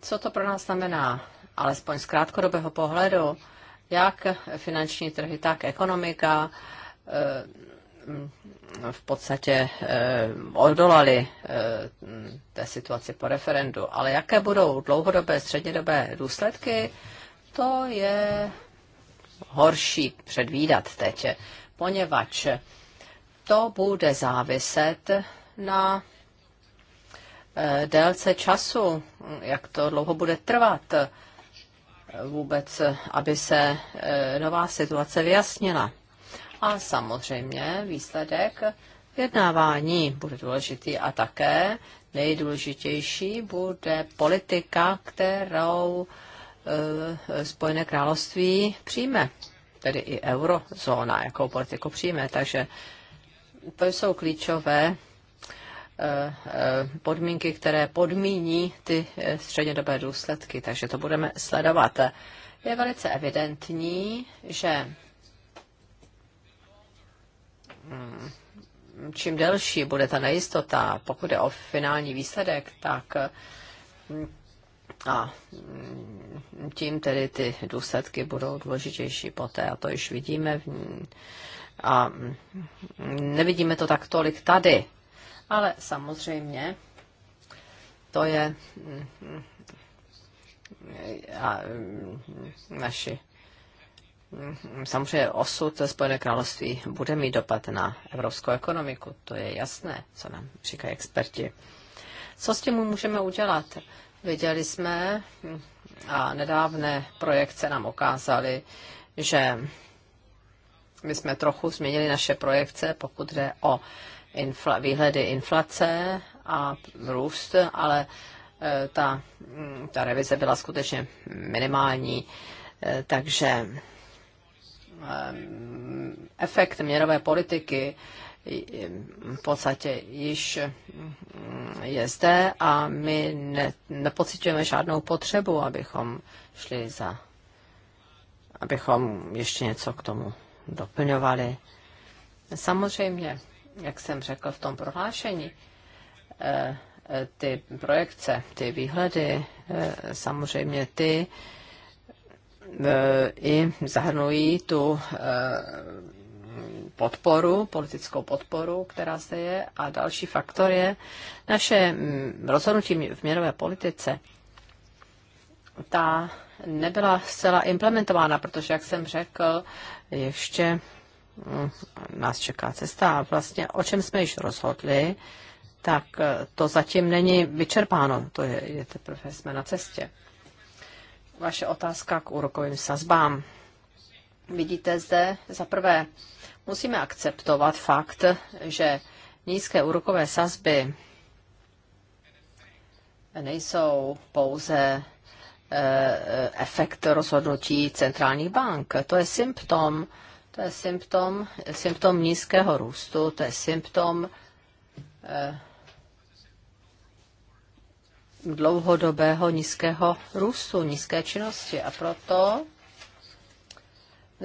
Co to pro nás znamená? Alespoň z krátkodobého pohledu, jak finanční trhy, tak ekonomika v podstatě odolali té situaci po referendu. Ale jaké budou dlouhodobé, střednědobé důsledky? to je horší předvídat teď, poněvadž to bude záviset na eh, délce času, jak to dlouho bude trvat vůbec, aby se eh, nová situace vyjasnila. A samozřejmě výsledek vyjednávání bude důležitý a také nejdůležitější bude politika, kterou Eh, Spojené království přijme, tedy i eurozóna, jako politiku přijme. Takže úplně jsou klíčové eh, eh, podmínky, které podmíní ty střednědobé důsledky, takže to budeme sledovat. Je velice evidentní, že hm, čím delší bude ta nejistota, pokud je o finální výsledek, tak hm, a mm, tím tedy ty důsledky budou důležitější poté a to již vidíme a mm, nevidíme to tak tolik tady, ale samozřejmě to je mm, a naši samozřejmě osud Spojené království bude mít dopad na evropskou ekonomiku, to je jasné, co nám říkají experti. Co s tím můžeme udělat? Věděli jsme hm, a nedávné projekce nám ukázaly, že my jsme trochu změnili naše projekce, pokud jde o infla, výhledy inflace a růst, ale e, ta, hm, ta revize byla skutečně minimální, e, takže e, efekt měnové politiky v podstatě již mm, je zde a my ne, nepocitujeme žádnou potřebu, abychom šli za, abychom ještě něco k tomu doplňovali. Samozřejmě, jak jsem řekl v tom prohlášení, eh, eh, ty projekce, ty výhledy, eh, samozřejmě ty i zahrnují tu podporu, politickou podporu, která zde je. A další faktor je naše mm, rozhodnutí v měnové politice. Ta nebyla zcela implementována, protože, jak jsem řekl, ještě mm, nás čeká cesta. A vlastně o čem jsme již rozhodli, tak to zatím není vyčerpáno. To je, je teprve, jsme na cestě. Vaše otázka k úrokovým sazbám. Vidíte zde za prvé musíme akceptovat fakt, že nízké úrokové sazby nejsou pouze eh, eh, efekt rozhodnutí centrálních bank. To je symptom, to je symptom, symptom nízkého růstu, to je symptom eh, dlouhodobého nízkého růstu, nízké činnosti. A proto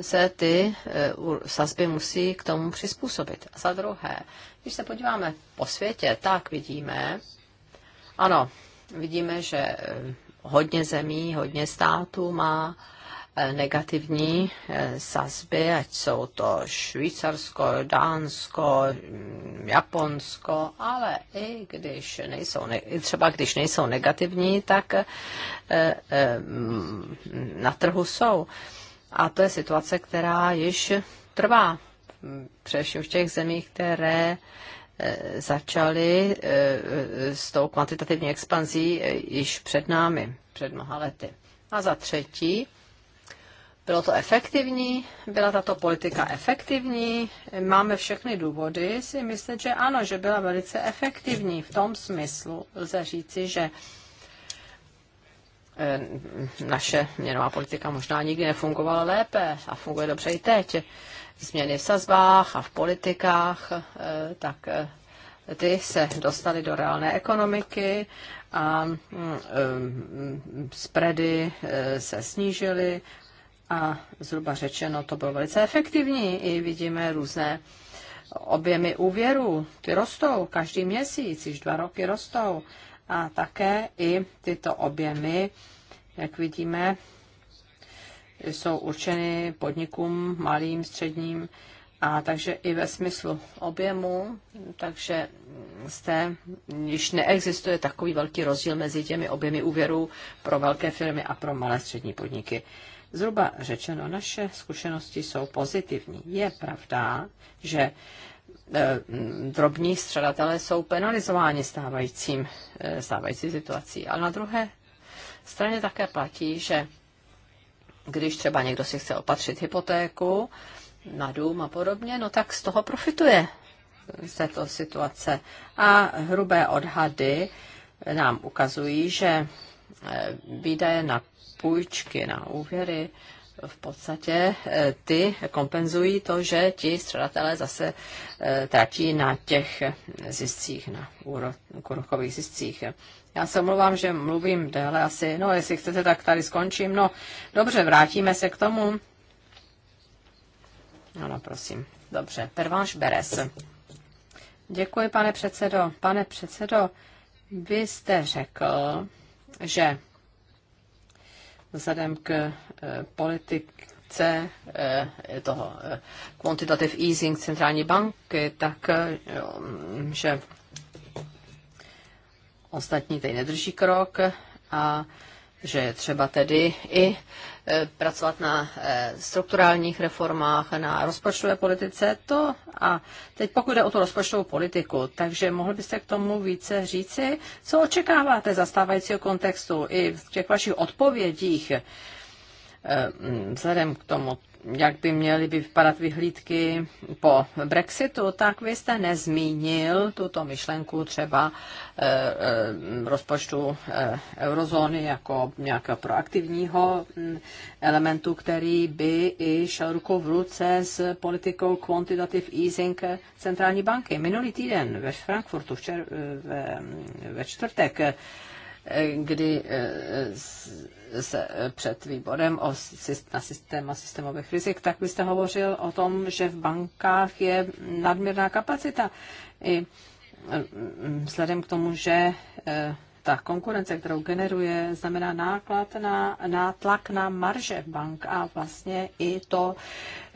se ty eh, sazby musí k tomu přizpůsobit. A za druhé, když se podíváme po světě, tak vidíme, ano, vidíme, že eh, hodně zemí, hodně států má eh, negativní sazby, ať jsou to Švýcarsko, Dánsko, mm, Japonsko, ale i když nejsou, třeba když nejsou negativní, tak mm, na trhu jsou. A to je situace, která již trvá, především v těch zemích, které e, začaly e, s tou kvantitativní expanzí e, již před námi, před mnoha lety. A za třetí, bylo to efektivní? Byla tato politika efektivní? Máme všechny důvody si myslet, že ano, že byla velice efektivní. V tom smyslu lze říci, že Eh, naše měnová politika možná nikdy nefungovala lépe a funguje dobře i teď. Změny v sazbách a v politikách, eh, tak eh, ty se dostaly do reálné ekonomiky a mm, spready se snížily a zhruba řečeno to bylo velice efektivní. I vidíme různé objemy úvěrů, ty rostou každý měsíc, již dva roky rostou. A také i tyto objemy, jak vidíme, jsou určeny podnikům malým, středním, a takže i ve smyslu objemu, takže zde již neexistuje takový velký rozdíl mezi těmi objemy úvěrů pro velké firmy a pro malé střední podniky. Zhruba řečeno, naše zkušenosti jsou pozitivní. Je pravda, že Eh, drobní střadatelé jsou penalizováni stávajícím, eh, stávající situací. Ale na druhé straně také platí, že když třeba někdo si chce opatřit hypotéku na dům a podobně, no tak z toho profituje z této situace. A hrubé odhady nám ukazují, že eh, výdaje na půjčky, na úvěry, v podstatě eh, ty kompenzují to, že ti střadatelé zase eh, tratí na těch ziscích, na úrokových ziscích. Já se omlouvám, že mluvím déle asi. No, jestli chcete, tak tady skončím. No, dobře, vrátíme se k tomu. Ano, prosím. Dobře, Pervanš Beres. Děkuji, pane předsedo. Pane předsedo, vy jste řekl, že vzhledem k Eh, politice eh, toho eh, quantitative easing centrální banky, tak že ostatní tady nedrží krok a že je třeba tedy i pracovat na strukturálních reformách, na rozpočtové politice. To a teď pokud jde o tu rozpočtovou politiku, takže mohl byste k tomu více říci, co očekáváte za stávajícího kontextu i v těch vašich odpovědích Eh, vzhledem k tomu, jak by měly by vypadat vyhlídky po Brexitu, tak vy jste nezmínil tuto myšlenku třeba eh, eh, rozpočtu eurozóny jako nějakého proaktivního hm, elementu, který by i šel rukou v ruce s politikou quantitative easing centrální banky. Minulý týden ve Frankfurtu ve, ve čtvrtek kdy eh, se před výborem o na systém a systémových rizik, tak vy jste hovořil o tom, že v bankách je nadměrná kapacita. I eh, vzhledem k tomu, že eh, ta konkurence, kterou generuje, znamená náklad na, nátlak na marže bank a vlastně i to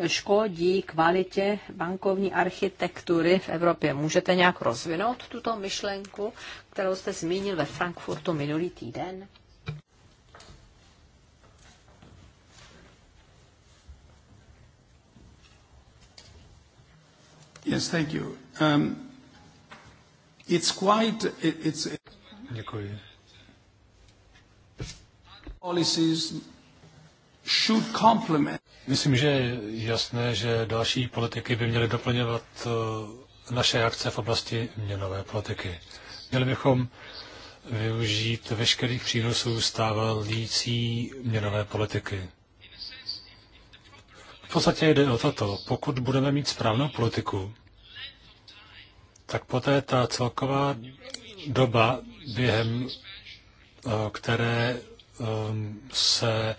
škodí kvalitě bankovní architektury v Evropě. Můžete nějak rozvinout tuto myšlenku, kterou jste zmínil ve Frankfurtu minulý týden? Yes, thank you. Um, it's quite, it's... Děkuji. Myslím, že je jasné, že další politiky by měly doplňovat eh, naše akce v oblasti měnové politiky. Měli bychom využít veškerých přínosů stávající měnové politiky. V podstatě jde o toto. Pokud budeme mít správnou politiku, tak poté ta celková doba během eh, které ehm, se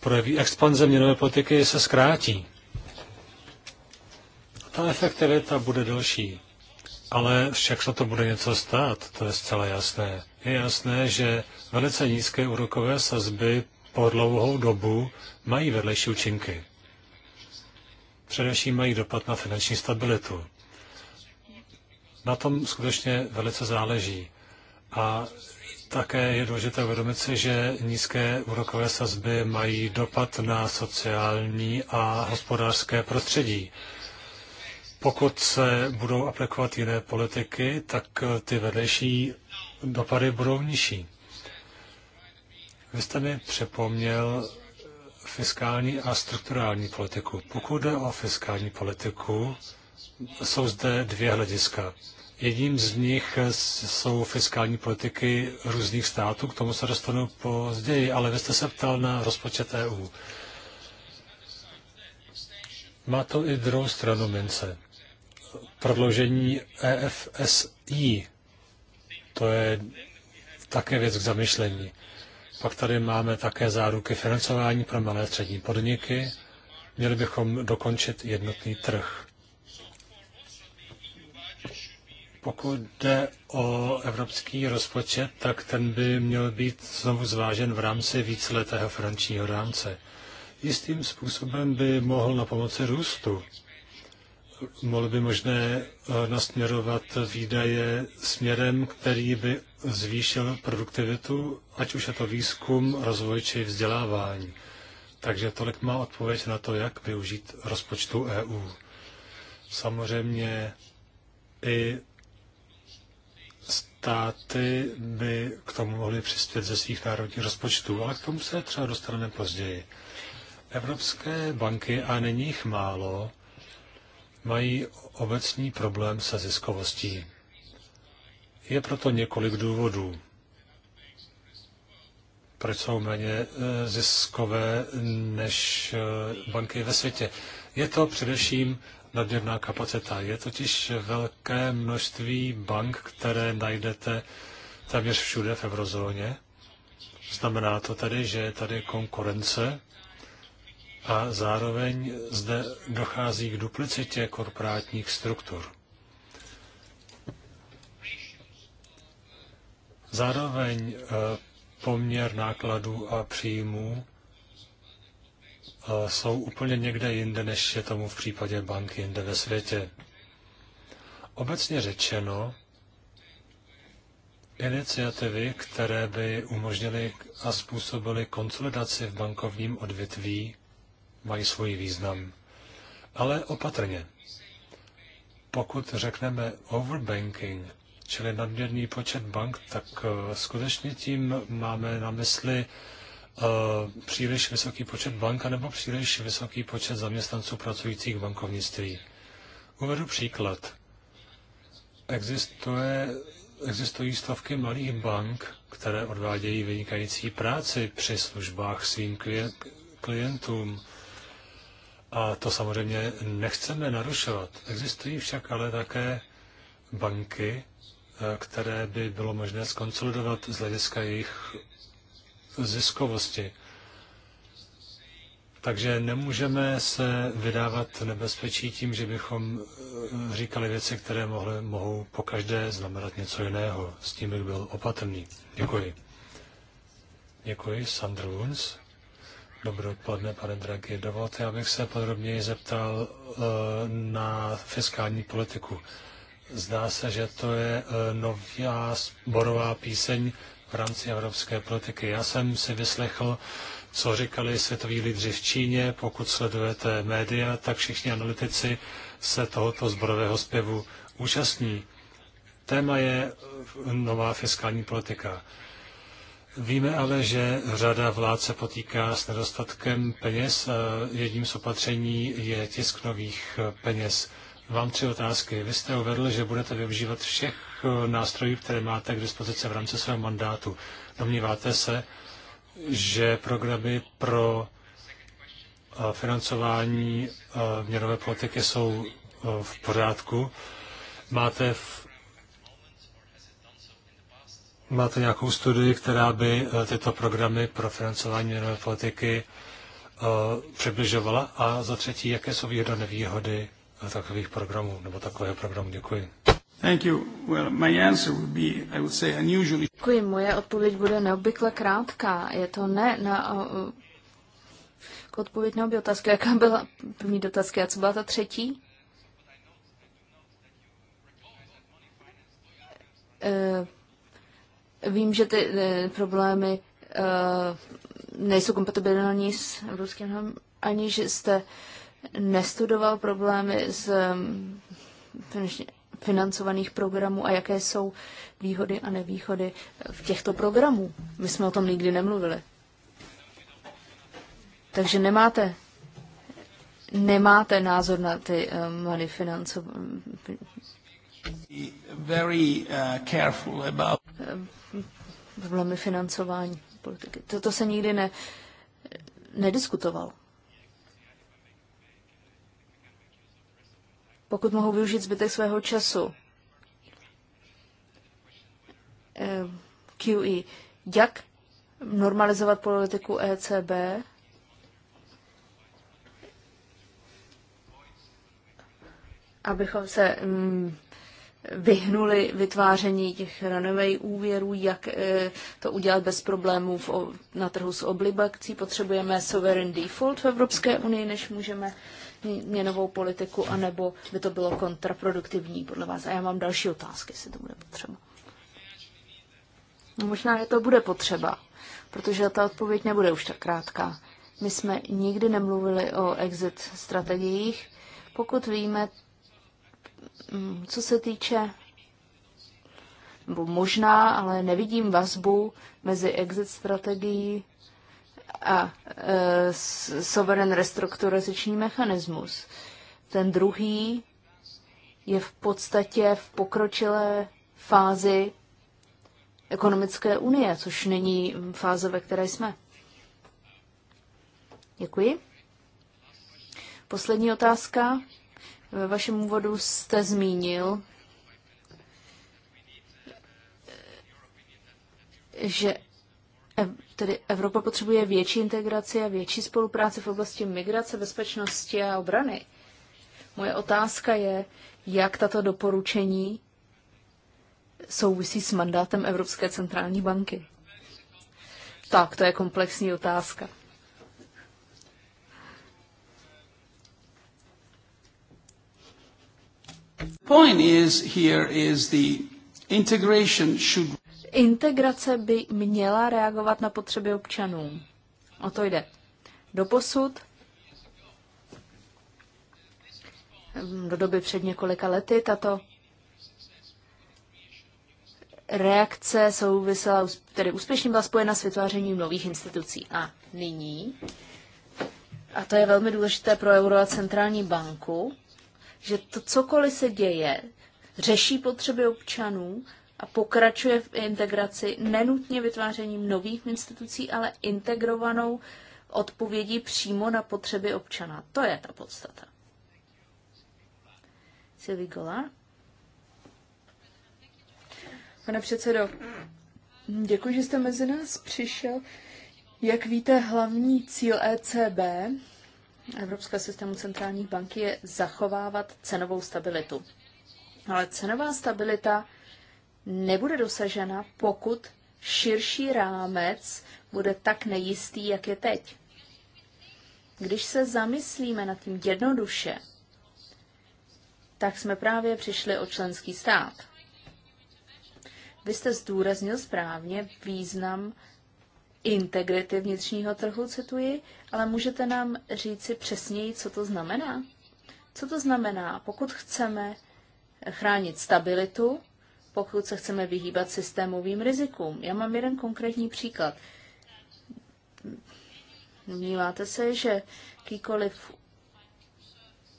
projeví expanze měnové politiky, se zkrátí. Ta efektivita bude delší, ale všechno to bude něco stát, to je zcela jasné. Je jasné, že velice nízké úrokové sazby po dlouhou dobu mají vedlejší účinky. Především mají dopad na finanční stabilitu. Na tom skutečně velice záleží. A také je důležité uvědomit si, že nízké úrokové sazby mají dopad na sociální a hospodářské prostředí. Pokud se budou aplikovat jiné politiky, tak ty vedlejší dopady budou nižší. Vy jste mi připomněl fiskální a strukturální politiku. Pokud jde o fiskální politiku, jsou zde dvě hlediska. Jedním z nich jsou fiskální politiky různých států, k tomu se dostanu později, ale vy jste se ptal na rozpočet EU. Má to i druhou stranu mince. Prodloužení EFSI, to je také věc k zamyšlení. Pak tady máme také záruky financování pro malé střední podniky. Měli bychom dokončit jednotný trh. Pokud jde o evropský rozpočet, tak ten by měl být znovu zvážen v rámci víceletého finančního rámce. Jistým způsobem by mohl na pomoci růstu. mohl by možné eh, nasměrovat výdaje směrem, který by zvýšil produktivitu, ať už je to výzkum, rozvoj či vzdělávání. Takže tolik má odpověď na to, jak využít rozpočtu EU. Samozřejmě i státy by k tomu mohly přispět ze svých národních rozpočtů, ale k tomu se třeba dostaneme později. Evropské banky, a není jich málo, mají obecný problém se ziskovostí. Je proto několik důvodů, proč jsou méně e, ziskové než e, banky ve světě. Je to především nadměrná kapacita. Je totiž velké množství bank, které najdete téměř všude v eurozóně. Znamená to tedy, že je tady konkurence a zároveň zde dochází k duplicitě korporátních struktur. Zároveň eh, poměr nákladů a příjmů jsou úplně někde jinde, než je tomu v případě bank jinde ve světě. Obecně řečeno, iniciativy, které by umožnily a způsobily konsolidaci v bankovním odvětví, mají svůj význam. Ale opatrně. Pokud řekneme overbanking, čili nadměrný počet bank, tak eh, skutečně tím máme na mysli Eh, příliš vysoký počet bank nebo příliš vysoký počet zaměstnanců pracujících v bankovnictví. Uvedu příklad. Existuje, existují stovky malých bank, které odvádějí vynikající práci při službách svým klientům. A to samozřejmě nechceme narušovat. Existují však ale také banky, eh, které by bylo možné skonsolidovat z hlediska jejich ziskovosti. Takže nemůžeme se vydávat nebezpečí tím, že bychom eh, říkali věci, které mohly, mohou po každé znamenat něco jiného. S tím bych byl opatrný. Děkuji. Děkuji, Sandr Luns. Dobré odpoledne, pane Draghi. Dovolte, abych se podrobněji zeptal eh, na fiskální politiku. Zdá se, že to je eh, nová sborová píseň v rámci evropské politiky. Já jsem si vyslechl, co říkali světoví lídři v Číně. Pokud sledujete média, tak všichni analytici se tohoto zborového zpěvu účastní. Téma je nová fiskální politika. Víme ale, že řada vlád se potýká s nedostatkem peněz. Jedním z opatření je tisk nových peněz. Vám tři otázky. Vy jste uvedl, že budete využívat všech Eh, nástrojů, které máte k dispozici v rámci svého mandátu. Domníváte se, že programy pro eh, financování eh, měnové politiky jsou v pořádku? Máte v Máte nějakou studii, která by tyto programy pro financování měnové politiky přibližovala? A za třetí, jaké jsou výhody nevýhody takových programů nebo takového programu? Děkuji. Děkuji, moje odpověď bude neobvykle krátká. Je to ne na uh, odpověď na obě otázky. Jaká byla první otázka a co byla ta třetí? Uh, vím, že ty uh, problémy uh, nejsou kompatibilní s ruským, ani že jste nestudoval problémy s um, financovaných programů a jaké jsou výhody a nevýhody v těchto programů. My jsme o tom nikdy nemluvili. Takže nemáte, nemáte názor na ty um, many financování. Problémy financování politiky. Toto se nikdy ne, nediskutovalo. pokud mohou využít zbytek svého času. Eh, QE. Jak normalizovat politiku ECB? Abychom se mm, vyhnuli vytváření těch ranovej úvěrů, jak eh, to udělat bez problémů na trhu s oblibakcí. Potřebujeme sovereign default v Evropské unii, než můžeme měnovou politiku, anebo by to bylo kontraproduktivní podle vás. A já mám další otázky, jestli to bude potřeba. No, možná, je to bude potřeba, protože ta odpověď nebude už tak krátká. My jsme nikdy nemluvili o exit strategiích. Pokud víme, mm, co se týče, nebo možná, ale nevidím vazbu mezi exit strategií a e, sovereign restrukturizační mechanismus. Ten druhý je v podstatě v pokročilé fázi ekonomické unie, což není fáze, ve které jsme. Děkuji. Poslední otázka. Ve vašem úvodu jste zmínil, že tedy Evropa potřebuje větší integraci a větší spolupráci v oblasti migrace, bezpečnosti a obrany. Moje otázka je, jak tato doporučení souvisí s mandátem Evropské centrální banky. Tak, to je komplexní otázka. Point is here is the integration should integrace by měla reagovat na potřeby občanů. O to jde. Doposud, mm, do doby před několika lety, tato reakce souvisela, tedy úspěšně byla spojena s vytvářením nových institucí. A nyní, a to je velmi důležité pro Euro a centrální banku, že to cokoliv se děje, řeší potřeby občanů a pokračuje v integraci nenutně vytvářením nových institucí, ale integrovanou odpovědí přímo na potřeby občana. To je ta podstata. Silvi Pane předsedo, děkuji, že jste mezi nás přišel. Jak víte, hlavní cíl ECB, Evropské systému centrálních bank, je zachovávat cenovou stabilitu. Ale cenová stabilita nebude dosažena, pokud širší rámec bude tak nejistý, jak je teď. Když se zamyslíme nad tím jednoduše, tak jsme právě přišli o členský stát. Vy jste zdůraznil správně význam integrity vnitřního trhu, cituji, ale můžete nám říci přesněji, co to znamená? Co to znamená, pokud chceme chránit stabilitu, pokud se chceme vyhýbat systémovým rizikům. Já mám jeden konkrétní příklad. Vnímáte se, že kýkoliv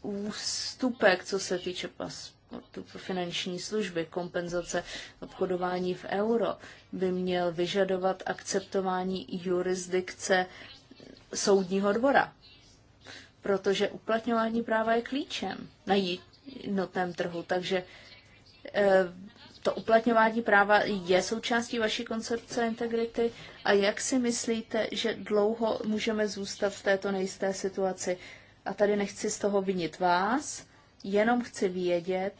ústupek, co se týče pasportu pro finanční služby, kompenzace obchodování v euro, by měl vyžadovat akceptování jurisdikce soudního dvora. Protože uplatňování práva je klíčem na jednotném trhu. Takže eh, to uplatňování práva je součástí vaší koncepce integrity a jak si myslíte, že dlouho můžeme zůstat v této nejisté situaci? A tady nechci z toho vinit vás, jenom chci vědět,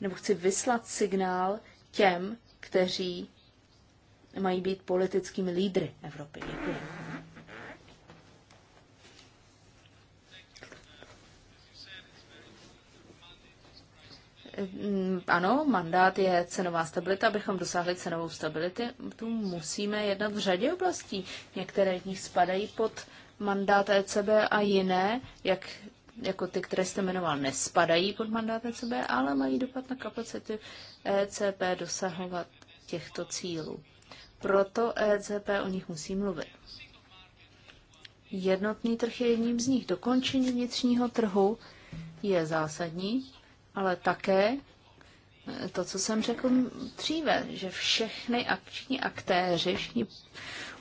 nebo chci vyslat signál těm, kteří mají být politickými lídry Evropy. Děkuji. Mm, ano, mandát je cenová stabilita. Abychom dosáhli cenovou stability, tu musíme jednat v řadě oblastí. Některé z nich spadají pod mandát ECB a jiné, jak, jako ty, které jste jmenoval, nespadají pod mandát ECB, ale mají dopad na kapacitu ECB dosahovat těchto cílů. Proto ECB o nich musí mluvit. Jednotný trh je jedním z nich. Dokončení vnitřního trhu je zásadní ale také eh, to, co jsem řekl dříve, že všechny akční aktéři, všichni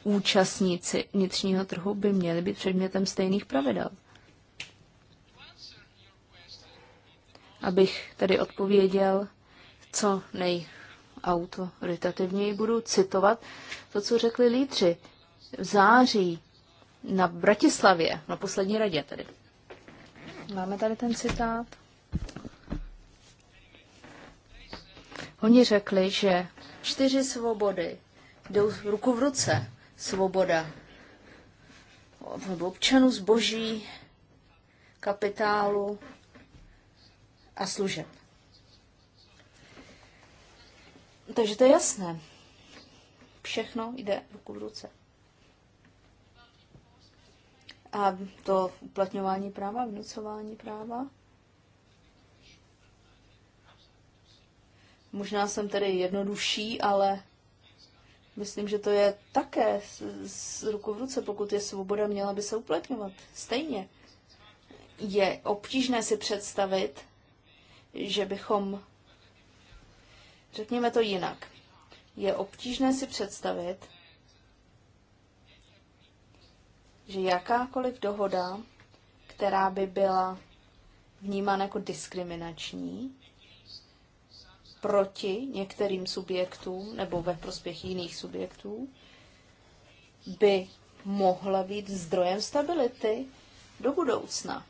účastníci vnitřního trhu by měli být předmětem stejných pravidel. Abych tedy odpověděl co nejautoritativněji, budu citovat to, co řekli lídři v září na Bratislavě, na poslední radě tedy. Máme tady ten citát. Oni řekli, že čtyři svobody jdou ruku v ruce. Svoboda občanů, zboží, kapitálu a služeb. Takže to je jasné. Všechno jde ruku v ruce. A to uplatňování práva, vnucování práva, Možná jsem tedy jednodušší, ale myslím, že to je také z ruku v ruce, pokud je svoboda, měla by se uplatňovat. Stejně je obtížné si představit, že bychom, řekněme to jinak, je obtížné si představit, že jakákoliv dohoda, která by byla vnímána jako diskriminační, proti některým subjektům nebo ve prospěch jiných subjektů, by mohla být zdrojem stability do budoucna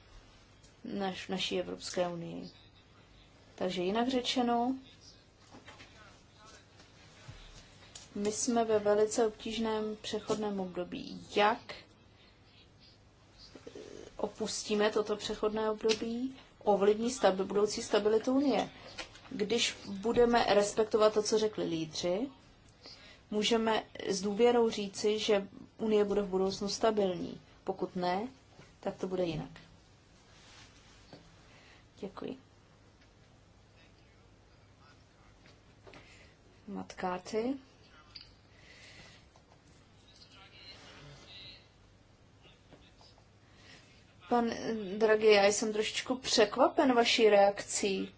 než v naší Evropské unii. Takže jinak řečeno, my jsme ve velice obtížném přechodném období. Jak opustíme toto přechodné období, ovlivní stabi- budoucí stabilitu Unie. Když budeme respektovat to, co řekli lídři, můžeme s důvěrou říci, že Unie bude v budoucnu stabilní. Pokud ne, tak to bude jinak. Děkuji. Matkáty. Pan Draghi, já jsem trošičku překvapen vaší reakcí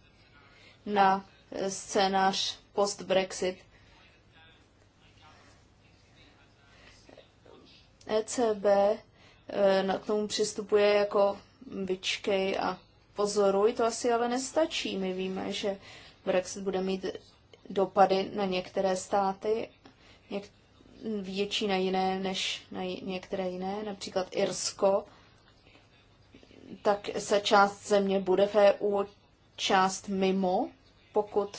na eh, scénář post-Brexit. ECB eh, na tomu přistupuje jako vyčkej a pozoruj, to asi ale nestačí. My víme, že Brexit bude mít dopady na některé státy, něk, větší na jiné než na některé jiné, například Irsko, tak se část země bude v EU část mimo, pokud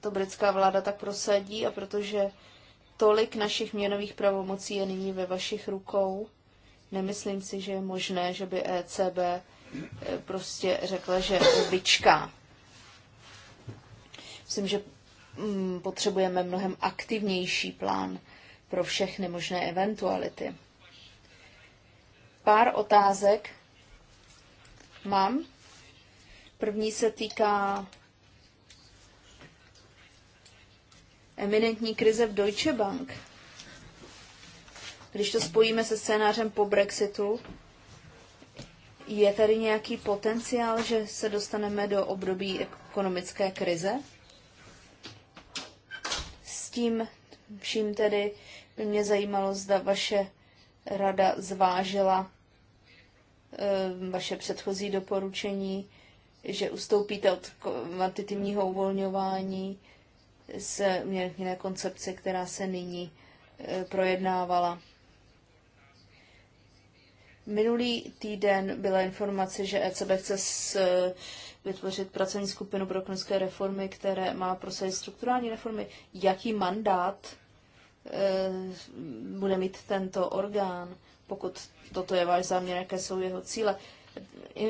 to britská vláda tak prosadí a protože tolik našich měnových pravomocí je nyní ve vašich rukou, nemyslím si, že je možné, že by ECB eh, prostě řekla, že vyčká. Myslím, že mm, potřebujeme mnohem aktivnější plán pro všechny možné eventuality. Pár otázek mám První se týká eminentní krize v Deutsche Bank. Když to spojíme se scénářem po Brexitu, je tady nějaký potenciál, že se dostaneme do období ekonomické krize? S tím vším tedy by mě zajímalo, zda vaše rada zvážila eh, vaše předchozí doporučení že ustoupíte od kvantitivního uvolňování z jiné koncepce, která se nyní e, projednávala. Minulý týden byla informace, že ECB chce s, e, vytvořit pracovní skupinu pro ekonomické reformy, které má prosadit strukturální reformy. Jaký mandát e, bude mít tento orgán, pokud toto je váš záměr, jaké jsou jeho cíle?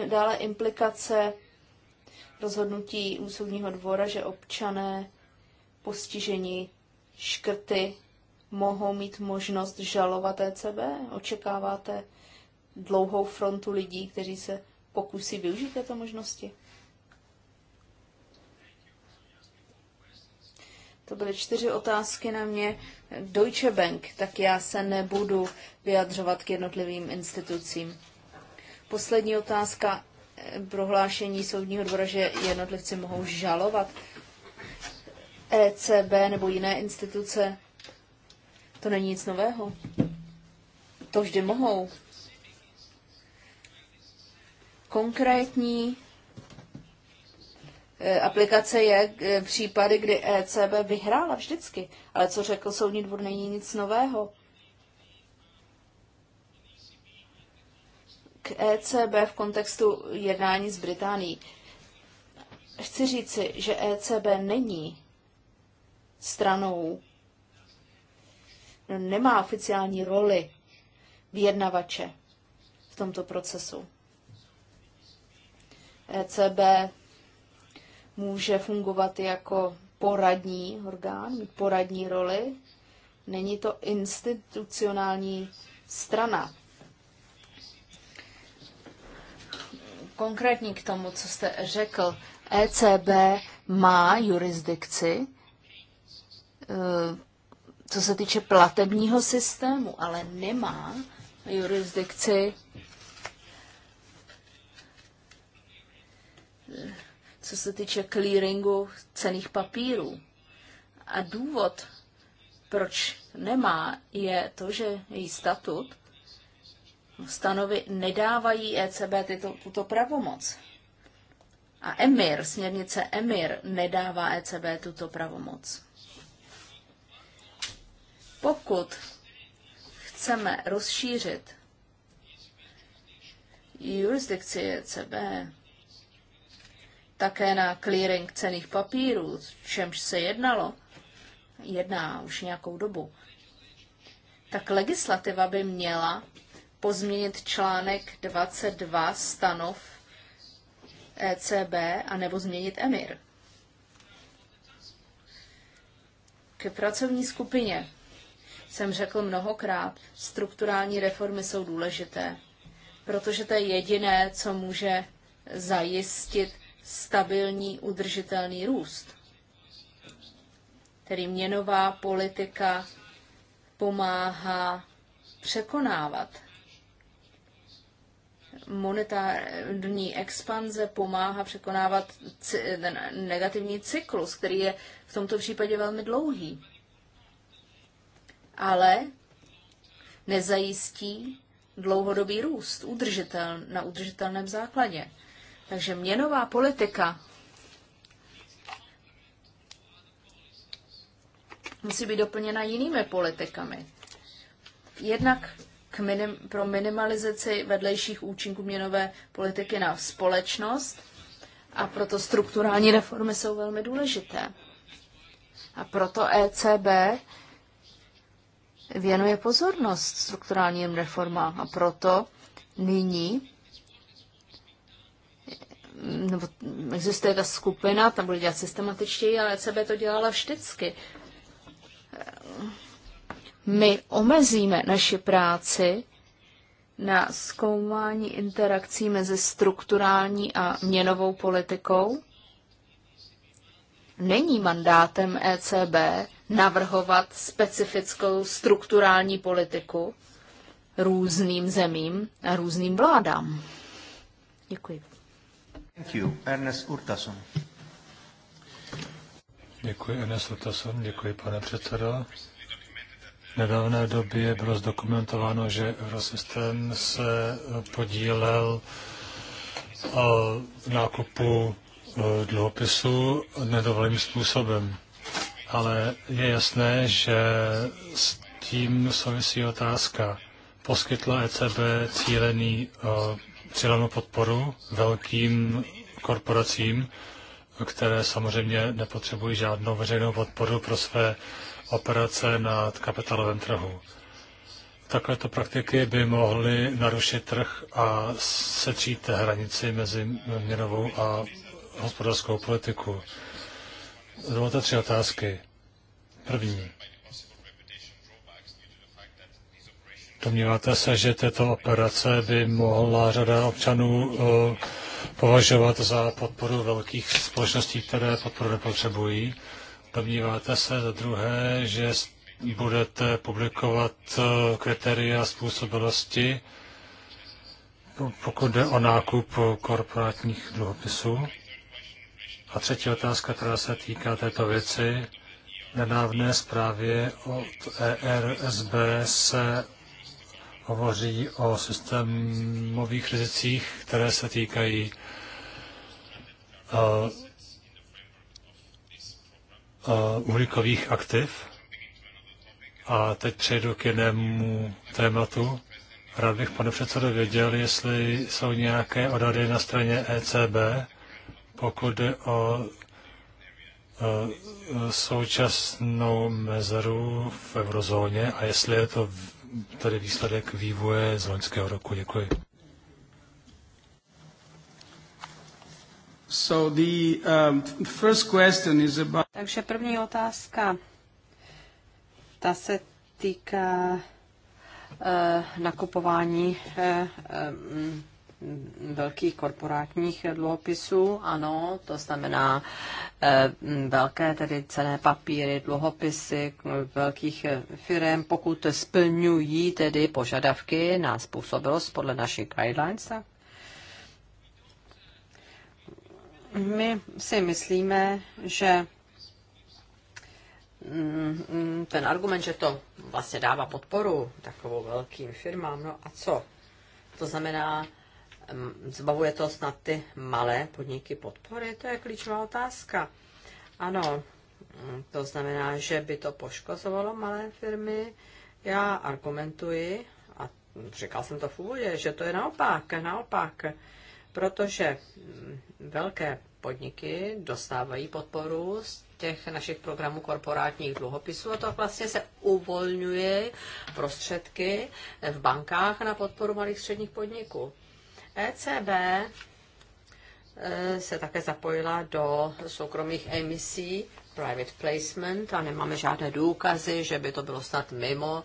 Dále implikace rozhodnutí soudního dvora, že občané postižení škrty mohou mít možnost žalovat ECB? Očekáváte dlouhou frontu lidí, kteří se pokusí využít této možnosti? To byly čtyři otázky na mě. Deutsche Bank, tak já se nebudu vyjadřovat k jednotlivým institucím. Poslední otázka prohlášení soudního dvora, že jednotlivci mohou žalovat ECB nebo jiné instituce, to není nic nového. To vždy mohou. Konkrétní e, aplikace je e, případy, kdy ECB vyhrála vždycky, ale co řekl soudní dvůr, není nic nového. k ECB v kontextu jednání s Británií. Chci říci, že ECB není stranou, nemá oficiální roli vyjednavače v tomto procesu. ECB může fungovat jako poradní orgán, mít poradní roli. Není to institucionální strana. konkrétní k tomu, co jste řekl. ECB má jurisdikci, e, co se týče platebního systému, ale nemá jurisdikci e, co se týče clearingu cených papírů. A důvod, proč nemá, je to, že její statut stanovy nedávají ECB tyto, tuto pravomoc. A EMIR, směrnice EMIR, nedává ECB tuto pravomoc. Pokud chceme rozšířit jurisdikci ECB také na clearing cených papírů, čemž se jednalo, jedná už nějakou dobu, tak legislativa by měla pozměnit článek 22 stanov ECB a nebo změnit EMIR. K pracovní skupině jsem řekl mnohokrát, strukturální reformy jsou důležité, protože to je jediné, co může zajistit stabilní, udržitelný růst. Tedy měnová politika pomáhá překonávat monetární expanze pomáhá překonávat ten negativní cyklus, který je v tomto případě velmi dlouhý. Ale nezajistí dlouhodobý růst udržitel, na udržitelném základě. Takže měnová politika musí být doplněna jinými politikami. Jednak k minim, pro minimalizaci vedlejších účinků měnové politiky na společnost a proto strukturální reformy jsou velmi důležité. A proto ECB věnuje pozornost strukturálním reformám a proto nyní nebo existuje ta skupina, tam bude dělat systematičtěji, ale ECB to dělala vždycky my omezíme naši práci na zkoumání interakcí mezi strukturální a měnovou politikou, není mandátem ECB navrhovat specifickou strukturální politiku různým zemím a různým vládám. Děkuji. Thank you. Ernest Urtason. Děkuji, Ernest Urtason. Děkuji, pane předsedo nedávné době bylo zdokumentováno, že Eurosystem se podílel v eh, nákupu eh, dluhopisu nedovolným způsobem. Ale je jasné, že s tím souvisí otázka. Poskytla ECB cílený, eh, cílenou podporu velkým korporacím, které samozřejmě nepotřebují žádnou veřejnou podporu pro své operace na kapitálovém trhu. Takovéto praktiky by mohly narušit trh a setřít hranici mezi měnovou a hospodářskou politiku. Dovolte tři otázky. První. Domníváte se, že této operace by mohla řada občanů eh, považovat za podporu velkých společností, které podporu nepotřebují? Domníváte se za druhé, že budete publikovat eh, kritéria způsobilosti, pokud jde o nákup eh, korporátních dluhopisů? A třetí otázka, která se týká této věci. V nedávné zprávě od ERSB se hovoří o systémových rizicích, které se týkají uh, Uh, uhlíkových aktiv. A teď přejdu k jinému tématu. Rád bych, pane předsedo, věděl, jestli jsou nějaké odhady na straně ECB, pokud jde o uh, současnou mezeru v eurozóně a jestli je to tady výsledek vývoje z loňského roku. Děkuji. So the, um, first question is about... Takže první otázka, ta se týká uh, nakupování uh, um, velkých korporátních dluhopisů, ano, to znamená velké tedy cené papíry, dluhopisy velkých firm, pokud splňují tedy požadavky na způsobilost podle našich guidelines, tak My si myslíme, že mm, ten argument, že to vlastně dává podporu takovou velkým firmám, no a co? To znamená, mm, zbavuje to snad ty malé podniky podpory? To je klíčová otázka. Ano, mm, to znamená, že by to poškozovalo malé firmy. Já argumentuji, a říkal jsem to v úvodě, že to je naopak, naopak protože velké podniky dostávají podporu z těch našich programů korporátních dluhopisů a to vlastně se uvolňuje prostředky v bankách na podporu malých středních podniků. ECB eh, se také zapojila do soukromých emisí private placement a nemáme žádné důkazy, že by to bylo snad mimo eh,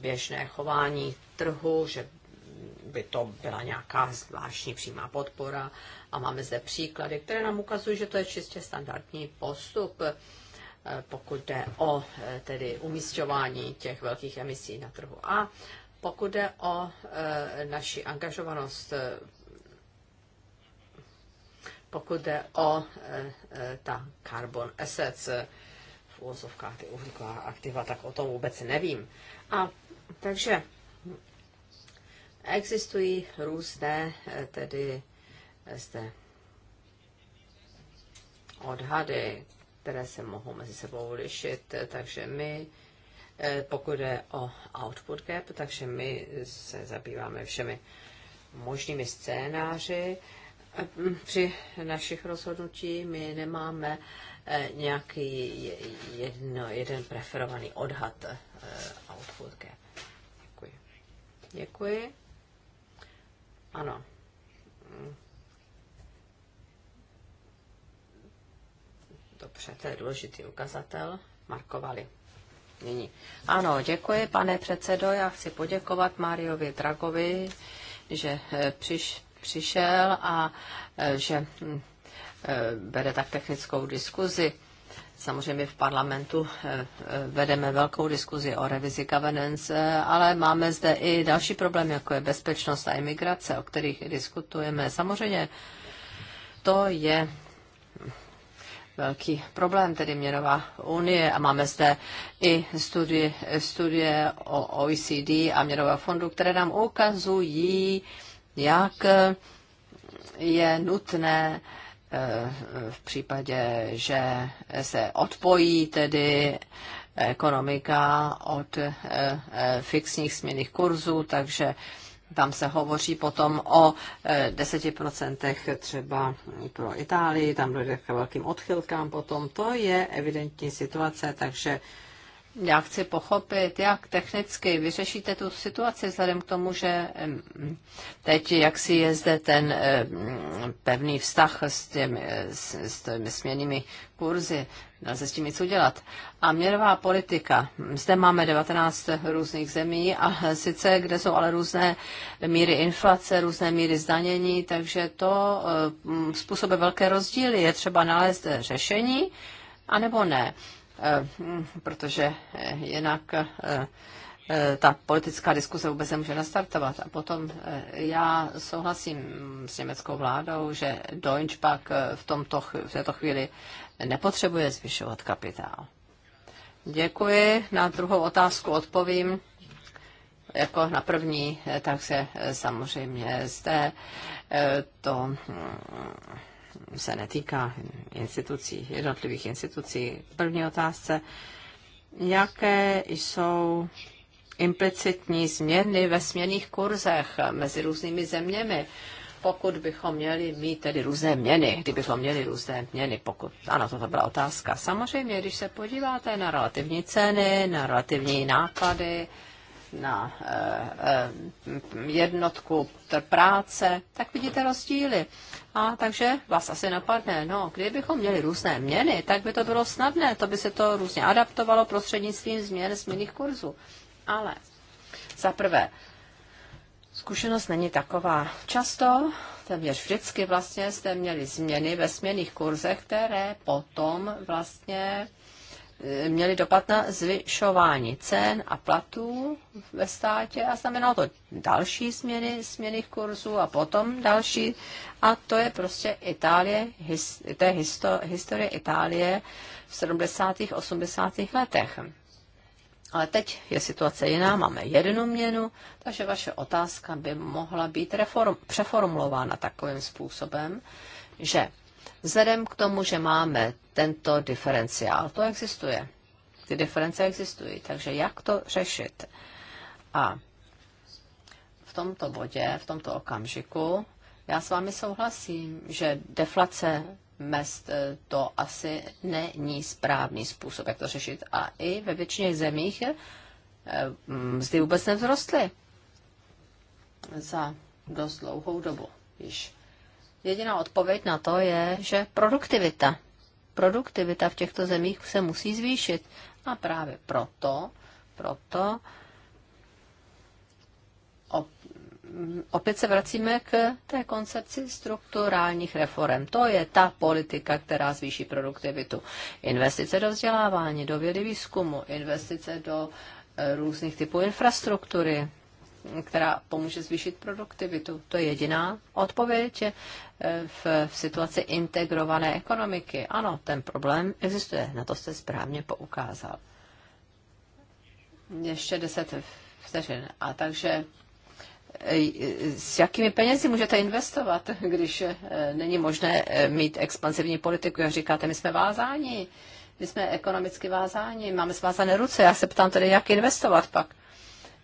běžné chování trhu, že by to byla nějaká zvláštní přímá podpora. A máme zde příklady, které nám ukazují, že to je čistě standardní postup, eh, pokud jde o eh, tedy umístování těch velkých emisí na trhu. A pokud jde o eh, naši angažovanost pokud jde o ta carbon assets, v úvozovkách ty uhlíková aktiva, tak o tom vůbec nevím. A takže Existují různé eh, tedy eh, zde odhady, které se mohou mezi sebou lišit, eh, takže my, pokud je o output gap, takže my se zabýváme všemi možnými scénáři. Při našich rozhodnutí my nemáme nějaký jedno, jeden preferovaný odhad output gap. Děkuji. Děkuji. Ano. Dobře, to je důležitý ukazatel. Markovali. Nyní. Ano, děkuji, pane předsedo. Já chci poděkovat Máriovi Dragovi, že eh, přiš, přišel a eh, že bere hm, eh, tak technickou diskuzi Samozřejmě v parlamentu eh, eh, vedeme velkou diskuzi o revizi governance, ale máme zde i další problémy, jako je bezpečnost a imigrace, o kterých diskutujeme. Samozřejmě to je velký problém, tedy měnová unie a máme zde i studie, studie o OECD a měnového fondu, které nám ukazují, jak je nutné Eh, v případě, že se odpojí tedy ekonomika od eh, eh, fixních směných kurzů, takže tam se hovoří potom o 10% třeba pro Itálii, tam dojde k velkým odchylkám potom. To je evidentní situace, takže já chci pochopit, jak technicky vyřešíte tu situaci, vzhledem k tomu, že teď jak si je zde ten pevný vztah s těmi, s, s těmi směnými kurzy, se s tím nic udělat. A měrová politika. Zde máme 19 různých zemí a sice, kde jsou ale různé míry inflace, různé míry zdanění, takže to způsobuje velké rozdíly. Je třeba nalézt řešení, anebo ne. Eh, protože eh, jinak eh, ta politická diskuse vůbec nemůže nastartovat. A potom já souhlasím s německou vládou, že Deutsche Bank v, tomto, v této chvíli nepotřebuje zvyšovat kapitál. Děkuji. Na druhou otázku odpovím jako na první, Tak se samozřejmě zde to hm, se netýká institucí, jednotlivých institucí. První otázce, jaké jsou implicitní změny ve směných kurzech mezi různými zeměmi, pokud bychom měli mít tedy různé měny, kdybychom měli různé měny, pokud, ano, to byla otázka. Samozřejmě, když se podíváte na relativní ceny, na relativní náklady, na eh, eh, jednotku práce, tak vidíte rozdíly. A takže vás asi napadne, no, kdybychom měli různé měny, tak by to bylo snadné, to by se to různě adaptovalo prostřednictvím změn změných kurzů. Ale za prvé, zkušenost není taková. Často, téměř vždycky vlastně jste měli změny ve směných kurzech, které potom vlastně měly dopad na zvyšování cen a platů ve státě a znamenalo to další změny směny kurzů a potom další. A to je prostě Itálie, his, to je histo, historie Itálie v 70. a 80. letech. Ale teď je situace jiná, máme jednu měnu, takže vaše otázka by mohla být reform, přeformulována takovým způsobem, že Vzhledem k tomu, že máme tento diferenciál, to existuje. Ty diference existují, takže jak to řešit? A v tomto bodě, v tomto okamžiku, já s vámi souhlasím, že deflace mest eh, to asi není správný způsob, jak to řešit. A i ve většině zemích eh, mzdy vůbec nevzrostly za dost dlouhou dobu již. Jediná odpověď na to je, že produktivita. Produktivita v těchto zemích se musí zvýšit. A právě proto, proto opět se vracíme k té koncepci strukturálních reform. To je ta politika, která zvýší produktivitu. Investice do vzdělávání, do vědy výzkumu, investice do eh, různých typů infrastruktury, která pomůže zvýšit produktivitu. To je jediná odpověď eh, v, v situaci integrované ekonomiky. Ano, ten problém existuje, na to jste správně poukázal. Ještě deset vteřin. A takže eh, s jakými penězi můžete investovat, když eh, není možné mít expansivní politiku? Jak říkáte, my jsme vázáni, my jsme ekonomicky vázáni, máme svázané ruce. Já se ptám tedy, jak investovat pak.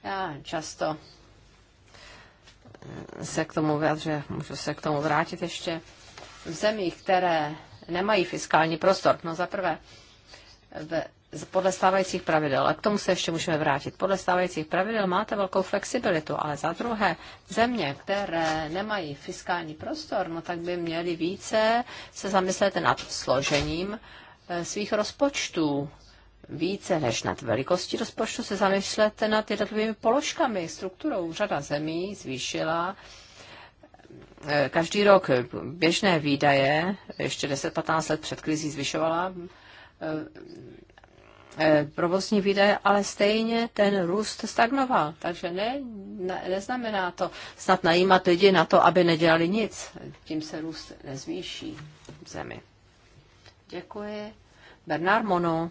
Já často eh, se k tomu vyjadřuje, můžu se k tomu vrátit ještě. V zemích, které nemají fiskální prostor, no za prvé, v, podle stávajících pravidel, a k tomu se ještě můžeme vrátit, podle stávajících pravidel máte velkou flexibilitu, ale za druhé, země, které nemají fiskální prostor, no tak by měly více se zamyslet nad složením eh, svých rozpočtů, více než nad velikostí rozpočtu se zamyslete nad jednotlivými položkami, strukturou. Řada zemí zvýšila eh, každý rok běžné výdaje, ještě 10-15 let před krizí zvyšovala eh, eh, provozní výdaje, ale stejně ten růst stagnoval. Takže ne, ne, neznamená to snad najímat lidi na to, aby nedělali nic. Tím se růst nezvýší v zemi. Děkuji. Bernard Mono.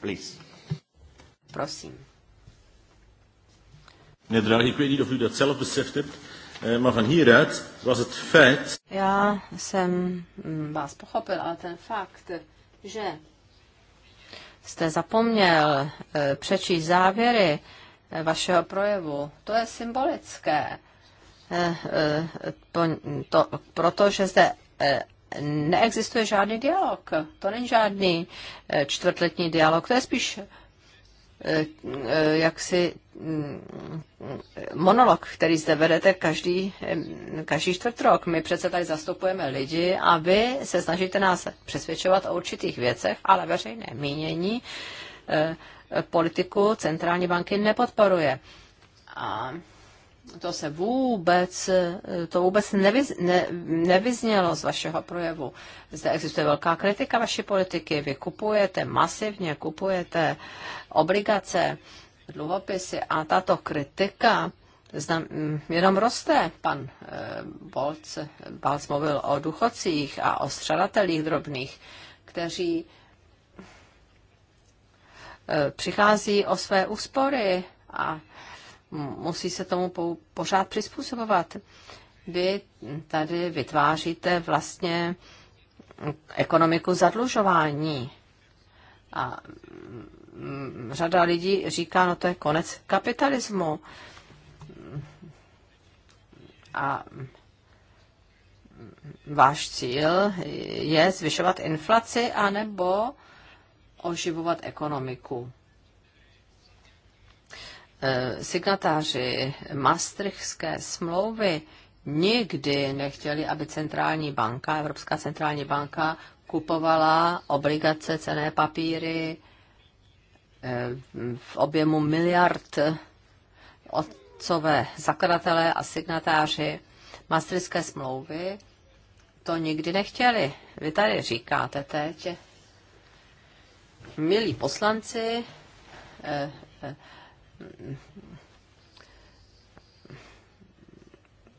Please. Prosím. ik weet niet of u dat zelf beseft hebt, eh, maar van hieruit was het feit... Já jsem mm, vás pochopil, ale ten fakt, že jste zapomněl eh, přečíst závěry eh, vašeho projevu, to je symbolické. To, protože zde neexistuje žádný dialog. To není žádný eh, čtvrtletní dialog, to je spíš eh, eh, jaksi mm, monolog, který zde vedete každý, každý čtvrt rok. My přece tady zastupujeme lidi a vy se snažíte nás přesvědčovat o určitých věcech, ale veřejné mínění politiku centrální banky nepodporuje. A to se vůbec, eh, to vůbec nevyz, ne, nevyznělo z vašeho projevu. Zde existuje velká kritika vaší politiky. Vy kupujete masivně, kupujete obligace, dluhopisy a tato kritika znam, mm, jenom roste. Pan eh, Bolc, Balc mluvil o duchocích a o střadatelích drobných, kteří eh, přichází o své úspory a musí se tomu pořád přizpůsobovat. Vy tady vytváříte vlastně ekonomiku zadlužování. A mm, řada lidí říká, no to je konec kapitalismu. A mm, váš cíl je zvyšovat inflaci anebo oživovat ekonomiku. Eh, signatáři Maastrichtské smlouvy nikdy nechtěli, aby centrální banka, Evropská centrální banka, kupovala obligace, cené papíry eh, v objemu miliard otcové zakladatelé a signatáři Maastrichtské smlouvy to nikdy nechtěli. Vy tady říkáte teď, milí poslanci, eh,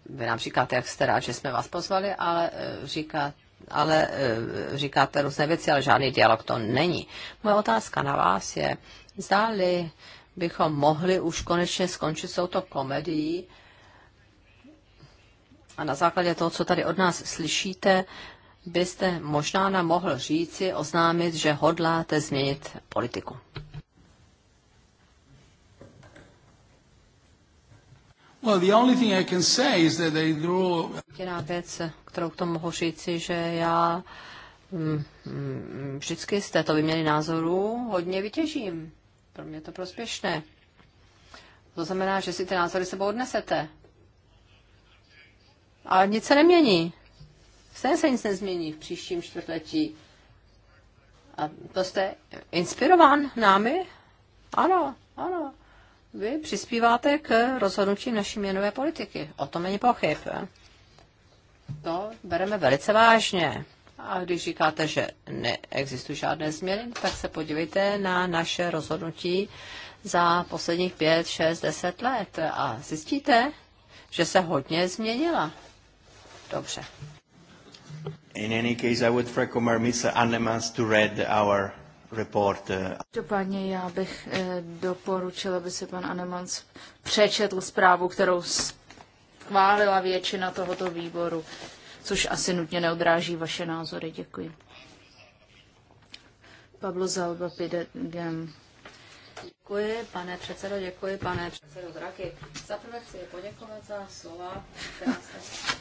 vy nám říkáte, jak jste rád, že jsme vás pozvali, ale eh, říká, ale eh, říkáte různé věci, ale žádný dialog to není. Moje otázka na vás je, zdáli bychom mohli už konečně skončit s touto komedií a na základě toho, co tady od nás slyšíte, byste možná nám mohl říci, oznámit, že hodláte změnit politiku. Well, the only thing I can say is that they draw... Jediná věc, kterou k tomu mohu říci, že já mm, mm, vždycky z této vyměny názorů hodně vytěžím. Pro mě je to prospěšné. To znamená, že si ty názory sebou odnesete. Ale nic se nemění. Stejně se nic nezmění v příštím čtvrtletí. A to jste inspirován námi? Ano, ano. Vy přispíváte k rozhodnutí naší měnové politiky. O tom není pochyb. To bereme velice vážně. A když říkáte, že neexistují žádné změny, tak se podívejte na naše rozhodnutí za posledních 5, 6, 10 let a zjistíte, že se hodně změnila. Dobře. In any case, I would recommend Mr. Annemans to read our report. Každopádně já bych eh, doporučila, aby si pan Anemans přečetl zprávu, kterou schválila většina tohoto výboru, což asi nutně neodráží vaše názory. Děkuji. Pablo Zalba Pidegem. Děkuji, pane předsedo, děkuji, pane předsedo Draky. Zaprvé chci poděkovat za slova, která jste,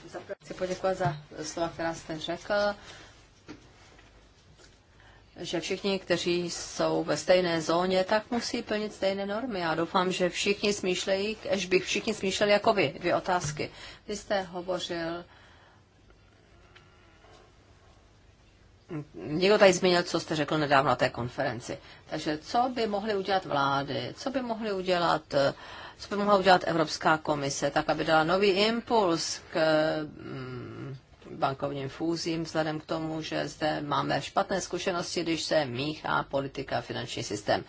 zaprvé chci poděkovat za slova, která jste řekl že všichni, kteří jsou ve stejné zóně, tak musí plnit stejné normy. Já doufám, že všichni smýšlejí, až bych všichni smýšleli jako vy. Dvě otázky. Vy jste hovořil, někdo tady zmínil, co jste řekl nedávno na té konferenci. Takže co by mohly udělat vlády, co by mohly udělat eh, co by mohla udělat Evropská komise, tak aby dala nový impuls k mm, bankovním fúzím, vzhledem k tomu, že zde máme špatné zkušenosti, když se míchá politika a finanční systém.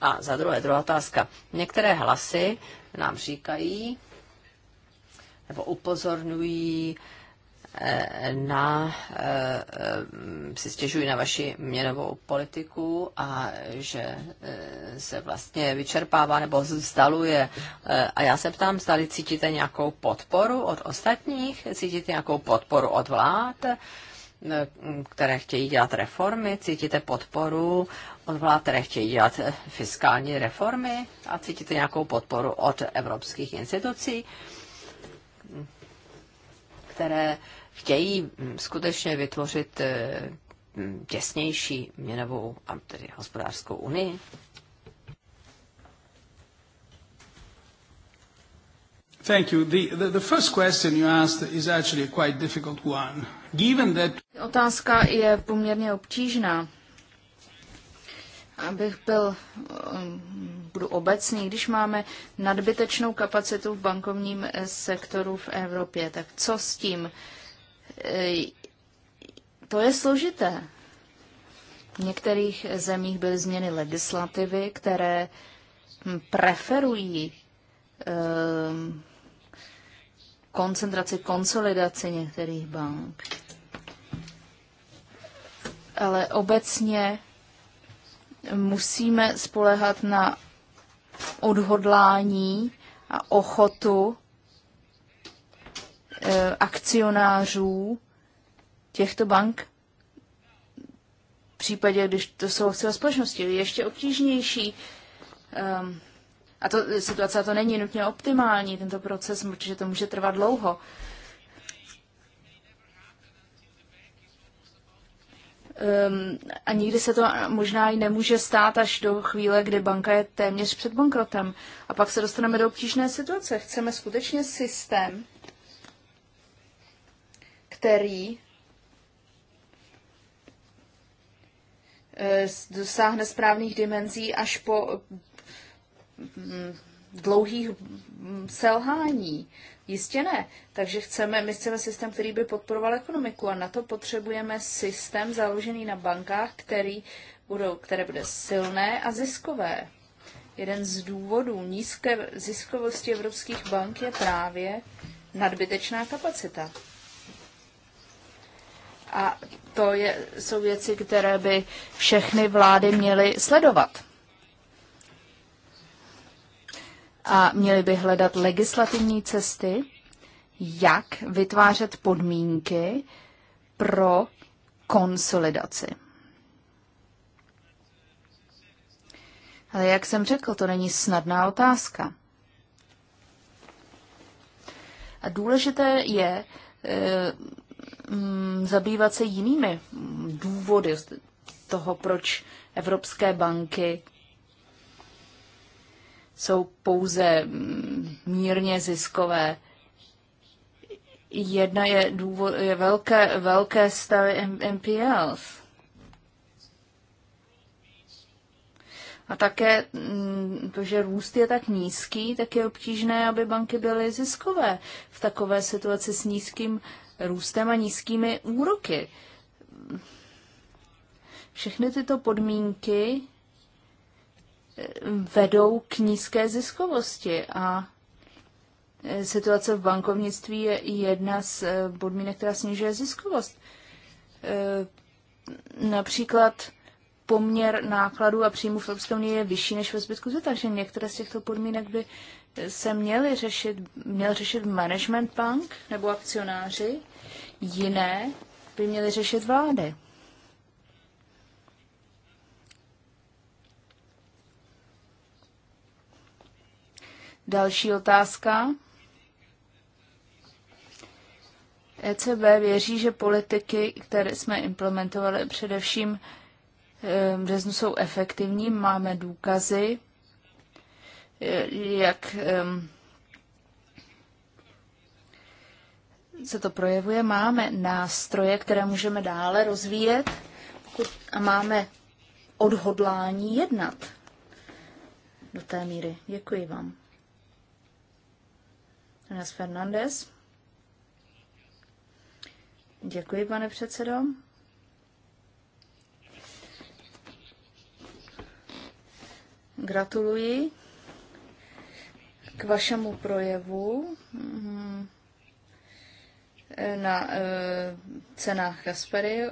A za druhé, druhá otázka. Některé hlasy nám říkají, nebo upozorňují, na, eh, si stěžují na vaši měnovou politiku a že eh, se vlastně vyčerpává nebo vzdaluje. Eh, a já se ptám, zdali cítíte nějakou podporu od ostatních, cítíte nějakou podporu od vlád, které chtějí dělat reformy, cítíte podporu od vlád, které chtějí dělat fiskální reformy a cítíte nějakou podporu od evropských institucí, které chtějí skutečně vytvořit eh, těsnější měnovou a tedy hospodářskou unii? Thank you. The, the, the first question you asked is actually a quite difficult one. Given that... Otázka je poměrně obtížná. Abych byl, um, budu obecný, když máme nadbytečnou kapacitu v bankovním eh, sektoru v Evropě, tak co s tím? Uh, E, to je složité. V některých zemích byly změny legislativy, které hm, preferují ehm, koncentraci, konsolidaci některých bank. Ale obecně musíme spolehat na odhodlání a ochotu Eh, akcionářů těchto bank v případě, když to jsou celé společnosti. Je ještě obtížnější um, a to, situace to není nutně optimální, tento proces, protože to může trvat dlouho. Um, a nikdy se to možná i nemůže stát až do chvíle, kdy banka je téměř před bankrotem. A pak se dostaneme do obtížné situace. Chceme skutečně systém, který eh, dosáhne správných dimenzí až po mm, dlouhých mm, selhání. Jistě ne. Takže chceme, my chceme systém, který by podporoval ekonomiku a na to potřebujeme systém založený na bankách, který budou, které bude silné a ziskové. Jeden z důvodů nízké ziskovosti evropských bank je právě nadbytečná kapacita. A to je, jsou věci, které by všechny vlády měly sledovat. A měly by hledat legislativní cesty, jak vytvářet podmínky pro konsolidaci. Ale jak jsem řekl, to není snadná otázka. A důležité je eh, Mm, zabývat se jinými důvody toho, proč evropské banky jsou pouze mm, mírně ziskové. Jedna je, důvod, je velké, velké stavy MPLs. A také mm, to, že růst je tak nízký, tak je obtížné, aby banky byly ziskové v takové situaci s nízkým růstem a nízkými úroky. Všechny tyto podmínky eh, vedou k nízké ziskovosti a eh, situace v bankovnictví je jedna z eh, podmínek, která snižuje ziskovost. Například poměr nákladů a příjmů v Evropské unii je vyšší než ve zbytku světa, takže některé z těchto podmínek by se měli řešit, měl řešit management bank nebo akcionáři, jiné by měly řešit vlády. Další otázka. ECB věří, že politiky, které jsme implementovali především e, v březnu, jsou efektivní. Máme důkazy jak se to projevuje. Máme nástroje, které můžeme dále rozvíjet a máme odhodlání jednat do té míry. Děkuji vám. Dnes Fernandez. Děkuji, pane předsedo. Gratuluji k vašemu projevu mm, na e, cenách Kaspery, e,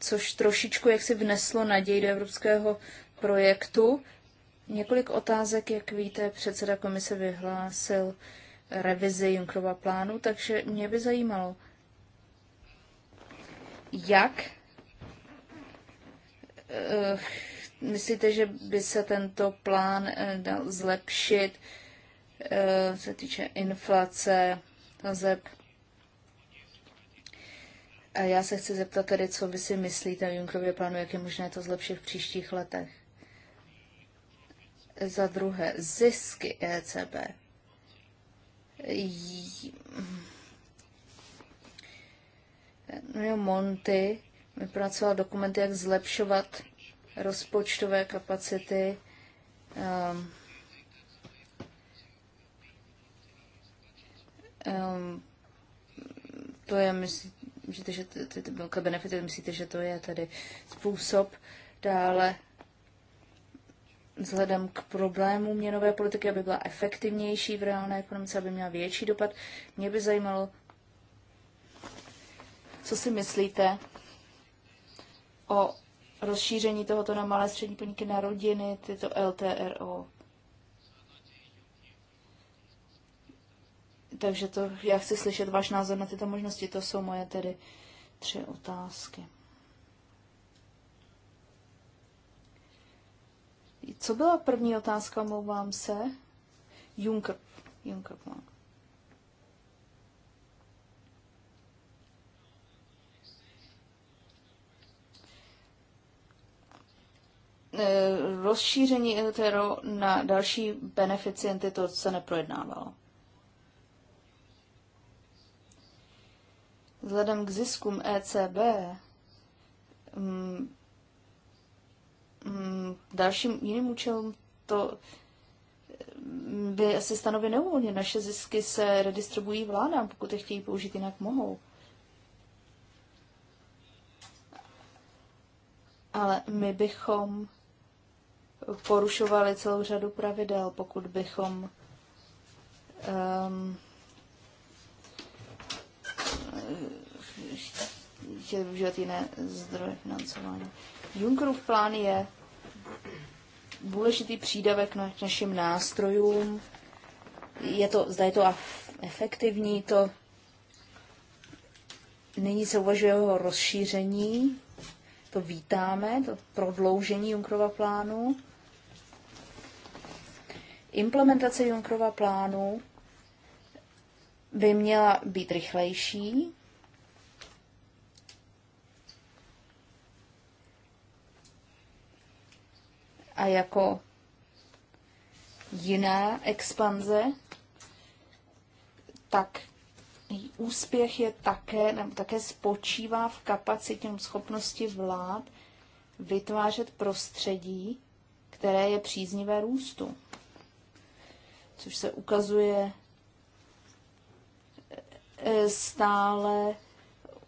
což trošičku jaksi vneslo naději do evropského projektu. Několik otázek, jak víte, předseda komise vyhlásil revizi Junkrova plánu, takže mě by zajímalo, jak e, Myslíte, že by se tento plán eh, dal zlepšit, eh, se týče inflace, zeb? A já se chci zeptat tedy, co vy si myslíte o Junkerově plánu, jak je možné to zlepšit v příštích letech. Za druhé, zisky ECB. No Monty vypracoval dokumenty, jak zlepšovat rozpočtové kapacity. Um, um, to je, myslíte, že ty, ty, ty velké benefity, myslíte, že to je tady způsob dále vzhledem k problému měnové politiky, aby byla efektivnější v reálné ekonomice, aby měla větší dopad. Mě by zajímalo, co si myslíte o rozšíření tohoto na malé střední podniky, na rodiny, tyto LTRO. Takže to, já chci slyšet váš názor na tyto možnosti, to jsou moje tedy tři otázky. Co byla první otázka, mluvám se? Juncker. Juncker Juncker. No. E, rozšíření EUTERO na další beneficienty to se neprojednávalo. Vzhledem k ziskům ECB m, mm, m, mm, dalším jiným účelům to mm, by asi stanovy neuvolnit. Naše zisky se redistribují vládám, pokud je chtějí použít, jinak mohou. Ale my bychom porušovali celou řadu pravidel, pokud bychom um, chtěli využívat jiné zdroje financování. Junckerův plán je důležitý přídavek na našim nástrojům. Je to, zda je to efektivní, to nyní se uvažuje o rozšíření, to vítáme, to prodloužení Junkrova plánu. Implementace Junkrova plánu by měla být rychlejší. A jako jiná expanze, tak úspěch je také, nebo také spočívá v kapacitě schopnosti vlád vytvářet prostředí, které je příznivé růstu což se ukazuje e, e, stále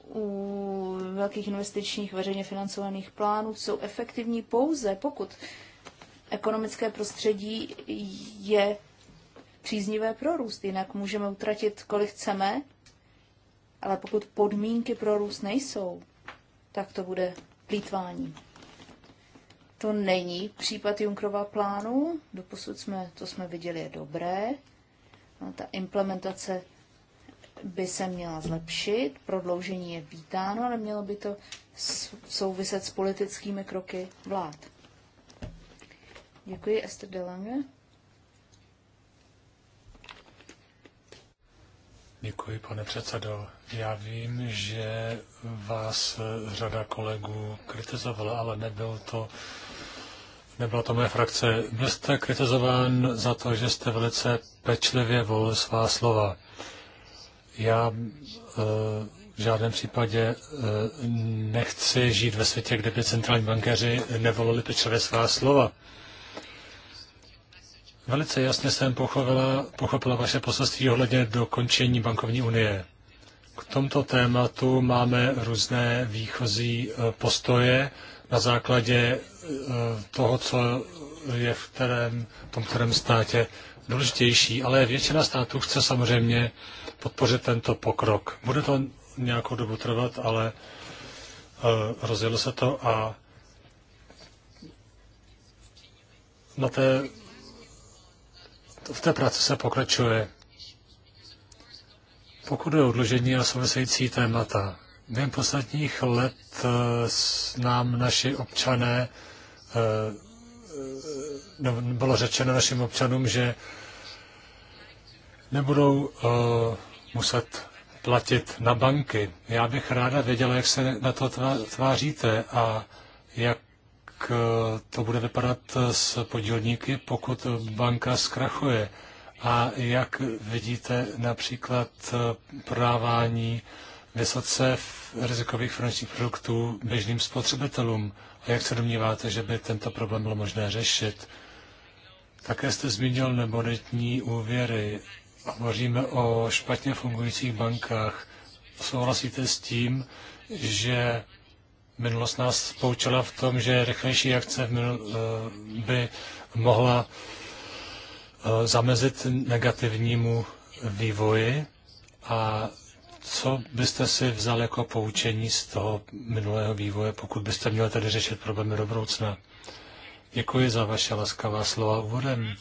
u velkých investičních veřejně financovaných plánů, jsou efektivní pouze, pokud ekonomické prostředí je příznivé pro růst. Jinak můžeme utratit, kolik chceme, ale pokud podmínky pro růst nejsou, tak to bude plítvání. To není případ Junkrova plánu, doposud jsme, to jsme viděli, je dobré. No, ta implementace by se měla zlepšit, prodloužení je vítáno, ale mělo by to souviset s politickými kroky vlád. Děkuji, Esther Delange. Děkuji, pane předsedo. Já vím, že vás řada kolegů kritizovala, ale nebyl to nebyla to moje frakce. Byl jste kritizován za to, že jste velice pečlivě volil svá slova. Já eh, v žádném případě eh, nechci žít ve světě, kde by centrální bankéři nevolili pečlivě svá slova. Velice jasně jsem pochopila, pochopila vaše poselství ohledně dokončení bankovní unie. K tomto tématu máme různé výchozí eh, postoje, na základě eh, toho, co je v kterém, v tom kterém státě důležitější, ale většina států chce samozřejmě podpořit tento pokrok. Bude to nějakou dobu trvat, ale eh, rozjelo se to a na té, v té práci se pokračuje. Pokud je odložení a související témata, Během posledních let eh, nám naši občané, eh, eh, bylo řečeno našim občanům, že nebudou muset platit na banky. Já bych ráda věděla, jak se na to tváříte a jak to bude vypadat s podílníky, pokud banka zkrachuje. A jak vidíte například prodávání vysoce rizikových finančních produktů běžným spotřebitelům. A jak se domníváte, že by tento problém bylo možné řešit? Také jste zmínil nebonitní úvěry. Hovoříme o špatně fungujících bankách. Souhlasíte s tím, že minulost nás poučila v tom, že rychlejší akce eh, by mohla eh, zamezit negativnímu vývoji a co byste si vzal jako poučení z toho minulého vývoje, pokud byste měl tady řešit problémy do budoucna? Děkuji za vaše laskavá slova úvodem.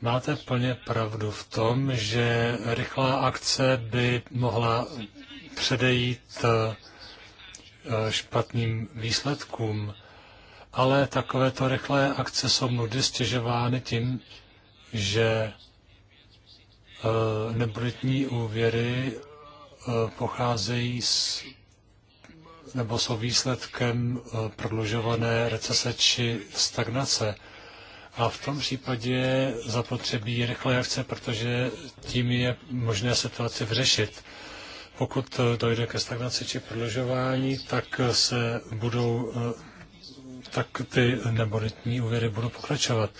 Máte plně pravdu v tom, že rychlá akce by mohla předejít eh, špatným výsledkům, ale takovéto rychlé akce jsou mnohdy stěžovány tím, že eh, nebudetní úvěry Eh, pocházejí z, nebo jsou výsledkem eh, prodlužované recese či stagnace. A v tom případě zapotřebí rychlé akce, protože tím je možné situaci vyřešit. Pokud eh, dojde ke stagnaci či prodlužování, tak se budou, tak ty nebonitní úvěry budou pokračovat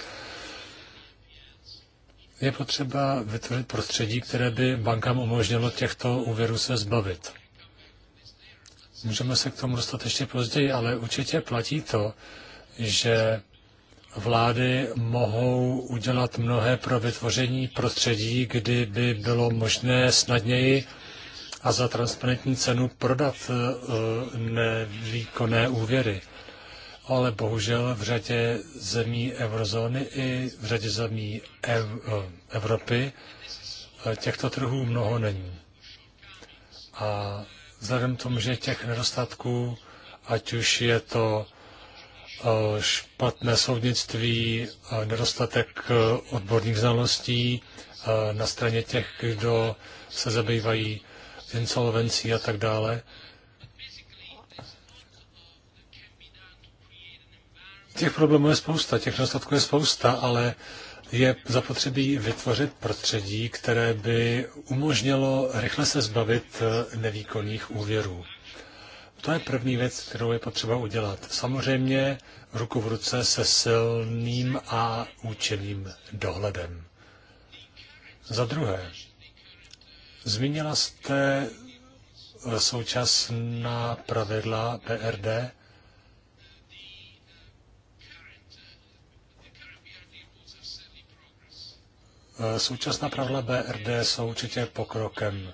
je potřeba vytvořit prostředí, které by bankám umožnilo těchto úvěrů se zbavit. Můžeme se k tomu dostat ještě později, ale určitě platí to, že vlády mohou udělat mnohé pro vytvoření prostředí, kdy by bylo možné snadněji a za transparentní cenu prodat eh, nevýkonné úvěry ale bohužel v řadě zemí eurozóny i v řadě zemí ev, eh, Evropy eh, těchto trhů mnoho není. A vzhledem k tomu, že těch nedostatků, ať už je to eh, špatné soudnictví, nedostatek odborných znalostí na straně těch, kdo se zabývají insolvencí a tak dále, Těch problémů je spousta, těch nedostatků je spousta, ale je zapotřebí vytvořit prostředí, které by umožnilo rychle se zbavit eh, nevýkonných úvěrů. To je první věc, kterou je potřeba udělat. Samozřejmě ruku v ruce se silným a účinným dohledem. Za druhé, zmínila jste eh, současná pravidla PRD, Eh, současná pravidla BRD jsou určitě pokrokem.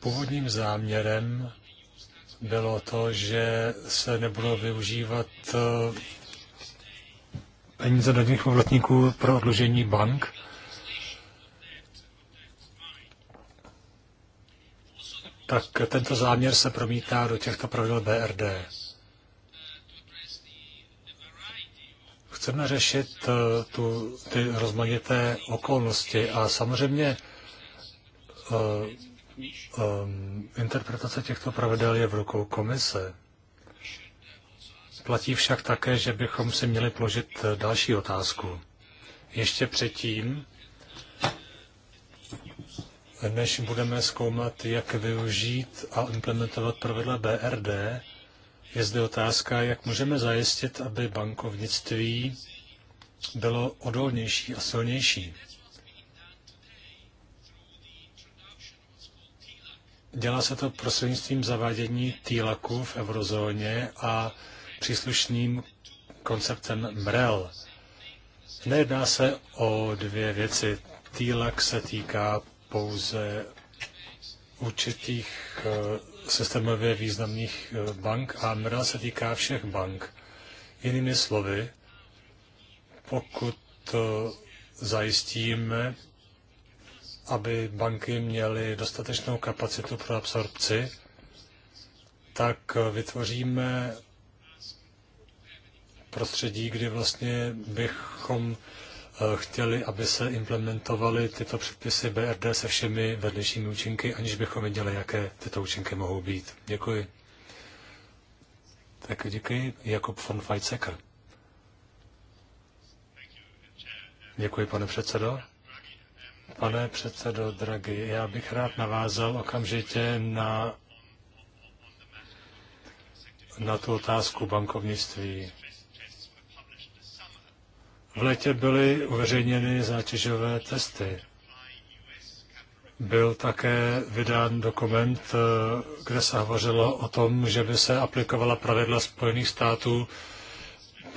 Původním záměrem bylo to, že se nebudou využívat eh, peníze daných poplatníků pro odložení bank. Tak tento záměr se promítá do těchto pravidel BRD. Chceme řešit eh, tu, ty rozmanité okolnosti a samozřejmě um, interpretace těchto pravidel je v rukou komise. Platí však také, že bychom si měli položit další otázku. Ještě předtím, než budeme zkoumat, jak využít a implementovat pravidla BRD, je zde otázka, jak můžeme zajistit, aby bankovnictví bylo odolnější a silnější. Dělá se to prostřednictvím zavádění týlaku v eurozóně a příslušným konceptem MREL. Nejedná se o dvě věci. Týlak se týká pouze určitých eh, systémově významných eh, bank a MRA se týká všech bank. Jinými slovy, pokud zajistíme, aby banky měly dostatečnou kapacitu pro absorpci, tak eh, vytvoříme prostředí, kdy vlastně bychom Eh, chtěli, aby se implementovaly tyto předpisy BRD se všemi vedlejšími účinky, aniž bychom věděli, jaké tyto účinky mohou být. Děkuji. Tak děkuji. Jakub von Weizsäcker. Děkuji, pane předsedo. Pane předsedo Draghi, já bych rád navázal okamžitě na, na tu otázku bankovnictví. V létě byly uveřejněny zátěžové testy. Byl také vydán dokument, eh, kde se hovořilo o tom, že by se aplikovala pravidla Spojených států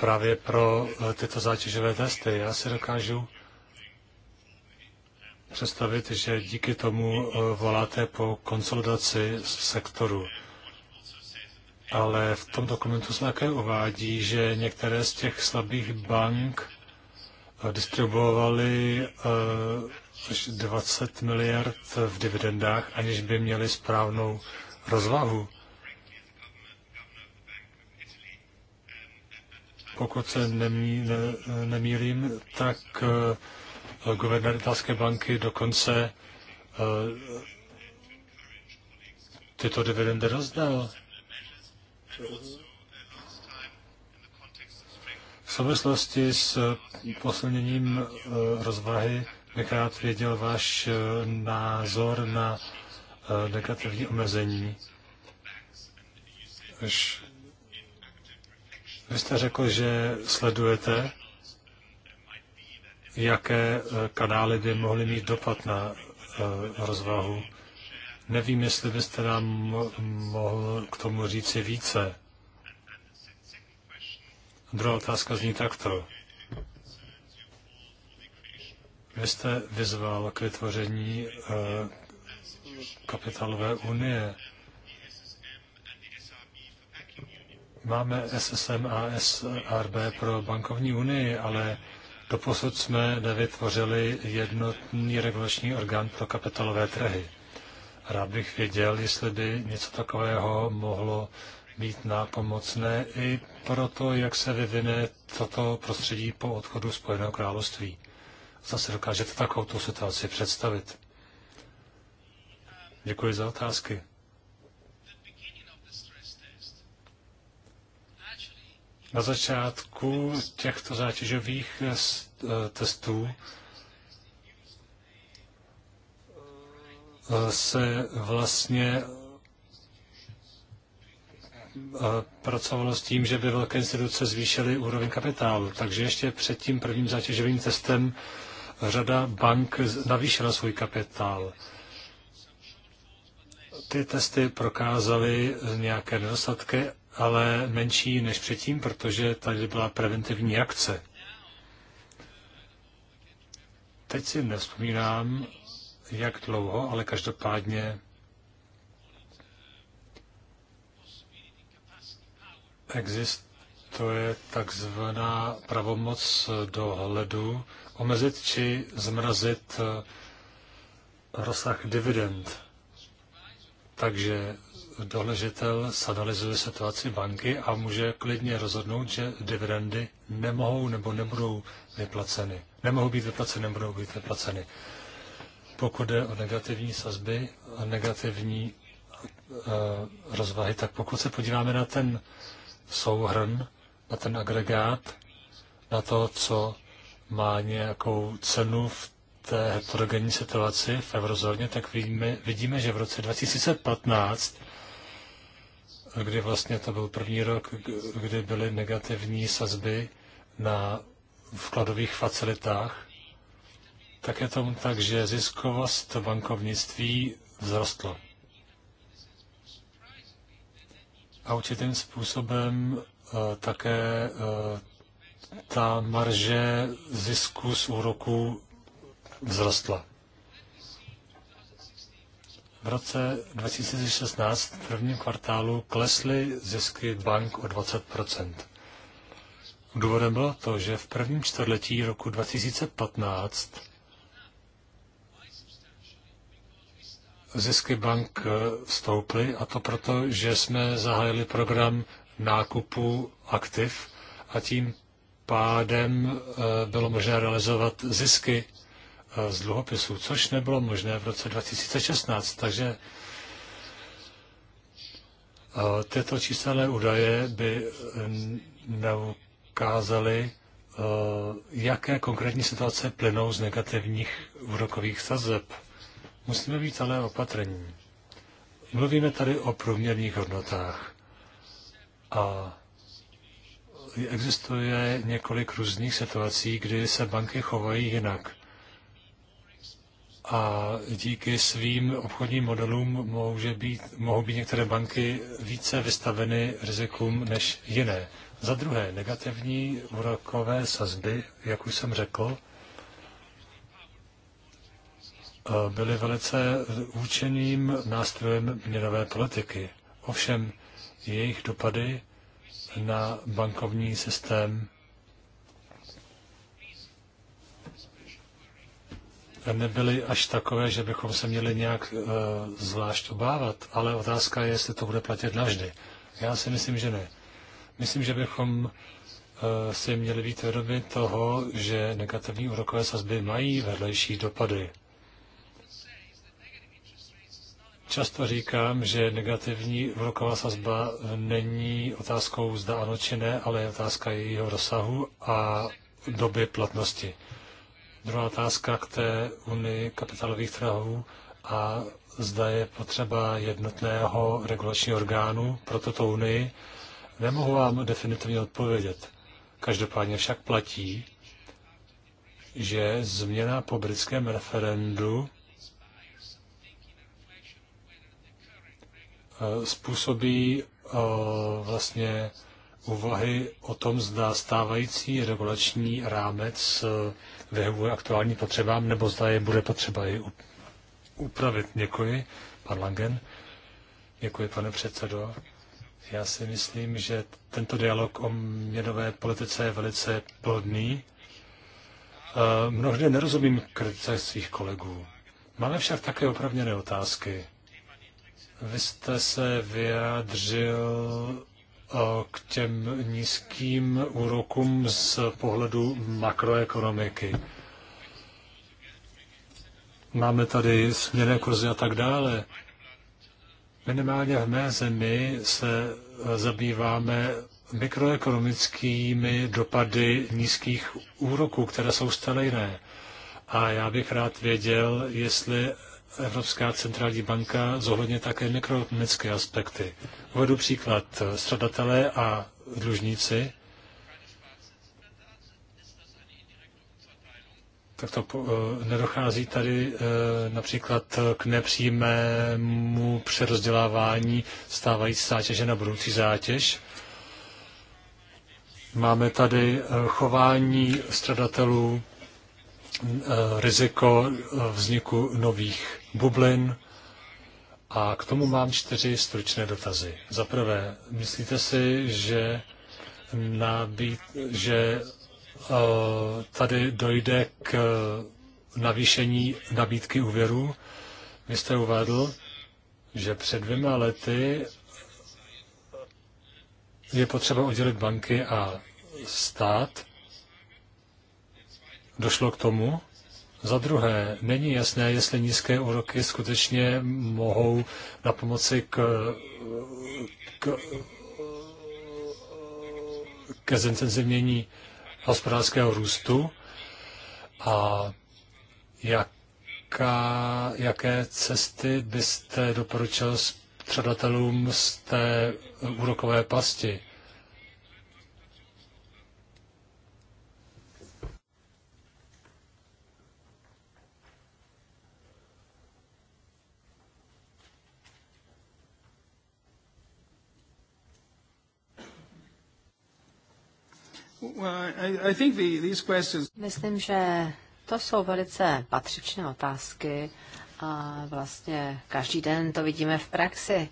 právě pro eh, tyto zátěžové testy. Já si dokážu představit, že díky tomu eh, voláte po konsolidaci sektoru. Ale v tom dokumentu se také uvádí, že některé z těch slabých bank distribuovali eh, až 20 miliard v dividendách, aniž by měli správnou rozvahu. Pokud se nemí, ne, nemýlím, tak eh, guvernér italské banky dokonce eh, tyto dividendy rozdal souvislosti s eh, posilněním eh, rozvahy bych rád věděl váš eh, názor na negativní omezení. vy jste řekl, že sledujete, jaké kanály by mohly mít dopad na rozvahu. Nevím, jestli byste nám mohl k tomu říci více. Druhá otázka zní takto. Vy jste vyzval k vytvoření eh, kapitálové unie. Máme SSM a SRB pro bankovní unii, ale doposud jsme nevytvořili jednotný regulační orgán pro kapitalové trhy. Rád bych věděl, jestli by něco takového mohlo být nápomocné i pro to, jak se vyvine toto prostředí po odchodu Spojeného království. Zase dokážete takovou situaci představit. Děkuji za otázky. Na začátku těchto zátěžových eh, testů eh, se vlastně pracovalo s tím, že by velké instituce zvýšily úroveň kapitálu. Takže ještě před tím prvním zátěžovým testem řada bank navýšila svůj kapitál. Ty testy prokázaly nějaké nedostatky, ale menší než předtím, protože tady byla preventivní akce. Teď si nevzpomínám, jak dlouho, ale každopádně existuje takzvaná pravomoc dohledu omezit či zmrazit eh, rozsah dividend. Takže dohležitel sanalizuje situaci banky a může klidně rozhodnout, že dividendy nemohou nebo nebudou vyplaceny. Nemohou být vyplaceny, nebudou být vyplaceny. Pokud jde o negativní sazby, negativní uh, rozvahy, tak pokud se podíváme na ten souhrn, na ten agregát, na to, co má nějakou cenu v té heterogenní situaci v eurozóně, tak vidíme, vidíme, že v roce 2015, kdy vlastně to byl první rok, kdy byly negativní sazby na vkladových facilitách, tak je tomu tak, že ziskovost bankovnictví vzrostla. A určitým způsobem eh, také eh, ta marže zisku z úroku vzrostla. V roce 2016 v prvním kvartálu klesly zisky bank o 20 Důvodem bylo to, že v prvním čtvrtletí roku 2015 zisky bank eh, stouply a to proto, že jsme zahájili program nákupu aktiv a tím pádem eh, bylo možné realizovat zisky eh, z dluhopisů, což nebylo možné v roce 2016. Takže tyto číselné údaje by neukázaly, jaké konkrétní situace plynou z negativních úrokových sazeb. Musíme být ale opatrní. Mluvíme tady o průměrných hodnotách. A existuje několik různých situací, kdy se banky chovají jinak. A díky svým obchodním modelům může být, mohou být některé banky více vystaveny rizikům než jiné. Za druhé, negativní úrokové sazby, jak už jsem řekl, Eh, byly velice účinným nástrojem měnové politiky. Ovšem, jejich dopady na bankovní systém nebyly až takové, že bychom se měli nějak e, zvlášť obávat, ale otázka je, jestli to bude platit navždy. Já si myslím, že ne. Myslím, že bychom e, si měli být vědomi toho, že negativní úrokové sazby mají vedlejší dopady. Často říkám, že negativní úroková sazba není otázkou zda ano či ne, ale je otázka jejího rozsahu a doby platnosti. Druhá otázka k té unii kapitálových trhů a zda je potřeba jednotného regulačního orgánu pro tuto unii, nemohu vám definitivně odpovědět. Každopádně však platí, že změna po britském referendu Eh, způsobí eh, vlastně úvahy o tom, zda stávající regulační rámec eh, vyhovuje aktuální potřebám, nebo zda je bude potřeba i upravit. Děkuji, pan Langen. Děkuji, pane předsedo. Já si myslím, že tento dialog o měnové politice je velice plodný. Mnohdy nerozumím kritice svých kolegů. Máme však také opravněné otázky. Vy jste se vyjádřil eh, k těm nízkým úrokům z pohledu makroekonomiky. Máme tady směrné kurzy a tak dále. Minimálně v mé zemi se eh, zabýváme mikroekonomickými dopady nízkých úroků, které jsou stejné. A já bych rád věděl, jestli Evropská centrální banka zohledně také mikroekonomické aspekty. Uvedu příklad. Stradatelé a dlužníci tak to eh, nedochází tady eh, například k nepřímému přerozdělávání stávající zátěže na budoucí zátěž. Máme tady eh, chování stradatelů, riziko vzniku nových bublin. A k tomu mám čtyři stručné dotazy. Za prvé, myslíte si, že, nabít, že eh, tady dojde k eh, navýšení nabídky úvěru? Vy jste uvedl, že před dvěma lety je potřeba oddělit banky a stát. Došlo k tomu? Za druhé, není jasné, jestli nízké úroky skutečně mohou na pomoci k, k, ke zintenzivnění hospodářského růstu a jaká, jaké cesty byste doporučil střadatelům z té úrokové pasti? Myslím, že to jsou velice patřičné otázky a vlastně každý den to vidíme v praxi,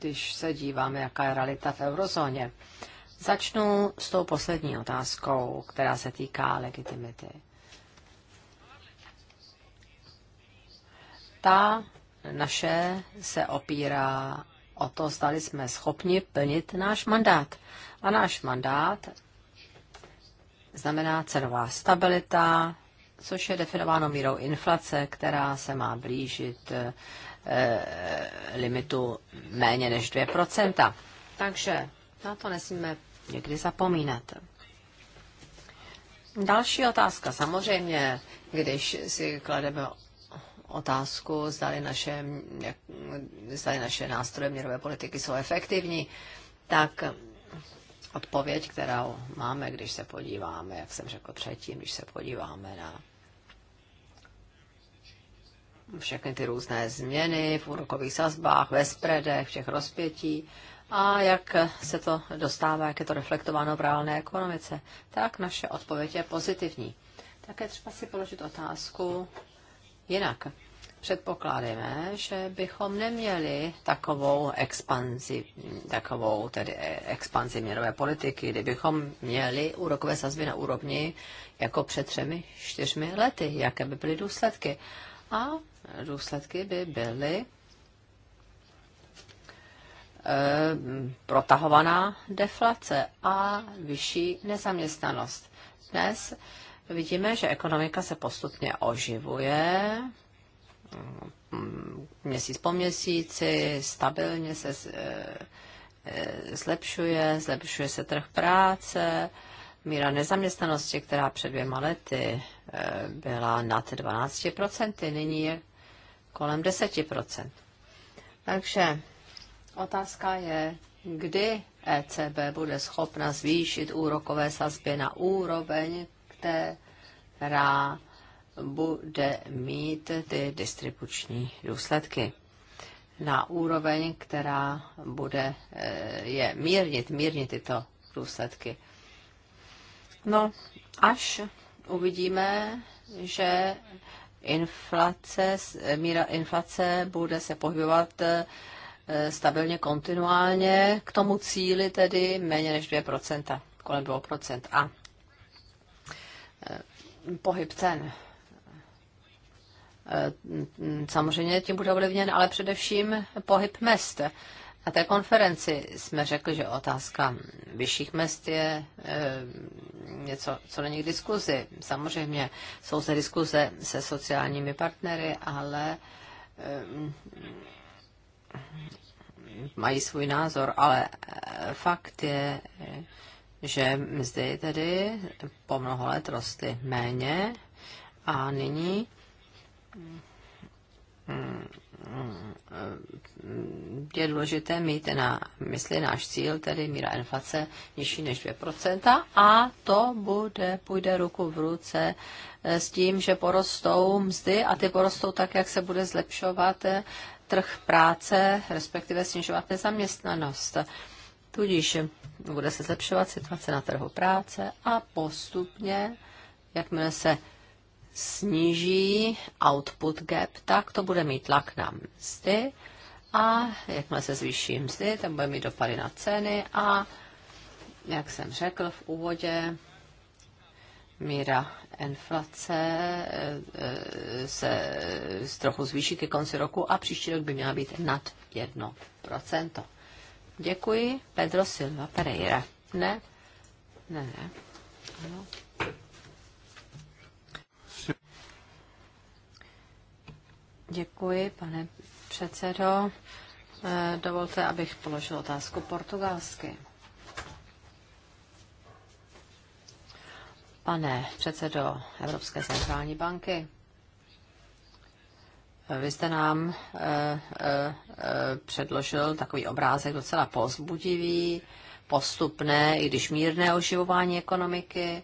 když se díváme, jaká je realita v eurozóně. Začnu s tou poslední otázkou, která se týká legitimity. Ta naše se opírá o to, zdali jsme schopni plnit náš mandát. A náš mandát znamená cenová stabilita, což je definováno mírou inflace, která se má blížit e, limitu méně než 2%. Takže na to nesmíme někdy zapomínat. Další otázka. Samozřejmě, když si klademe otázku, zdali naše, zdali naše nástroje měrové politiky jsou efektivní, tak odpověď, kterou máme, když se podíváme, jak jsem řekl předtím, když se podíváme na všechny ty různé změny v úrokových sazbách, ve spredech, všech rozpětí a jak se to dostává, jak je to reflektováno v reálné ekonomice, tak naše odpověď je pozitivní. Také třeba si položit otázku, Jinak předpokládáme, že bychom neměli takovou expanzi, takovou tedy expanzi měnové politiky, kdybychom měli úrokové sazby na úrovni jako před třemi, čtyřmi lety, jaké by byly důsledky. A důsledky by byly eh, protahovaná deflace a vyšší nezaměstnanost. Dnes vidíme, že ekonomika se postupně oživuje, mm, měsíc po měsíci, stabilně se e, e, zlepšuje, zlepšuje se trh práce, míra nezaměstnanosti, která před dvěma lety e, byla nad 12%, nyní je kolem 10%. Takže otázka je, kdy ECB bude schopna zvýšit úrokové sazby na úroveň, která bude mít ty distribuční důsledky na úroveň, která bude eh, je mírnit, mírnit tyto důsledky. No, až uvidíme, že inflace, míra inflace bude se pohybovat eh, stabilně, kontinuálně k tomu cíli, tedy méně než 2%, kolem 2%. A Eh, pohyb cen. Eh, samozřejmě tím bude ovlivněn, ale především pohyb mest. Na té konferenci jsme řekli, že otázka vyšších mest je eh, něco, co není k diskuzi. Samozřejmě jsou zde diskuze se sociálními partnery, ale mají svůj názor, ale fakt je, že mzdy tedy po mnoho let rostly méně a nyní mm, je důležité mít na mysli náš cíl, tedy míra inflace nižší než 2%, a to bude, půjde ruku v ruce eh, s tím, že porostou mzdy a ty porostou tak, jak se bude zlepšovat eh, trh práce, respektive snižovat nezaměstnanost. Tudíž bude se zlepšovat situace na trhu práce a postupně, jakmile se sníží output gap, tak to bude mít tlak na mzdy a jakmile se zvýší mzdy, tak bude mít dopady na ceny a, jak jsem řekl v úvodě, míra inflace eh, eh, se trochu zvýší ke konci roku a příští rok by měla být nad 1%. Děkuji. Pedro Silva Pereira. Ne? Ne, ne. Ano. Děkuji, pane předsedo. Eh, dovolte, abych položil otázku portugalsky. Pane předsedo Evropské centrální banky, vy jste nám eh, eh, eh, předložil takový obrázek docela pozbudivý, postupné, i když mírné oživování ekonomiky,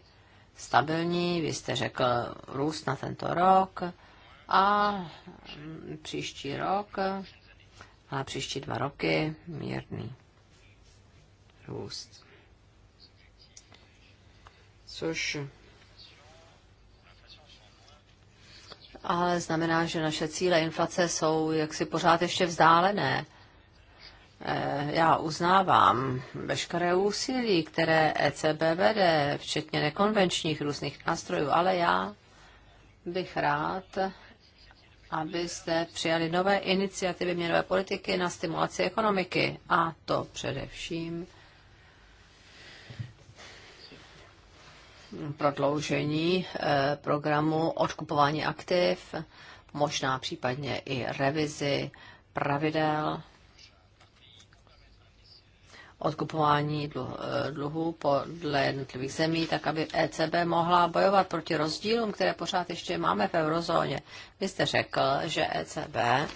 stabilní, vy jste řekl růst na tento rok a mm, příští rok a příští dva roky mírný růst. Což ale znamená, že naše cíle inflace jsou jaksi pořád ještě vzdálené. Eh, já uznávám veškeré úsilí, které ECB vede, včetně nekonvenčních různých nástrojů, ale já bych rád, abyste přijali nové iniciativy měnové politiky na stimulaci ekonomiky, a to především prodloužení eh, programu odkupování aktiv, možná případně i revizi pravidel odkupování eh, dluhů podle jednotlivých zemí, tak aby ECB mohla bojovat proti rozdílům, které pořád ještě máme v eurozóně. Vy jste řekl, že ECB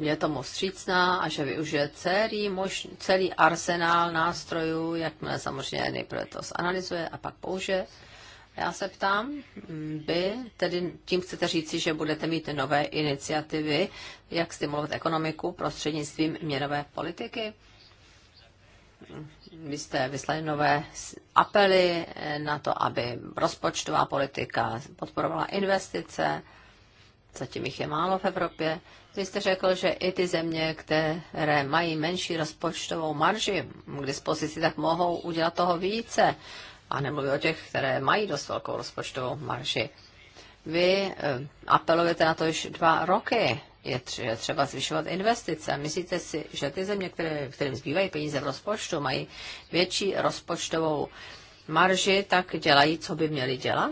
je to moc vstřícná a že využije celý, mož, celý arsenál nástrojů, jakmile samozřejmě nejprve to zanalizuje a pak použije. Já se ptám, vy tedy tím chcete říci, že budete mít nové iniciativy, jak stimulovat ekonomiku prostřednictvím měnové politiky? Vy jste vyslali nové apely na to, aby rozpočtová politika podporovala investice, zatím jich je málo v Evropě. Vy jste řekl, že i ty země, které mají menší rozpočtovou marži k dispozici, tak mohou udělat toho více. A nemluvím o těch, které mají dost velkou rozpočtovou marži. Vy eh, apelujete na to již dva roky. Je třeba zvyšovat investice. Myslíte si, že ty země, které, kterým zbývají peníze v rozpočtu, mají větší rozpočtovou marži, tak dělají, co by měli dělat?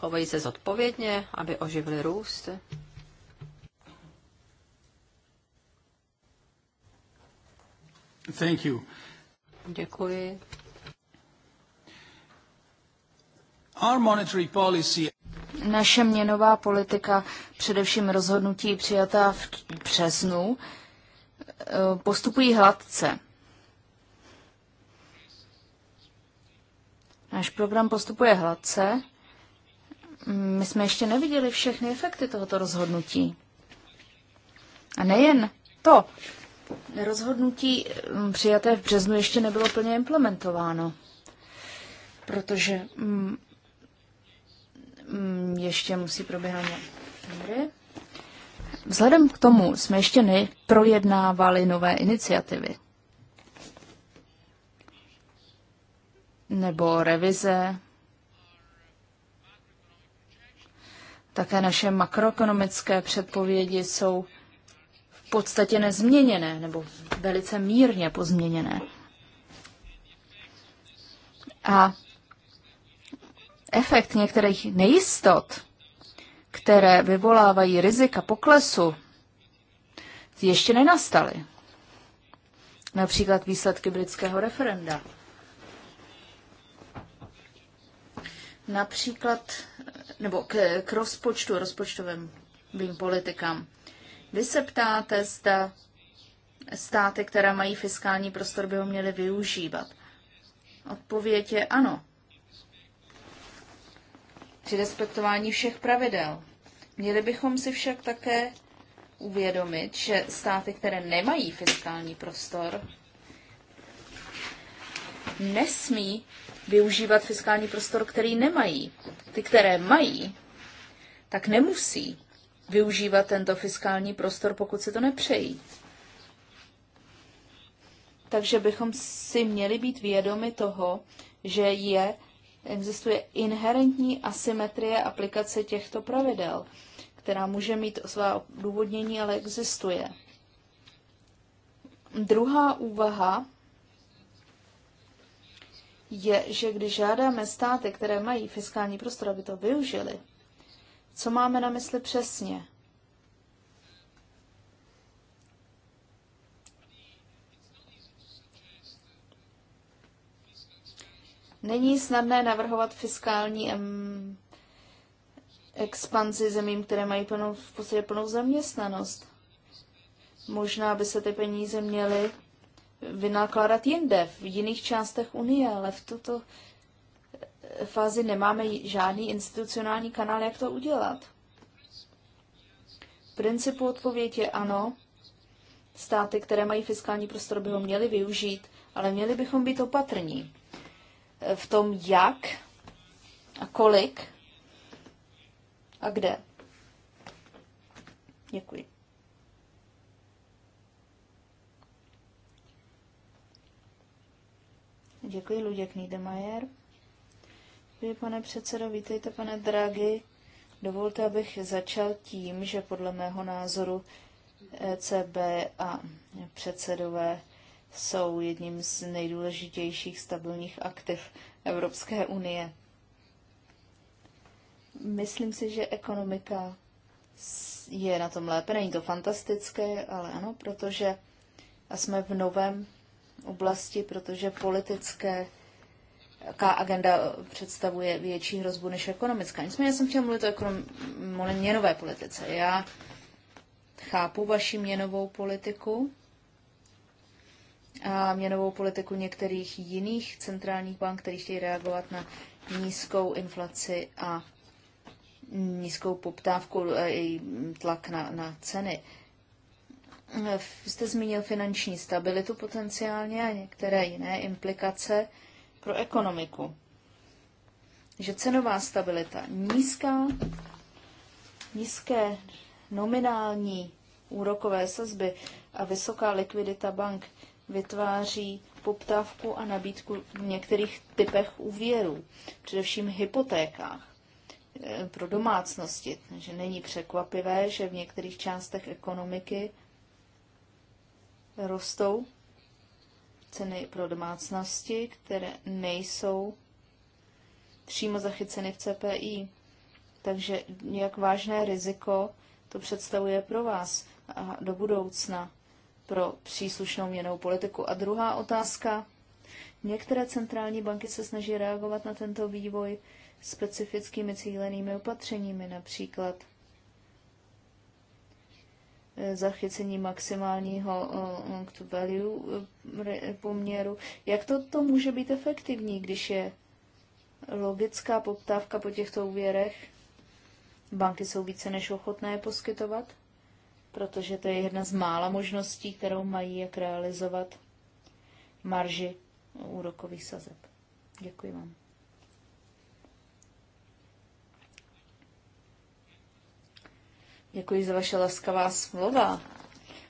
chovají se zodpovědně, aby oživili růst? Thank you. Děkuji. Our monetary policy naše měnová politika, především rozhodnutí přijatá v březnu, eh, postupují hladce. Náš program postupuje hladce my jsme ještě neviděli všechny efekty tohoto rozhodnutí. A nejen to, rozhodnutí mm, přijaté v březnu ještě nebylo plně implementováno, protože mm, mm, ještě musí proběhnout hry. Vzhledem k tomu jsme ještě neprojednávali nové iniciativy nebo revize Také naše makroekonomické předpovědi jsou v podstatě nezměněné nebo velice mírně pozměněné. A efekt některých nejistot, které vyvolávají rizika poklesu, ještě nenastaly. Například výsledky britského referenda. Například nebo k, k rozpočtu, rozpočtovým politikám. Vy se ptáte, zda státy, které mají fiskální prostor, by ho měly využívat. Odpověď je ano. Při respektování všech pravidel. Měli bychom si však také uvědomit, že státy, které nemají fiskální prostor, nesmí využívat fiskální prostor, který nemají. Ty, které mají, tak nemusí využívat tento fiskální prostor, pokud se to nepřejí. Takže bychom si měli být vědomi toho, že je, existuje inherentní asymetrie aplikace těchto pravidel, která může mít svá důvodnění, ale existuje. Druhá úvaha je, že když žádáme státy, které mají fiskální prostor, aby to využili, co máme na mysli přesně? Není snadné navrhovat fiskální em, expanzi zemím, které mají plnou, v podstatě plnou zaměstnanost. Možná by se ty peníze měly vynákladat jinde, v jiných částech Unie, ale v tuto fázi nemáme žádný institucionální kanál, jak to udělat. V principu odpověď je ano. Státy, které mají fiskální prostor, by ho měly využít, ale měli bychom být opatrní v tom, jak a kolik a kde. Děkuji. Děkuji, Luděk Niedemajer. Děkuji, pane předsedo, vítejte, pane Draghi. Dovolte, abych začal tím, že podle mého názoru ECB a předsedové jsou jedním z nejdůležitějších stabilních aktiv Evropské unie. Myslím si, že ekonomika je na tom lépe. Není to fantastické, ale ano, protože jsme v novém oblasti, protože politické jaká agenda představuje větší hrozbu než ekonomická. Nicméně jsem chtěla mluvit o ekonom- měnové politice. Já chápu vaši měnovou politiku a měnovou politiku některých jiných centrálních bank, které chtějí reagovat na nízkou inflaci a nízkou poptávku i eh, tlak na, na ceny jste zmínil finanční stabilitu potenciálně a některé jiné implikace pro ekonomiku. Že cenová stabilita nízká, nízké nominální úrokové sazby a vysoká likvidita bank vytváří poptávku a nabídku v některých typech úvěrů, především hypotékách eh, pro domácnosti. Takže není překvapivé, že v některých částech ekonomiky Rostou ceny pro domácnosti, které nejsou přímo zachyceny v CPI. Takže jak vážné riziko to představuje pro vás a do budoucna pro příslušnou měnou politiku. A druhá otázka. Některé centrální banky se snaží reagovat na tento vývoj specifickými cílenými opatřeními, například Eh, zachycení maximálního long eh, eh, to value poměru. Jak to, to může být efektivní, když je logická poptávka po těchto úvěrech? Banky jsou více než ochotné je poskytovat, protože to je jedna z mála možností, kterou mají, jak realizovat marži úrokových sazeb. Děkuji vám. Děkuji za vaše laskavá slova.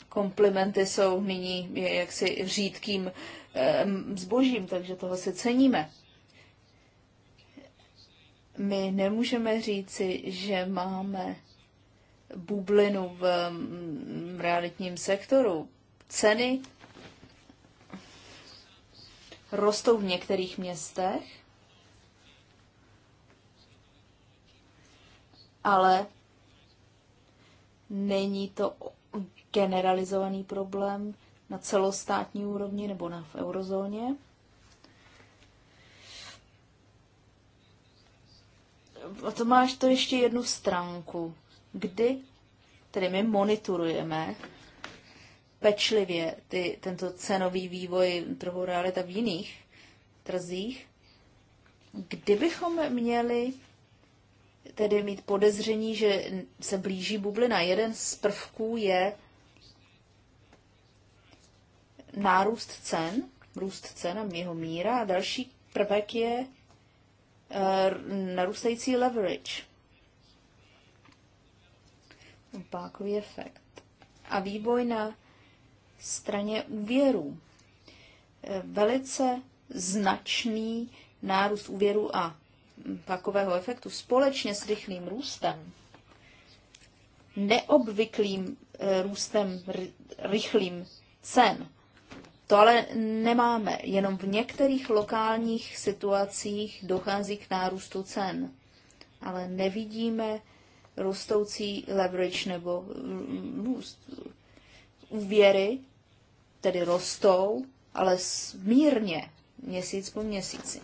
Komplimenty jsou nyní jaksi řídkým zbožím, takže toho si ceníme. My nemůžeme říci, že máme bublinu v mm, realitním sektoru. Ceny rostou v některých městech, ale Není to generalizovaný problém na celostátní úrovni nebo na v eurozóně. A to máš to ještě jednu stránku, kdy tedy my monitorujeme pečlivě ty, tento cenový vývoj trhu realita v jiných trzích, kdybychom měli tedy mít podezření, že se blíží bublina. Jeden z prvků je nárůst cen, růst cen a jeho míra a další prvek je eh, narůstající leverage. Pákový efekt. A vývoj na straně úvěrů. Eh, velice značný nárůst úvěru a takového efektu společně s rychlým růstem, neobvyklým eh, růstem rychlým cen, to ale nemáme. Jenom v některých lokálních situacích dochází k nárůstu cen, ale nevidíme rostoucí leverage nebo růst. Úvěry tedy rostou, ale mírně, měsíc po měsíci.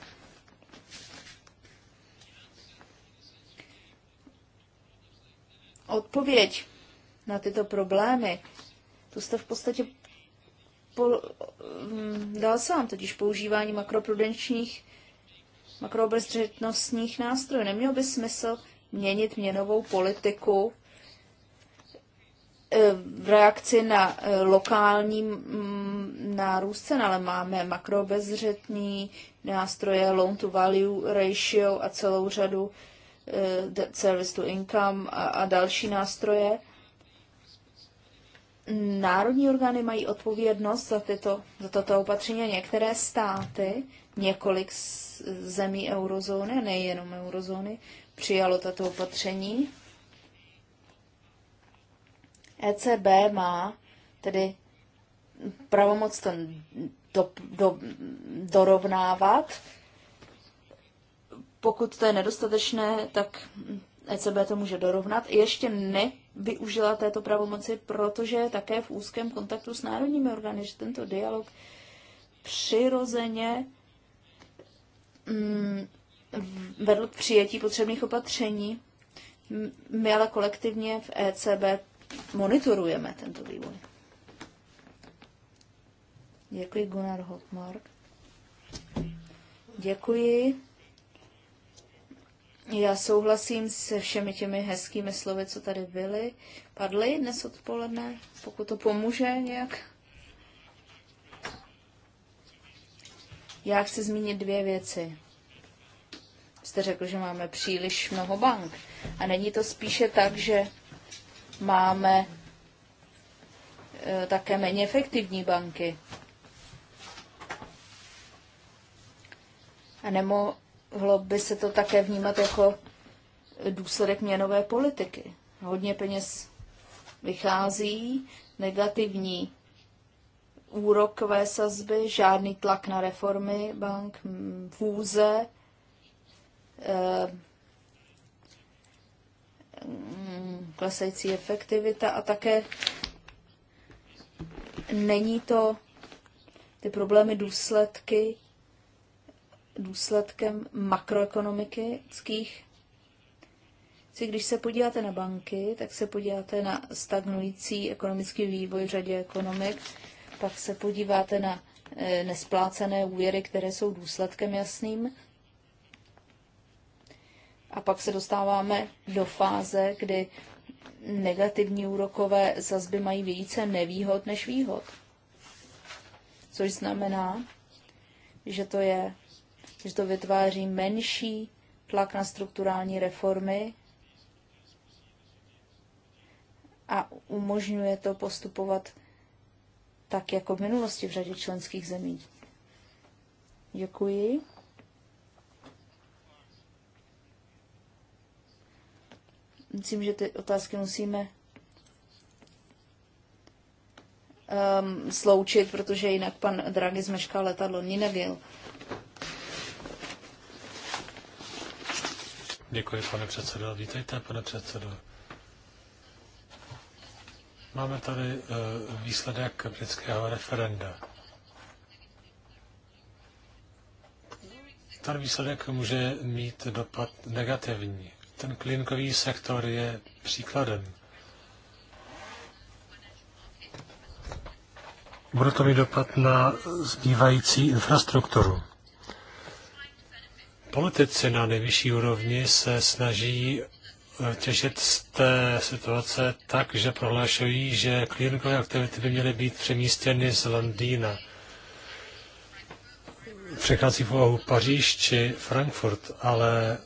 odpověď na tyto problémy. Tu jste v podstatě po, mm, dal vám totiž používání makroprudenčních, makroobezřetnostních nástrojů. Neměl by smysl měnit měnovou politiku eh, v reakci na eh, lokální mm, nárůst cen, ale máme makrobezřetní nástroje, loan to value ratio a celou řadu Eh, debt service to income a, a další nástroje. Národní orgány mají odpovědnost za, tyto, za toto opatření a některé státy, několik zemí eurozóny, nejenom eurozóny, přijalo tato opatření. ECB má tedy pravomoc to do, do, dorovnávat pokud to je nedostatečné, tak ECB to může dorovnat. Ještě nevyužila této pravomoci, protože je také v úzkém kontaktu s národními orgány, že tento dialog přirozeně mm, vedl k přijetí potřebných opatření. My ale kolektivně v ECB monitorujeme tento vývoj. Děkuji, Gunnar Hotmark. Děkuji. Já souhlasím se všemi těmi hezkými slovy, co tady byly, padly dnes odpoledne, pokud to pomůže nějak. Já chci zmínit dvě věci. Jste řekl, že máme příliš mnoho bank. A není to spíše tak, že máme eh, také méně efektivní banky. A nemo, Mohlo by se to také vnímat jako důsledek měnové politiky. Hodně peněz vychází, negativní úrokové sazby, žádný tlak na reformy bank, fůze, eh, klesající efektivita a také není to ty problémy důsledky důsledkem makroekonomických. Když se podíváte na banky, tak se podíváte na stagnující ekonomický vývoj v řadě ekonomik, pak se podíváte na eh, nesplácené úvěry, které jsou důsledkem jasným. A pak se dostáváme do fáze, kdy negativní úrokové sazby mají více nevýhod než výhod. Což znamená, že to je že to vytváří menší tlak na strukturální reformy a umožňuje to postupovat tak jako v minulosti v řadě členských zemí. Děkuji. Myslím, že ty otázky musíme um, sloučit, protože jinak pan Draghi zmeškal letadlo. Nina Gill. Děkuji, pane předsedo. Vítejte, pane předsedo. Máme tady eh, výsledek britského referenda. Ten výsledek může mít dopad negativní. Ten klinkový sektor je příkladem. Bude to mít dopad na zbývající infrastrukturu. Politici na nejvyšší úrovni se snaží eh, těžit z té situace tak, že prohlášují, že klinikové aktivity by měly být přemístěny z Londýna. Přechází v úvahu Paříž či Frankfurt, ale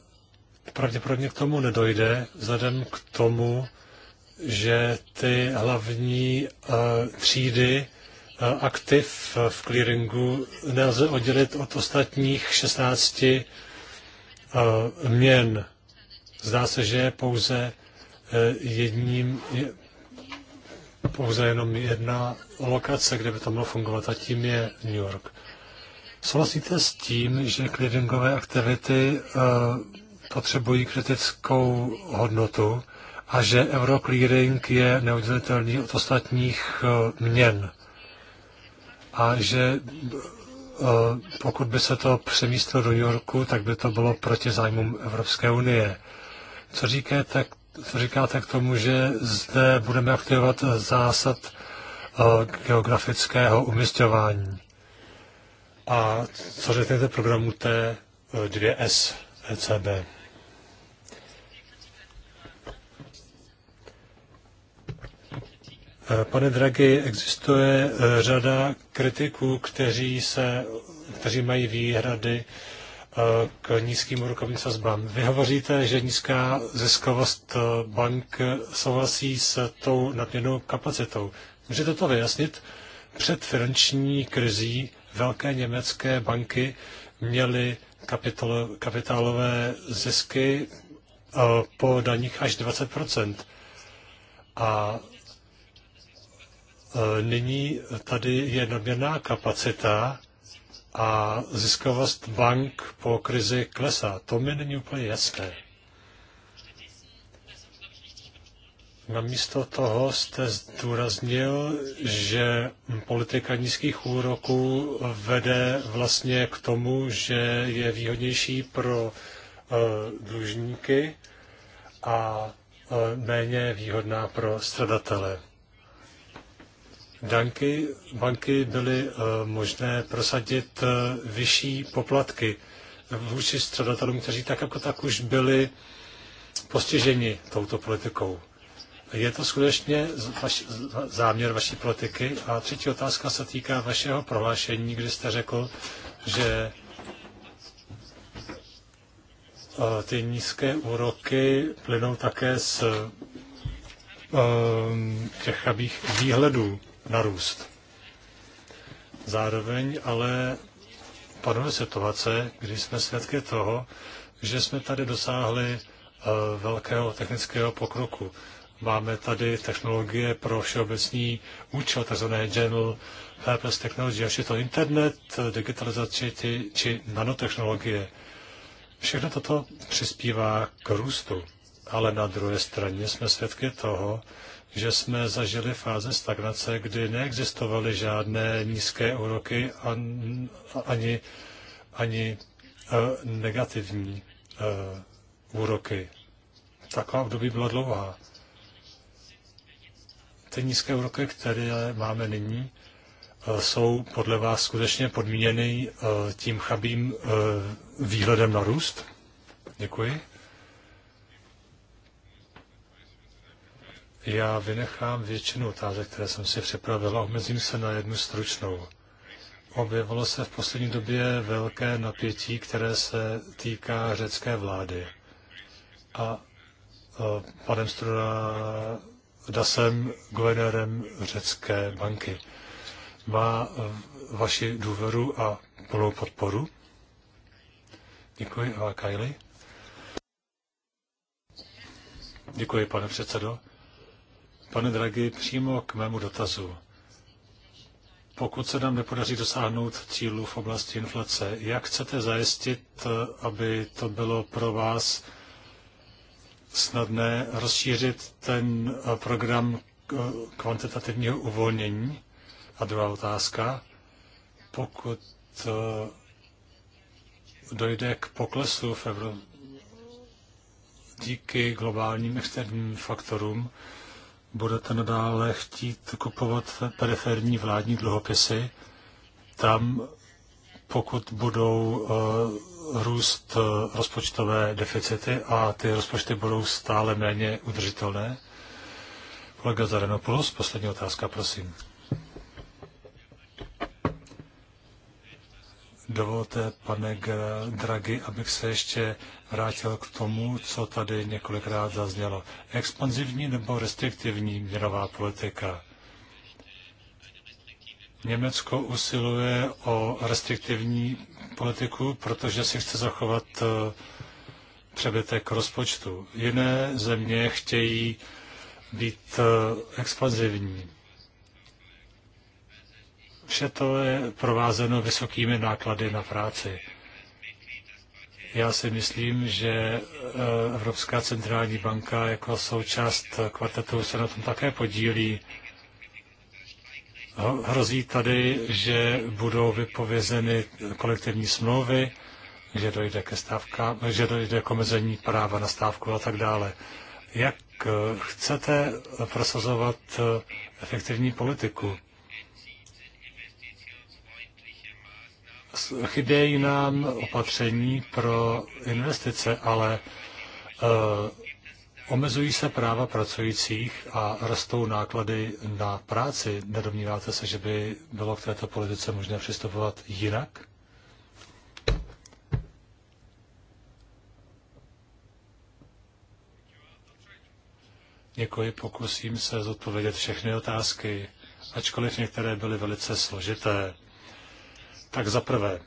pravděpodobně k tomu nedojde, vzhledem k tomu, že ty hlavní uh, třídy uh, aktiv v clearingu nelze oddělit od ostatních 16 Eh, měn. Zdá se, že je pouze eh, jedním, je pouze jenom jedna lokace, kde by to mohlo fungovat a tím je New York. Souhlasíte s tím, že clearingové aktivity eh, potřebují kritickou hodnotu a že euroclearing je neoddělitelný od ostatních měn a že Eh, pokud by se to přemístilo do New Yorku, tak by to bylo proti zájmům Evropské unie. Co říkáte, co říkáte k tomu, že zde budeme aktivovat zásad eh, geografického umistování? A co řeknete programu T2S eh, ECB? Eh, pane Draghi, existuje eh, řada kritiků, kteří, se, kteří mají výhrady eh, k nízkým úrokovým sazbám. Vy hovoříte, že nízká ziskovost bank souhlasí s tou nadměrnou kapacitou. Můžete to vyjasnit? Před finanční krizí velké německé banky měly kapitálové zisky po daních až 20 A E, nyní tady je nadměrná kapacita a ziskovost bank po krizi klesá. To mi není úplně jasné. Namísto toho jste zdůraznil, že politika nízkých úroků vede vlastně k tomu, že je výhodnější pro e, dlužníky a e, méně výhodná pro stradatele. Danky, banky byly eh, možné prosadit eh, vyšší poplatky vůči středatelům, kteří tak jako tak už byli postiženi touto politikou. Je to skutečně vaš, záměr vaší politiky? A třetí otázka se týká vašeho prohlášení, kdy jste řekl, že eh, ty nízké úroky plynou také z uh, těch chabých výhledů narůst. Zároveň ale panuje situace, kdy jsme svědky toho, že jsme tady dosáhli eh, velkého technického pokroku. Máme tady technologie pro všeobecný účel, takzvané General Purpose Technology, až je to internet, digitalizace či, či nanotechnologie. Všechno toto přispívá k růstu, ale na druhé straně jsme svědky toho, že jsme zažili fáze stagnace, kdy neexistovaly žádné nízké úroky ani, ani e, negativní e, úroky. Taková období byla dlouhá. Ty nízké úroky, které máme nyní, e, jsou podle vás skutečně podmíněny tím chabým výhledem na růst? Děkuji. Já vynechám většinu otázek, které jsem si a omezím se na jednu stručnou. Objevilo se v poslední době velké napětí, které se týká řecké vlády. A e, panem Struda Dasem, guvernérem řecké banky. Má e, vaši důvěru a plnou podporu? Děkuji. A Kylie? Děkuji, pane předsedo pane Draghi, přímo k mému dotazu. Pokud se nám nepodaří dosáhnout cílů v oblasti inflace, jak chcete zajistit, aby to bylo pro vás snadné rozšířit ten eh, program eh, kvantitativního uvolnění? A druhá otázka, pokud eh, dojde k poklesu v Evropě díky globálním externím faktorům, budete nadále chtít kupovat periferní vládní dluhopisy, tam pokud budou eh, růst eh, rozpočtové deficity a ty rozpočty budou stále méně udržitelné. Kolega Zarenopoulos, poslední otázka, prosím. Dovolte, pane Dragi, abych se ještě vrátil k tomu, co tady několikrát zaznělo. Expanzivní nebo restriktivní měnová politika? Německo usiluje o restriktivní politiku, protože si chce zachovat eh, přebytek rozpočtu. Jiné země chtějí být eh, expanzivní. Vše to je provázeno vysokými náklady na práci. Já si myslím, že e, Evropská centrální banka jako součást kvartetu se na tom také podílí. Hrozí tady, že budou vypovězeny kolektivní smlouvy, že dojde ke stávkám, že dojde k omezení práva na stávku a tak dále. Jak e, chcete prosazovat e, efektivní politiku? chybějí nám opatření pro investice, ale e, Omezují se práva pracujících a rostou náklady na práci. Nedomníváte se, že by bylo k této politice možné přistupovat jinak? Děkuji, pokusím se zodpovědět všechny otázky, ačkoliv některé byly velice složité. Tak za prvé,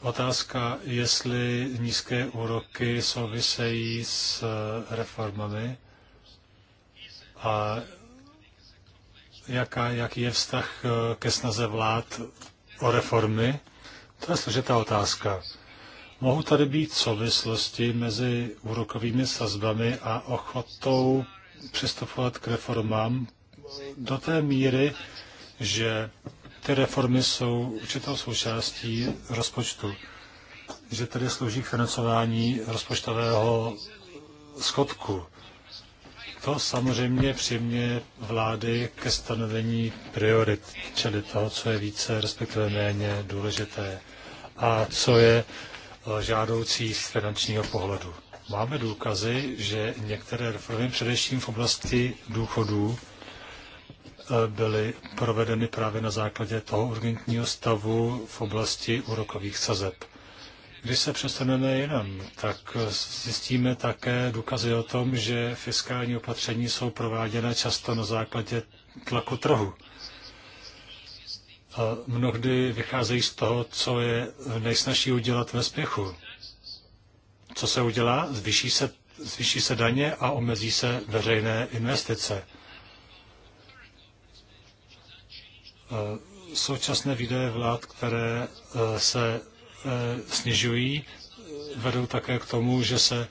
otázka, jestli nízké úroky souvisejí s eh, reformami a jaká, jaký je vztah eh, ke snaze vlád o reformy, to je složitá otázka. Mohou tady být souvislosti mezi úrokovými sazbami a ochotou přistupovat k reformám do té míry, že ty reformy jsou určitou součástí rozpočtu, že tedy slouží k financování rozpočtového schodku. To samozřejmě přijmě vlády ke stanovení priorit, čili toho, co je více, respektive méně důležité a co je eh, žádoucí z finančního pohledu. Máme důkazy, že některé reformy, především v oblasti důchodů, byly provedeny právě na základě toho urgentního stavu v oblasti úrokových sazeb. Když se přesuneme jinam, tak zjistíme také důkazy o tom, že fiskální opatření jsou prováděna často na základě tlaku trhu. A mnohdy vycházejí z toho, co je nejsnažší udělat ve spěchu. Co se udělá? Zvýší se, zvýší se daně a omezí se veřejné investice. Eh, současné výdaje vlád, které eh, se eh, snižují, vedou také k tomu, že se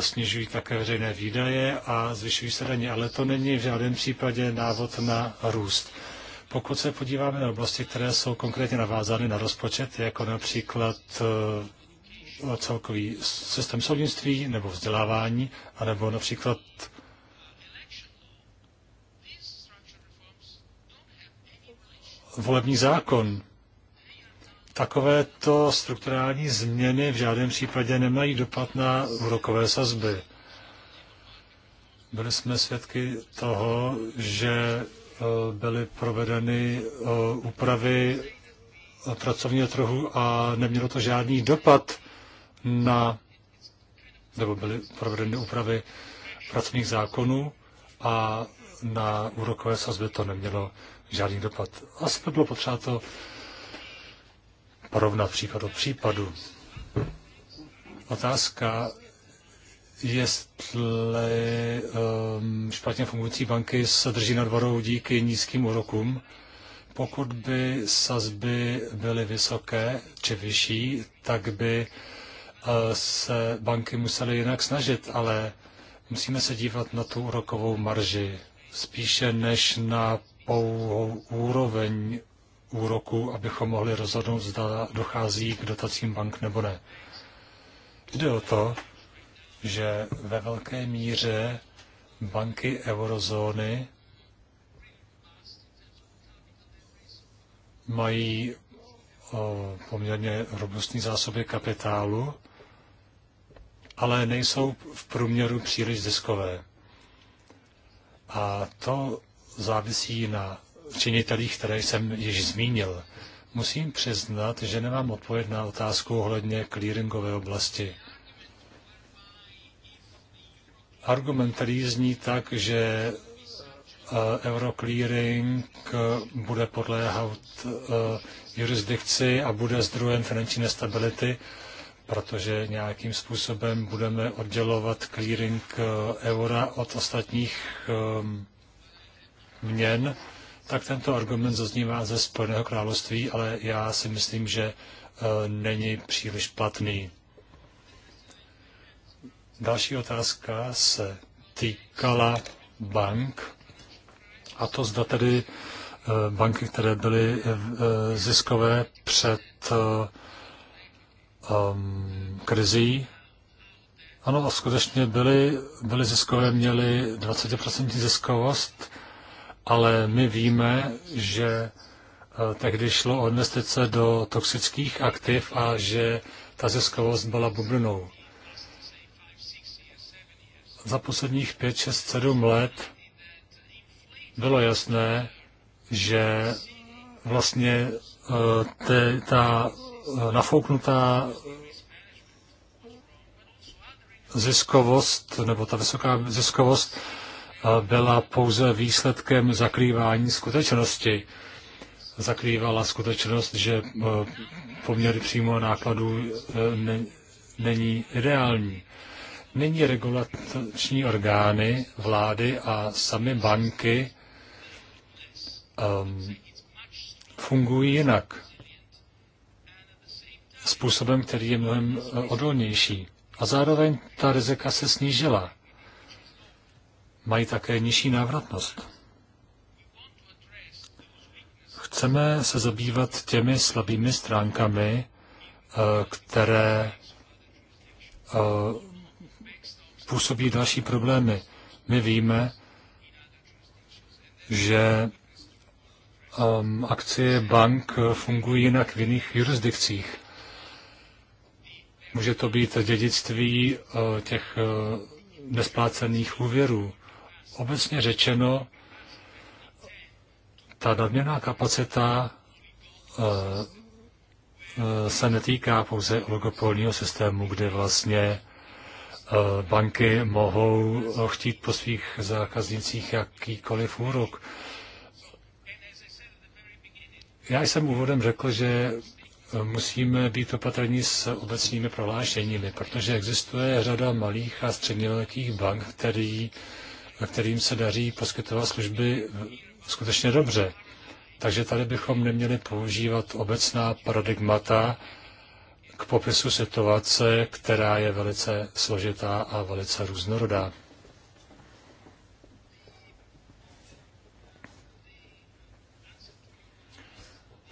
snižují také veřejné výdaje a zvyšují se daně, ale to není v žádném případě návod na růst. Pokud se podíváme na oblasti, které jsou konkrétně navázány na rozpočet, jako například celkový systém soudnictví nebo vzdělávání, anebo například volební zákon. Takovéto strukturální změny v žádném případě nemají dopad na úrokové sazby. Byli jsme svědky toho, že eh, byly provedeny eh, úpravy eh, pracovního trhu a nemělo to žádný dopad na, nebo byly provedeny úpravy pracovních zákonů a na úrokové sazby to nemělo žádný dopad. Asi by bylo potřeba to porovnat případ od případu. Otázka, jestli um, špatně fungující banky se drží nad vodou díky nízkým úrokům. Pokud by sazby byly vysoké či vyšší, tak by uh, se banky musely jinak snažit, ale musíme se dívat na tu úrokovou marži spíše než na takovou úroveň úroku, abychom mohli rozhodnout, zda dochází k dotacím bank nebo ne. Jde o to, že ve velké míře banky eurozóny mají poměrně robustní zásoby kapitálu, ale nejsou v průměru příliš ziskové. A to závisí na činitelích, které jsem již zmínil. Musím přiznat, že nemám odpověď na otázku ohledně clearingové oblasti. Argument, který zní tak, že eh, Euroclearing eh, bude podléhat eh, jurisdikci a bude zdrojem finanční nestability, protože nějakým způsobem budeme oddělovat clearing eura od ostatních měn, tak tento argument zaznívá ze Spojeného království, ale já si myslím, že e, není příliš platný. Další otázka se týkala bank, a to zda tedy e, banky, které byly e, ziskové před um, krizí. Ano, a skutečně byly, byly ziskové, měly 20% ziskovost, ale my víme, že eh, tehdy šlo o investice do toxických aktiv a že ta ziskovost byla bublinou. Za posledních 5, 6, 7 let bylo jasné, že vlastně eh, te, ta eh, nafouknutá ziskovost nebo ta vysoká ziskovost byla pouze výsledkem zakrývání skutečnosti. Zakrývala skutečnost, že eh, poměr přímo nákladů eh, není ideální. Nyní regulační orgány, vlády a samy banky um, fungují jinak. Způsobem, který je mnohem eh, odolnější. A zároveň ta rizika se snížila mají také nižší návratnost. Chceme se zabývat těmi slabými stránkami, eh, které eh, působí další problémy. My víme, že ehm, akcie bank fungují jinak v jiných jurisdikcích. Může to být dědictví eh, těch nesplácených úvěrů obecně řečeno, ta nadměrná kapacita eh, eh, se netýká pouze oligopolního systému, kde vlastně eh, banky mohou chtít po svých zákaznicích jakýkoliv úrok. Já jsem úvodem řekl, že musíme být opatrní s obecními prohlášeními, protože existuje řada malých a středně velkých bank, který, kterým se daří poskytovat služby skutečně dobře. Takže tady bychom neměli používat obecná paradigmata k popisu situace, která je velice složitá a velice různorodá.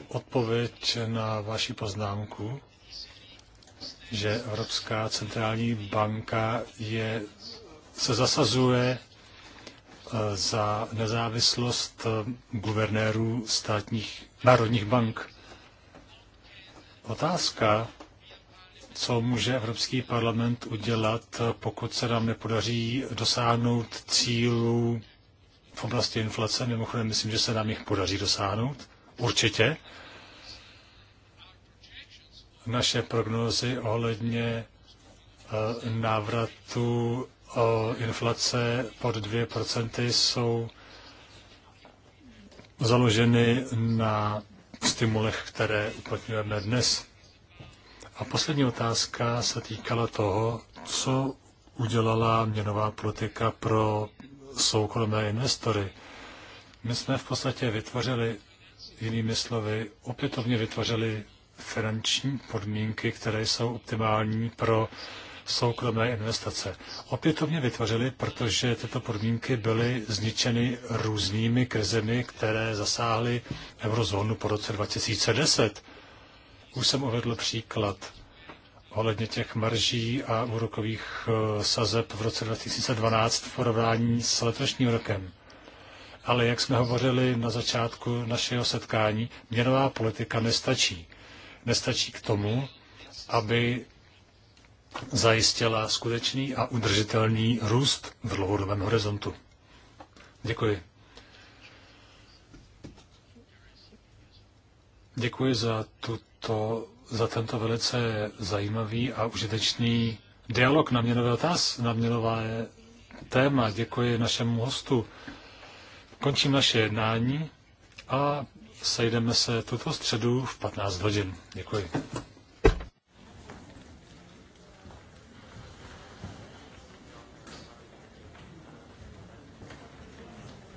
Odpověď na vaši poznámku, že Evropská centrální banka je, se zasazuje Eh, za nezávislost eh, guvernérů státních národních bank. Otázka, co může Evropský parlament udělat, eh, pokud se nám nepodaří dosáhnout cílů v oblasti inflace. Mimochodem, myslím, že se nám jich podaří dosáhnout. Určitě. Naše prognózy ohledně návratu inflace pod 2% jsou založeny na stimulech, které uplatňujeme dnes. A poslední otázka se týkala toho, co udělala měnová politika pro soukromé investory. My jsme v podstatě vytvořili, jinými slovy, opětovně vytvořili finanční podmínky, které jsou optimální pro uh, soukromé investace. Opětovně vytvořili, protože tyto podmínky byly zničeny různými krizemi, které zasáhly eurozónu po roce 2010. Už jsem uvedl příklad ohledně těch marží a úrokových eh, sazeb v roce 2012 v porovnání s letošním rokem. Ale jak jsme hovořili na začátku našeho setkání, měnová politika nestačí. Nestačí k tomu, aby zajistila skutečný a udržitelný růst v dlouhodobém horizontu. Děkuji. Děkuji za, tuto, za tento velice zajímavý a užitečný dialog na měnové otáz, na měnové téma. Děkuji našemu hostu. Končím naše jednání a sejdeme se tuto středu v 15 hodin. Děkuji.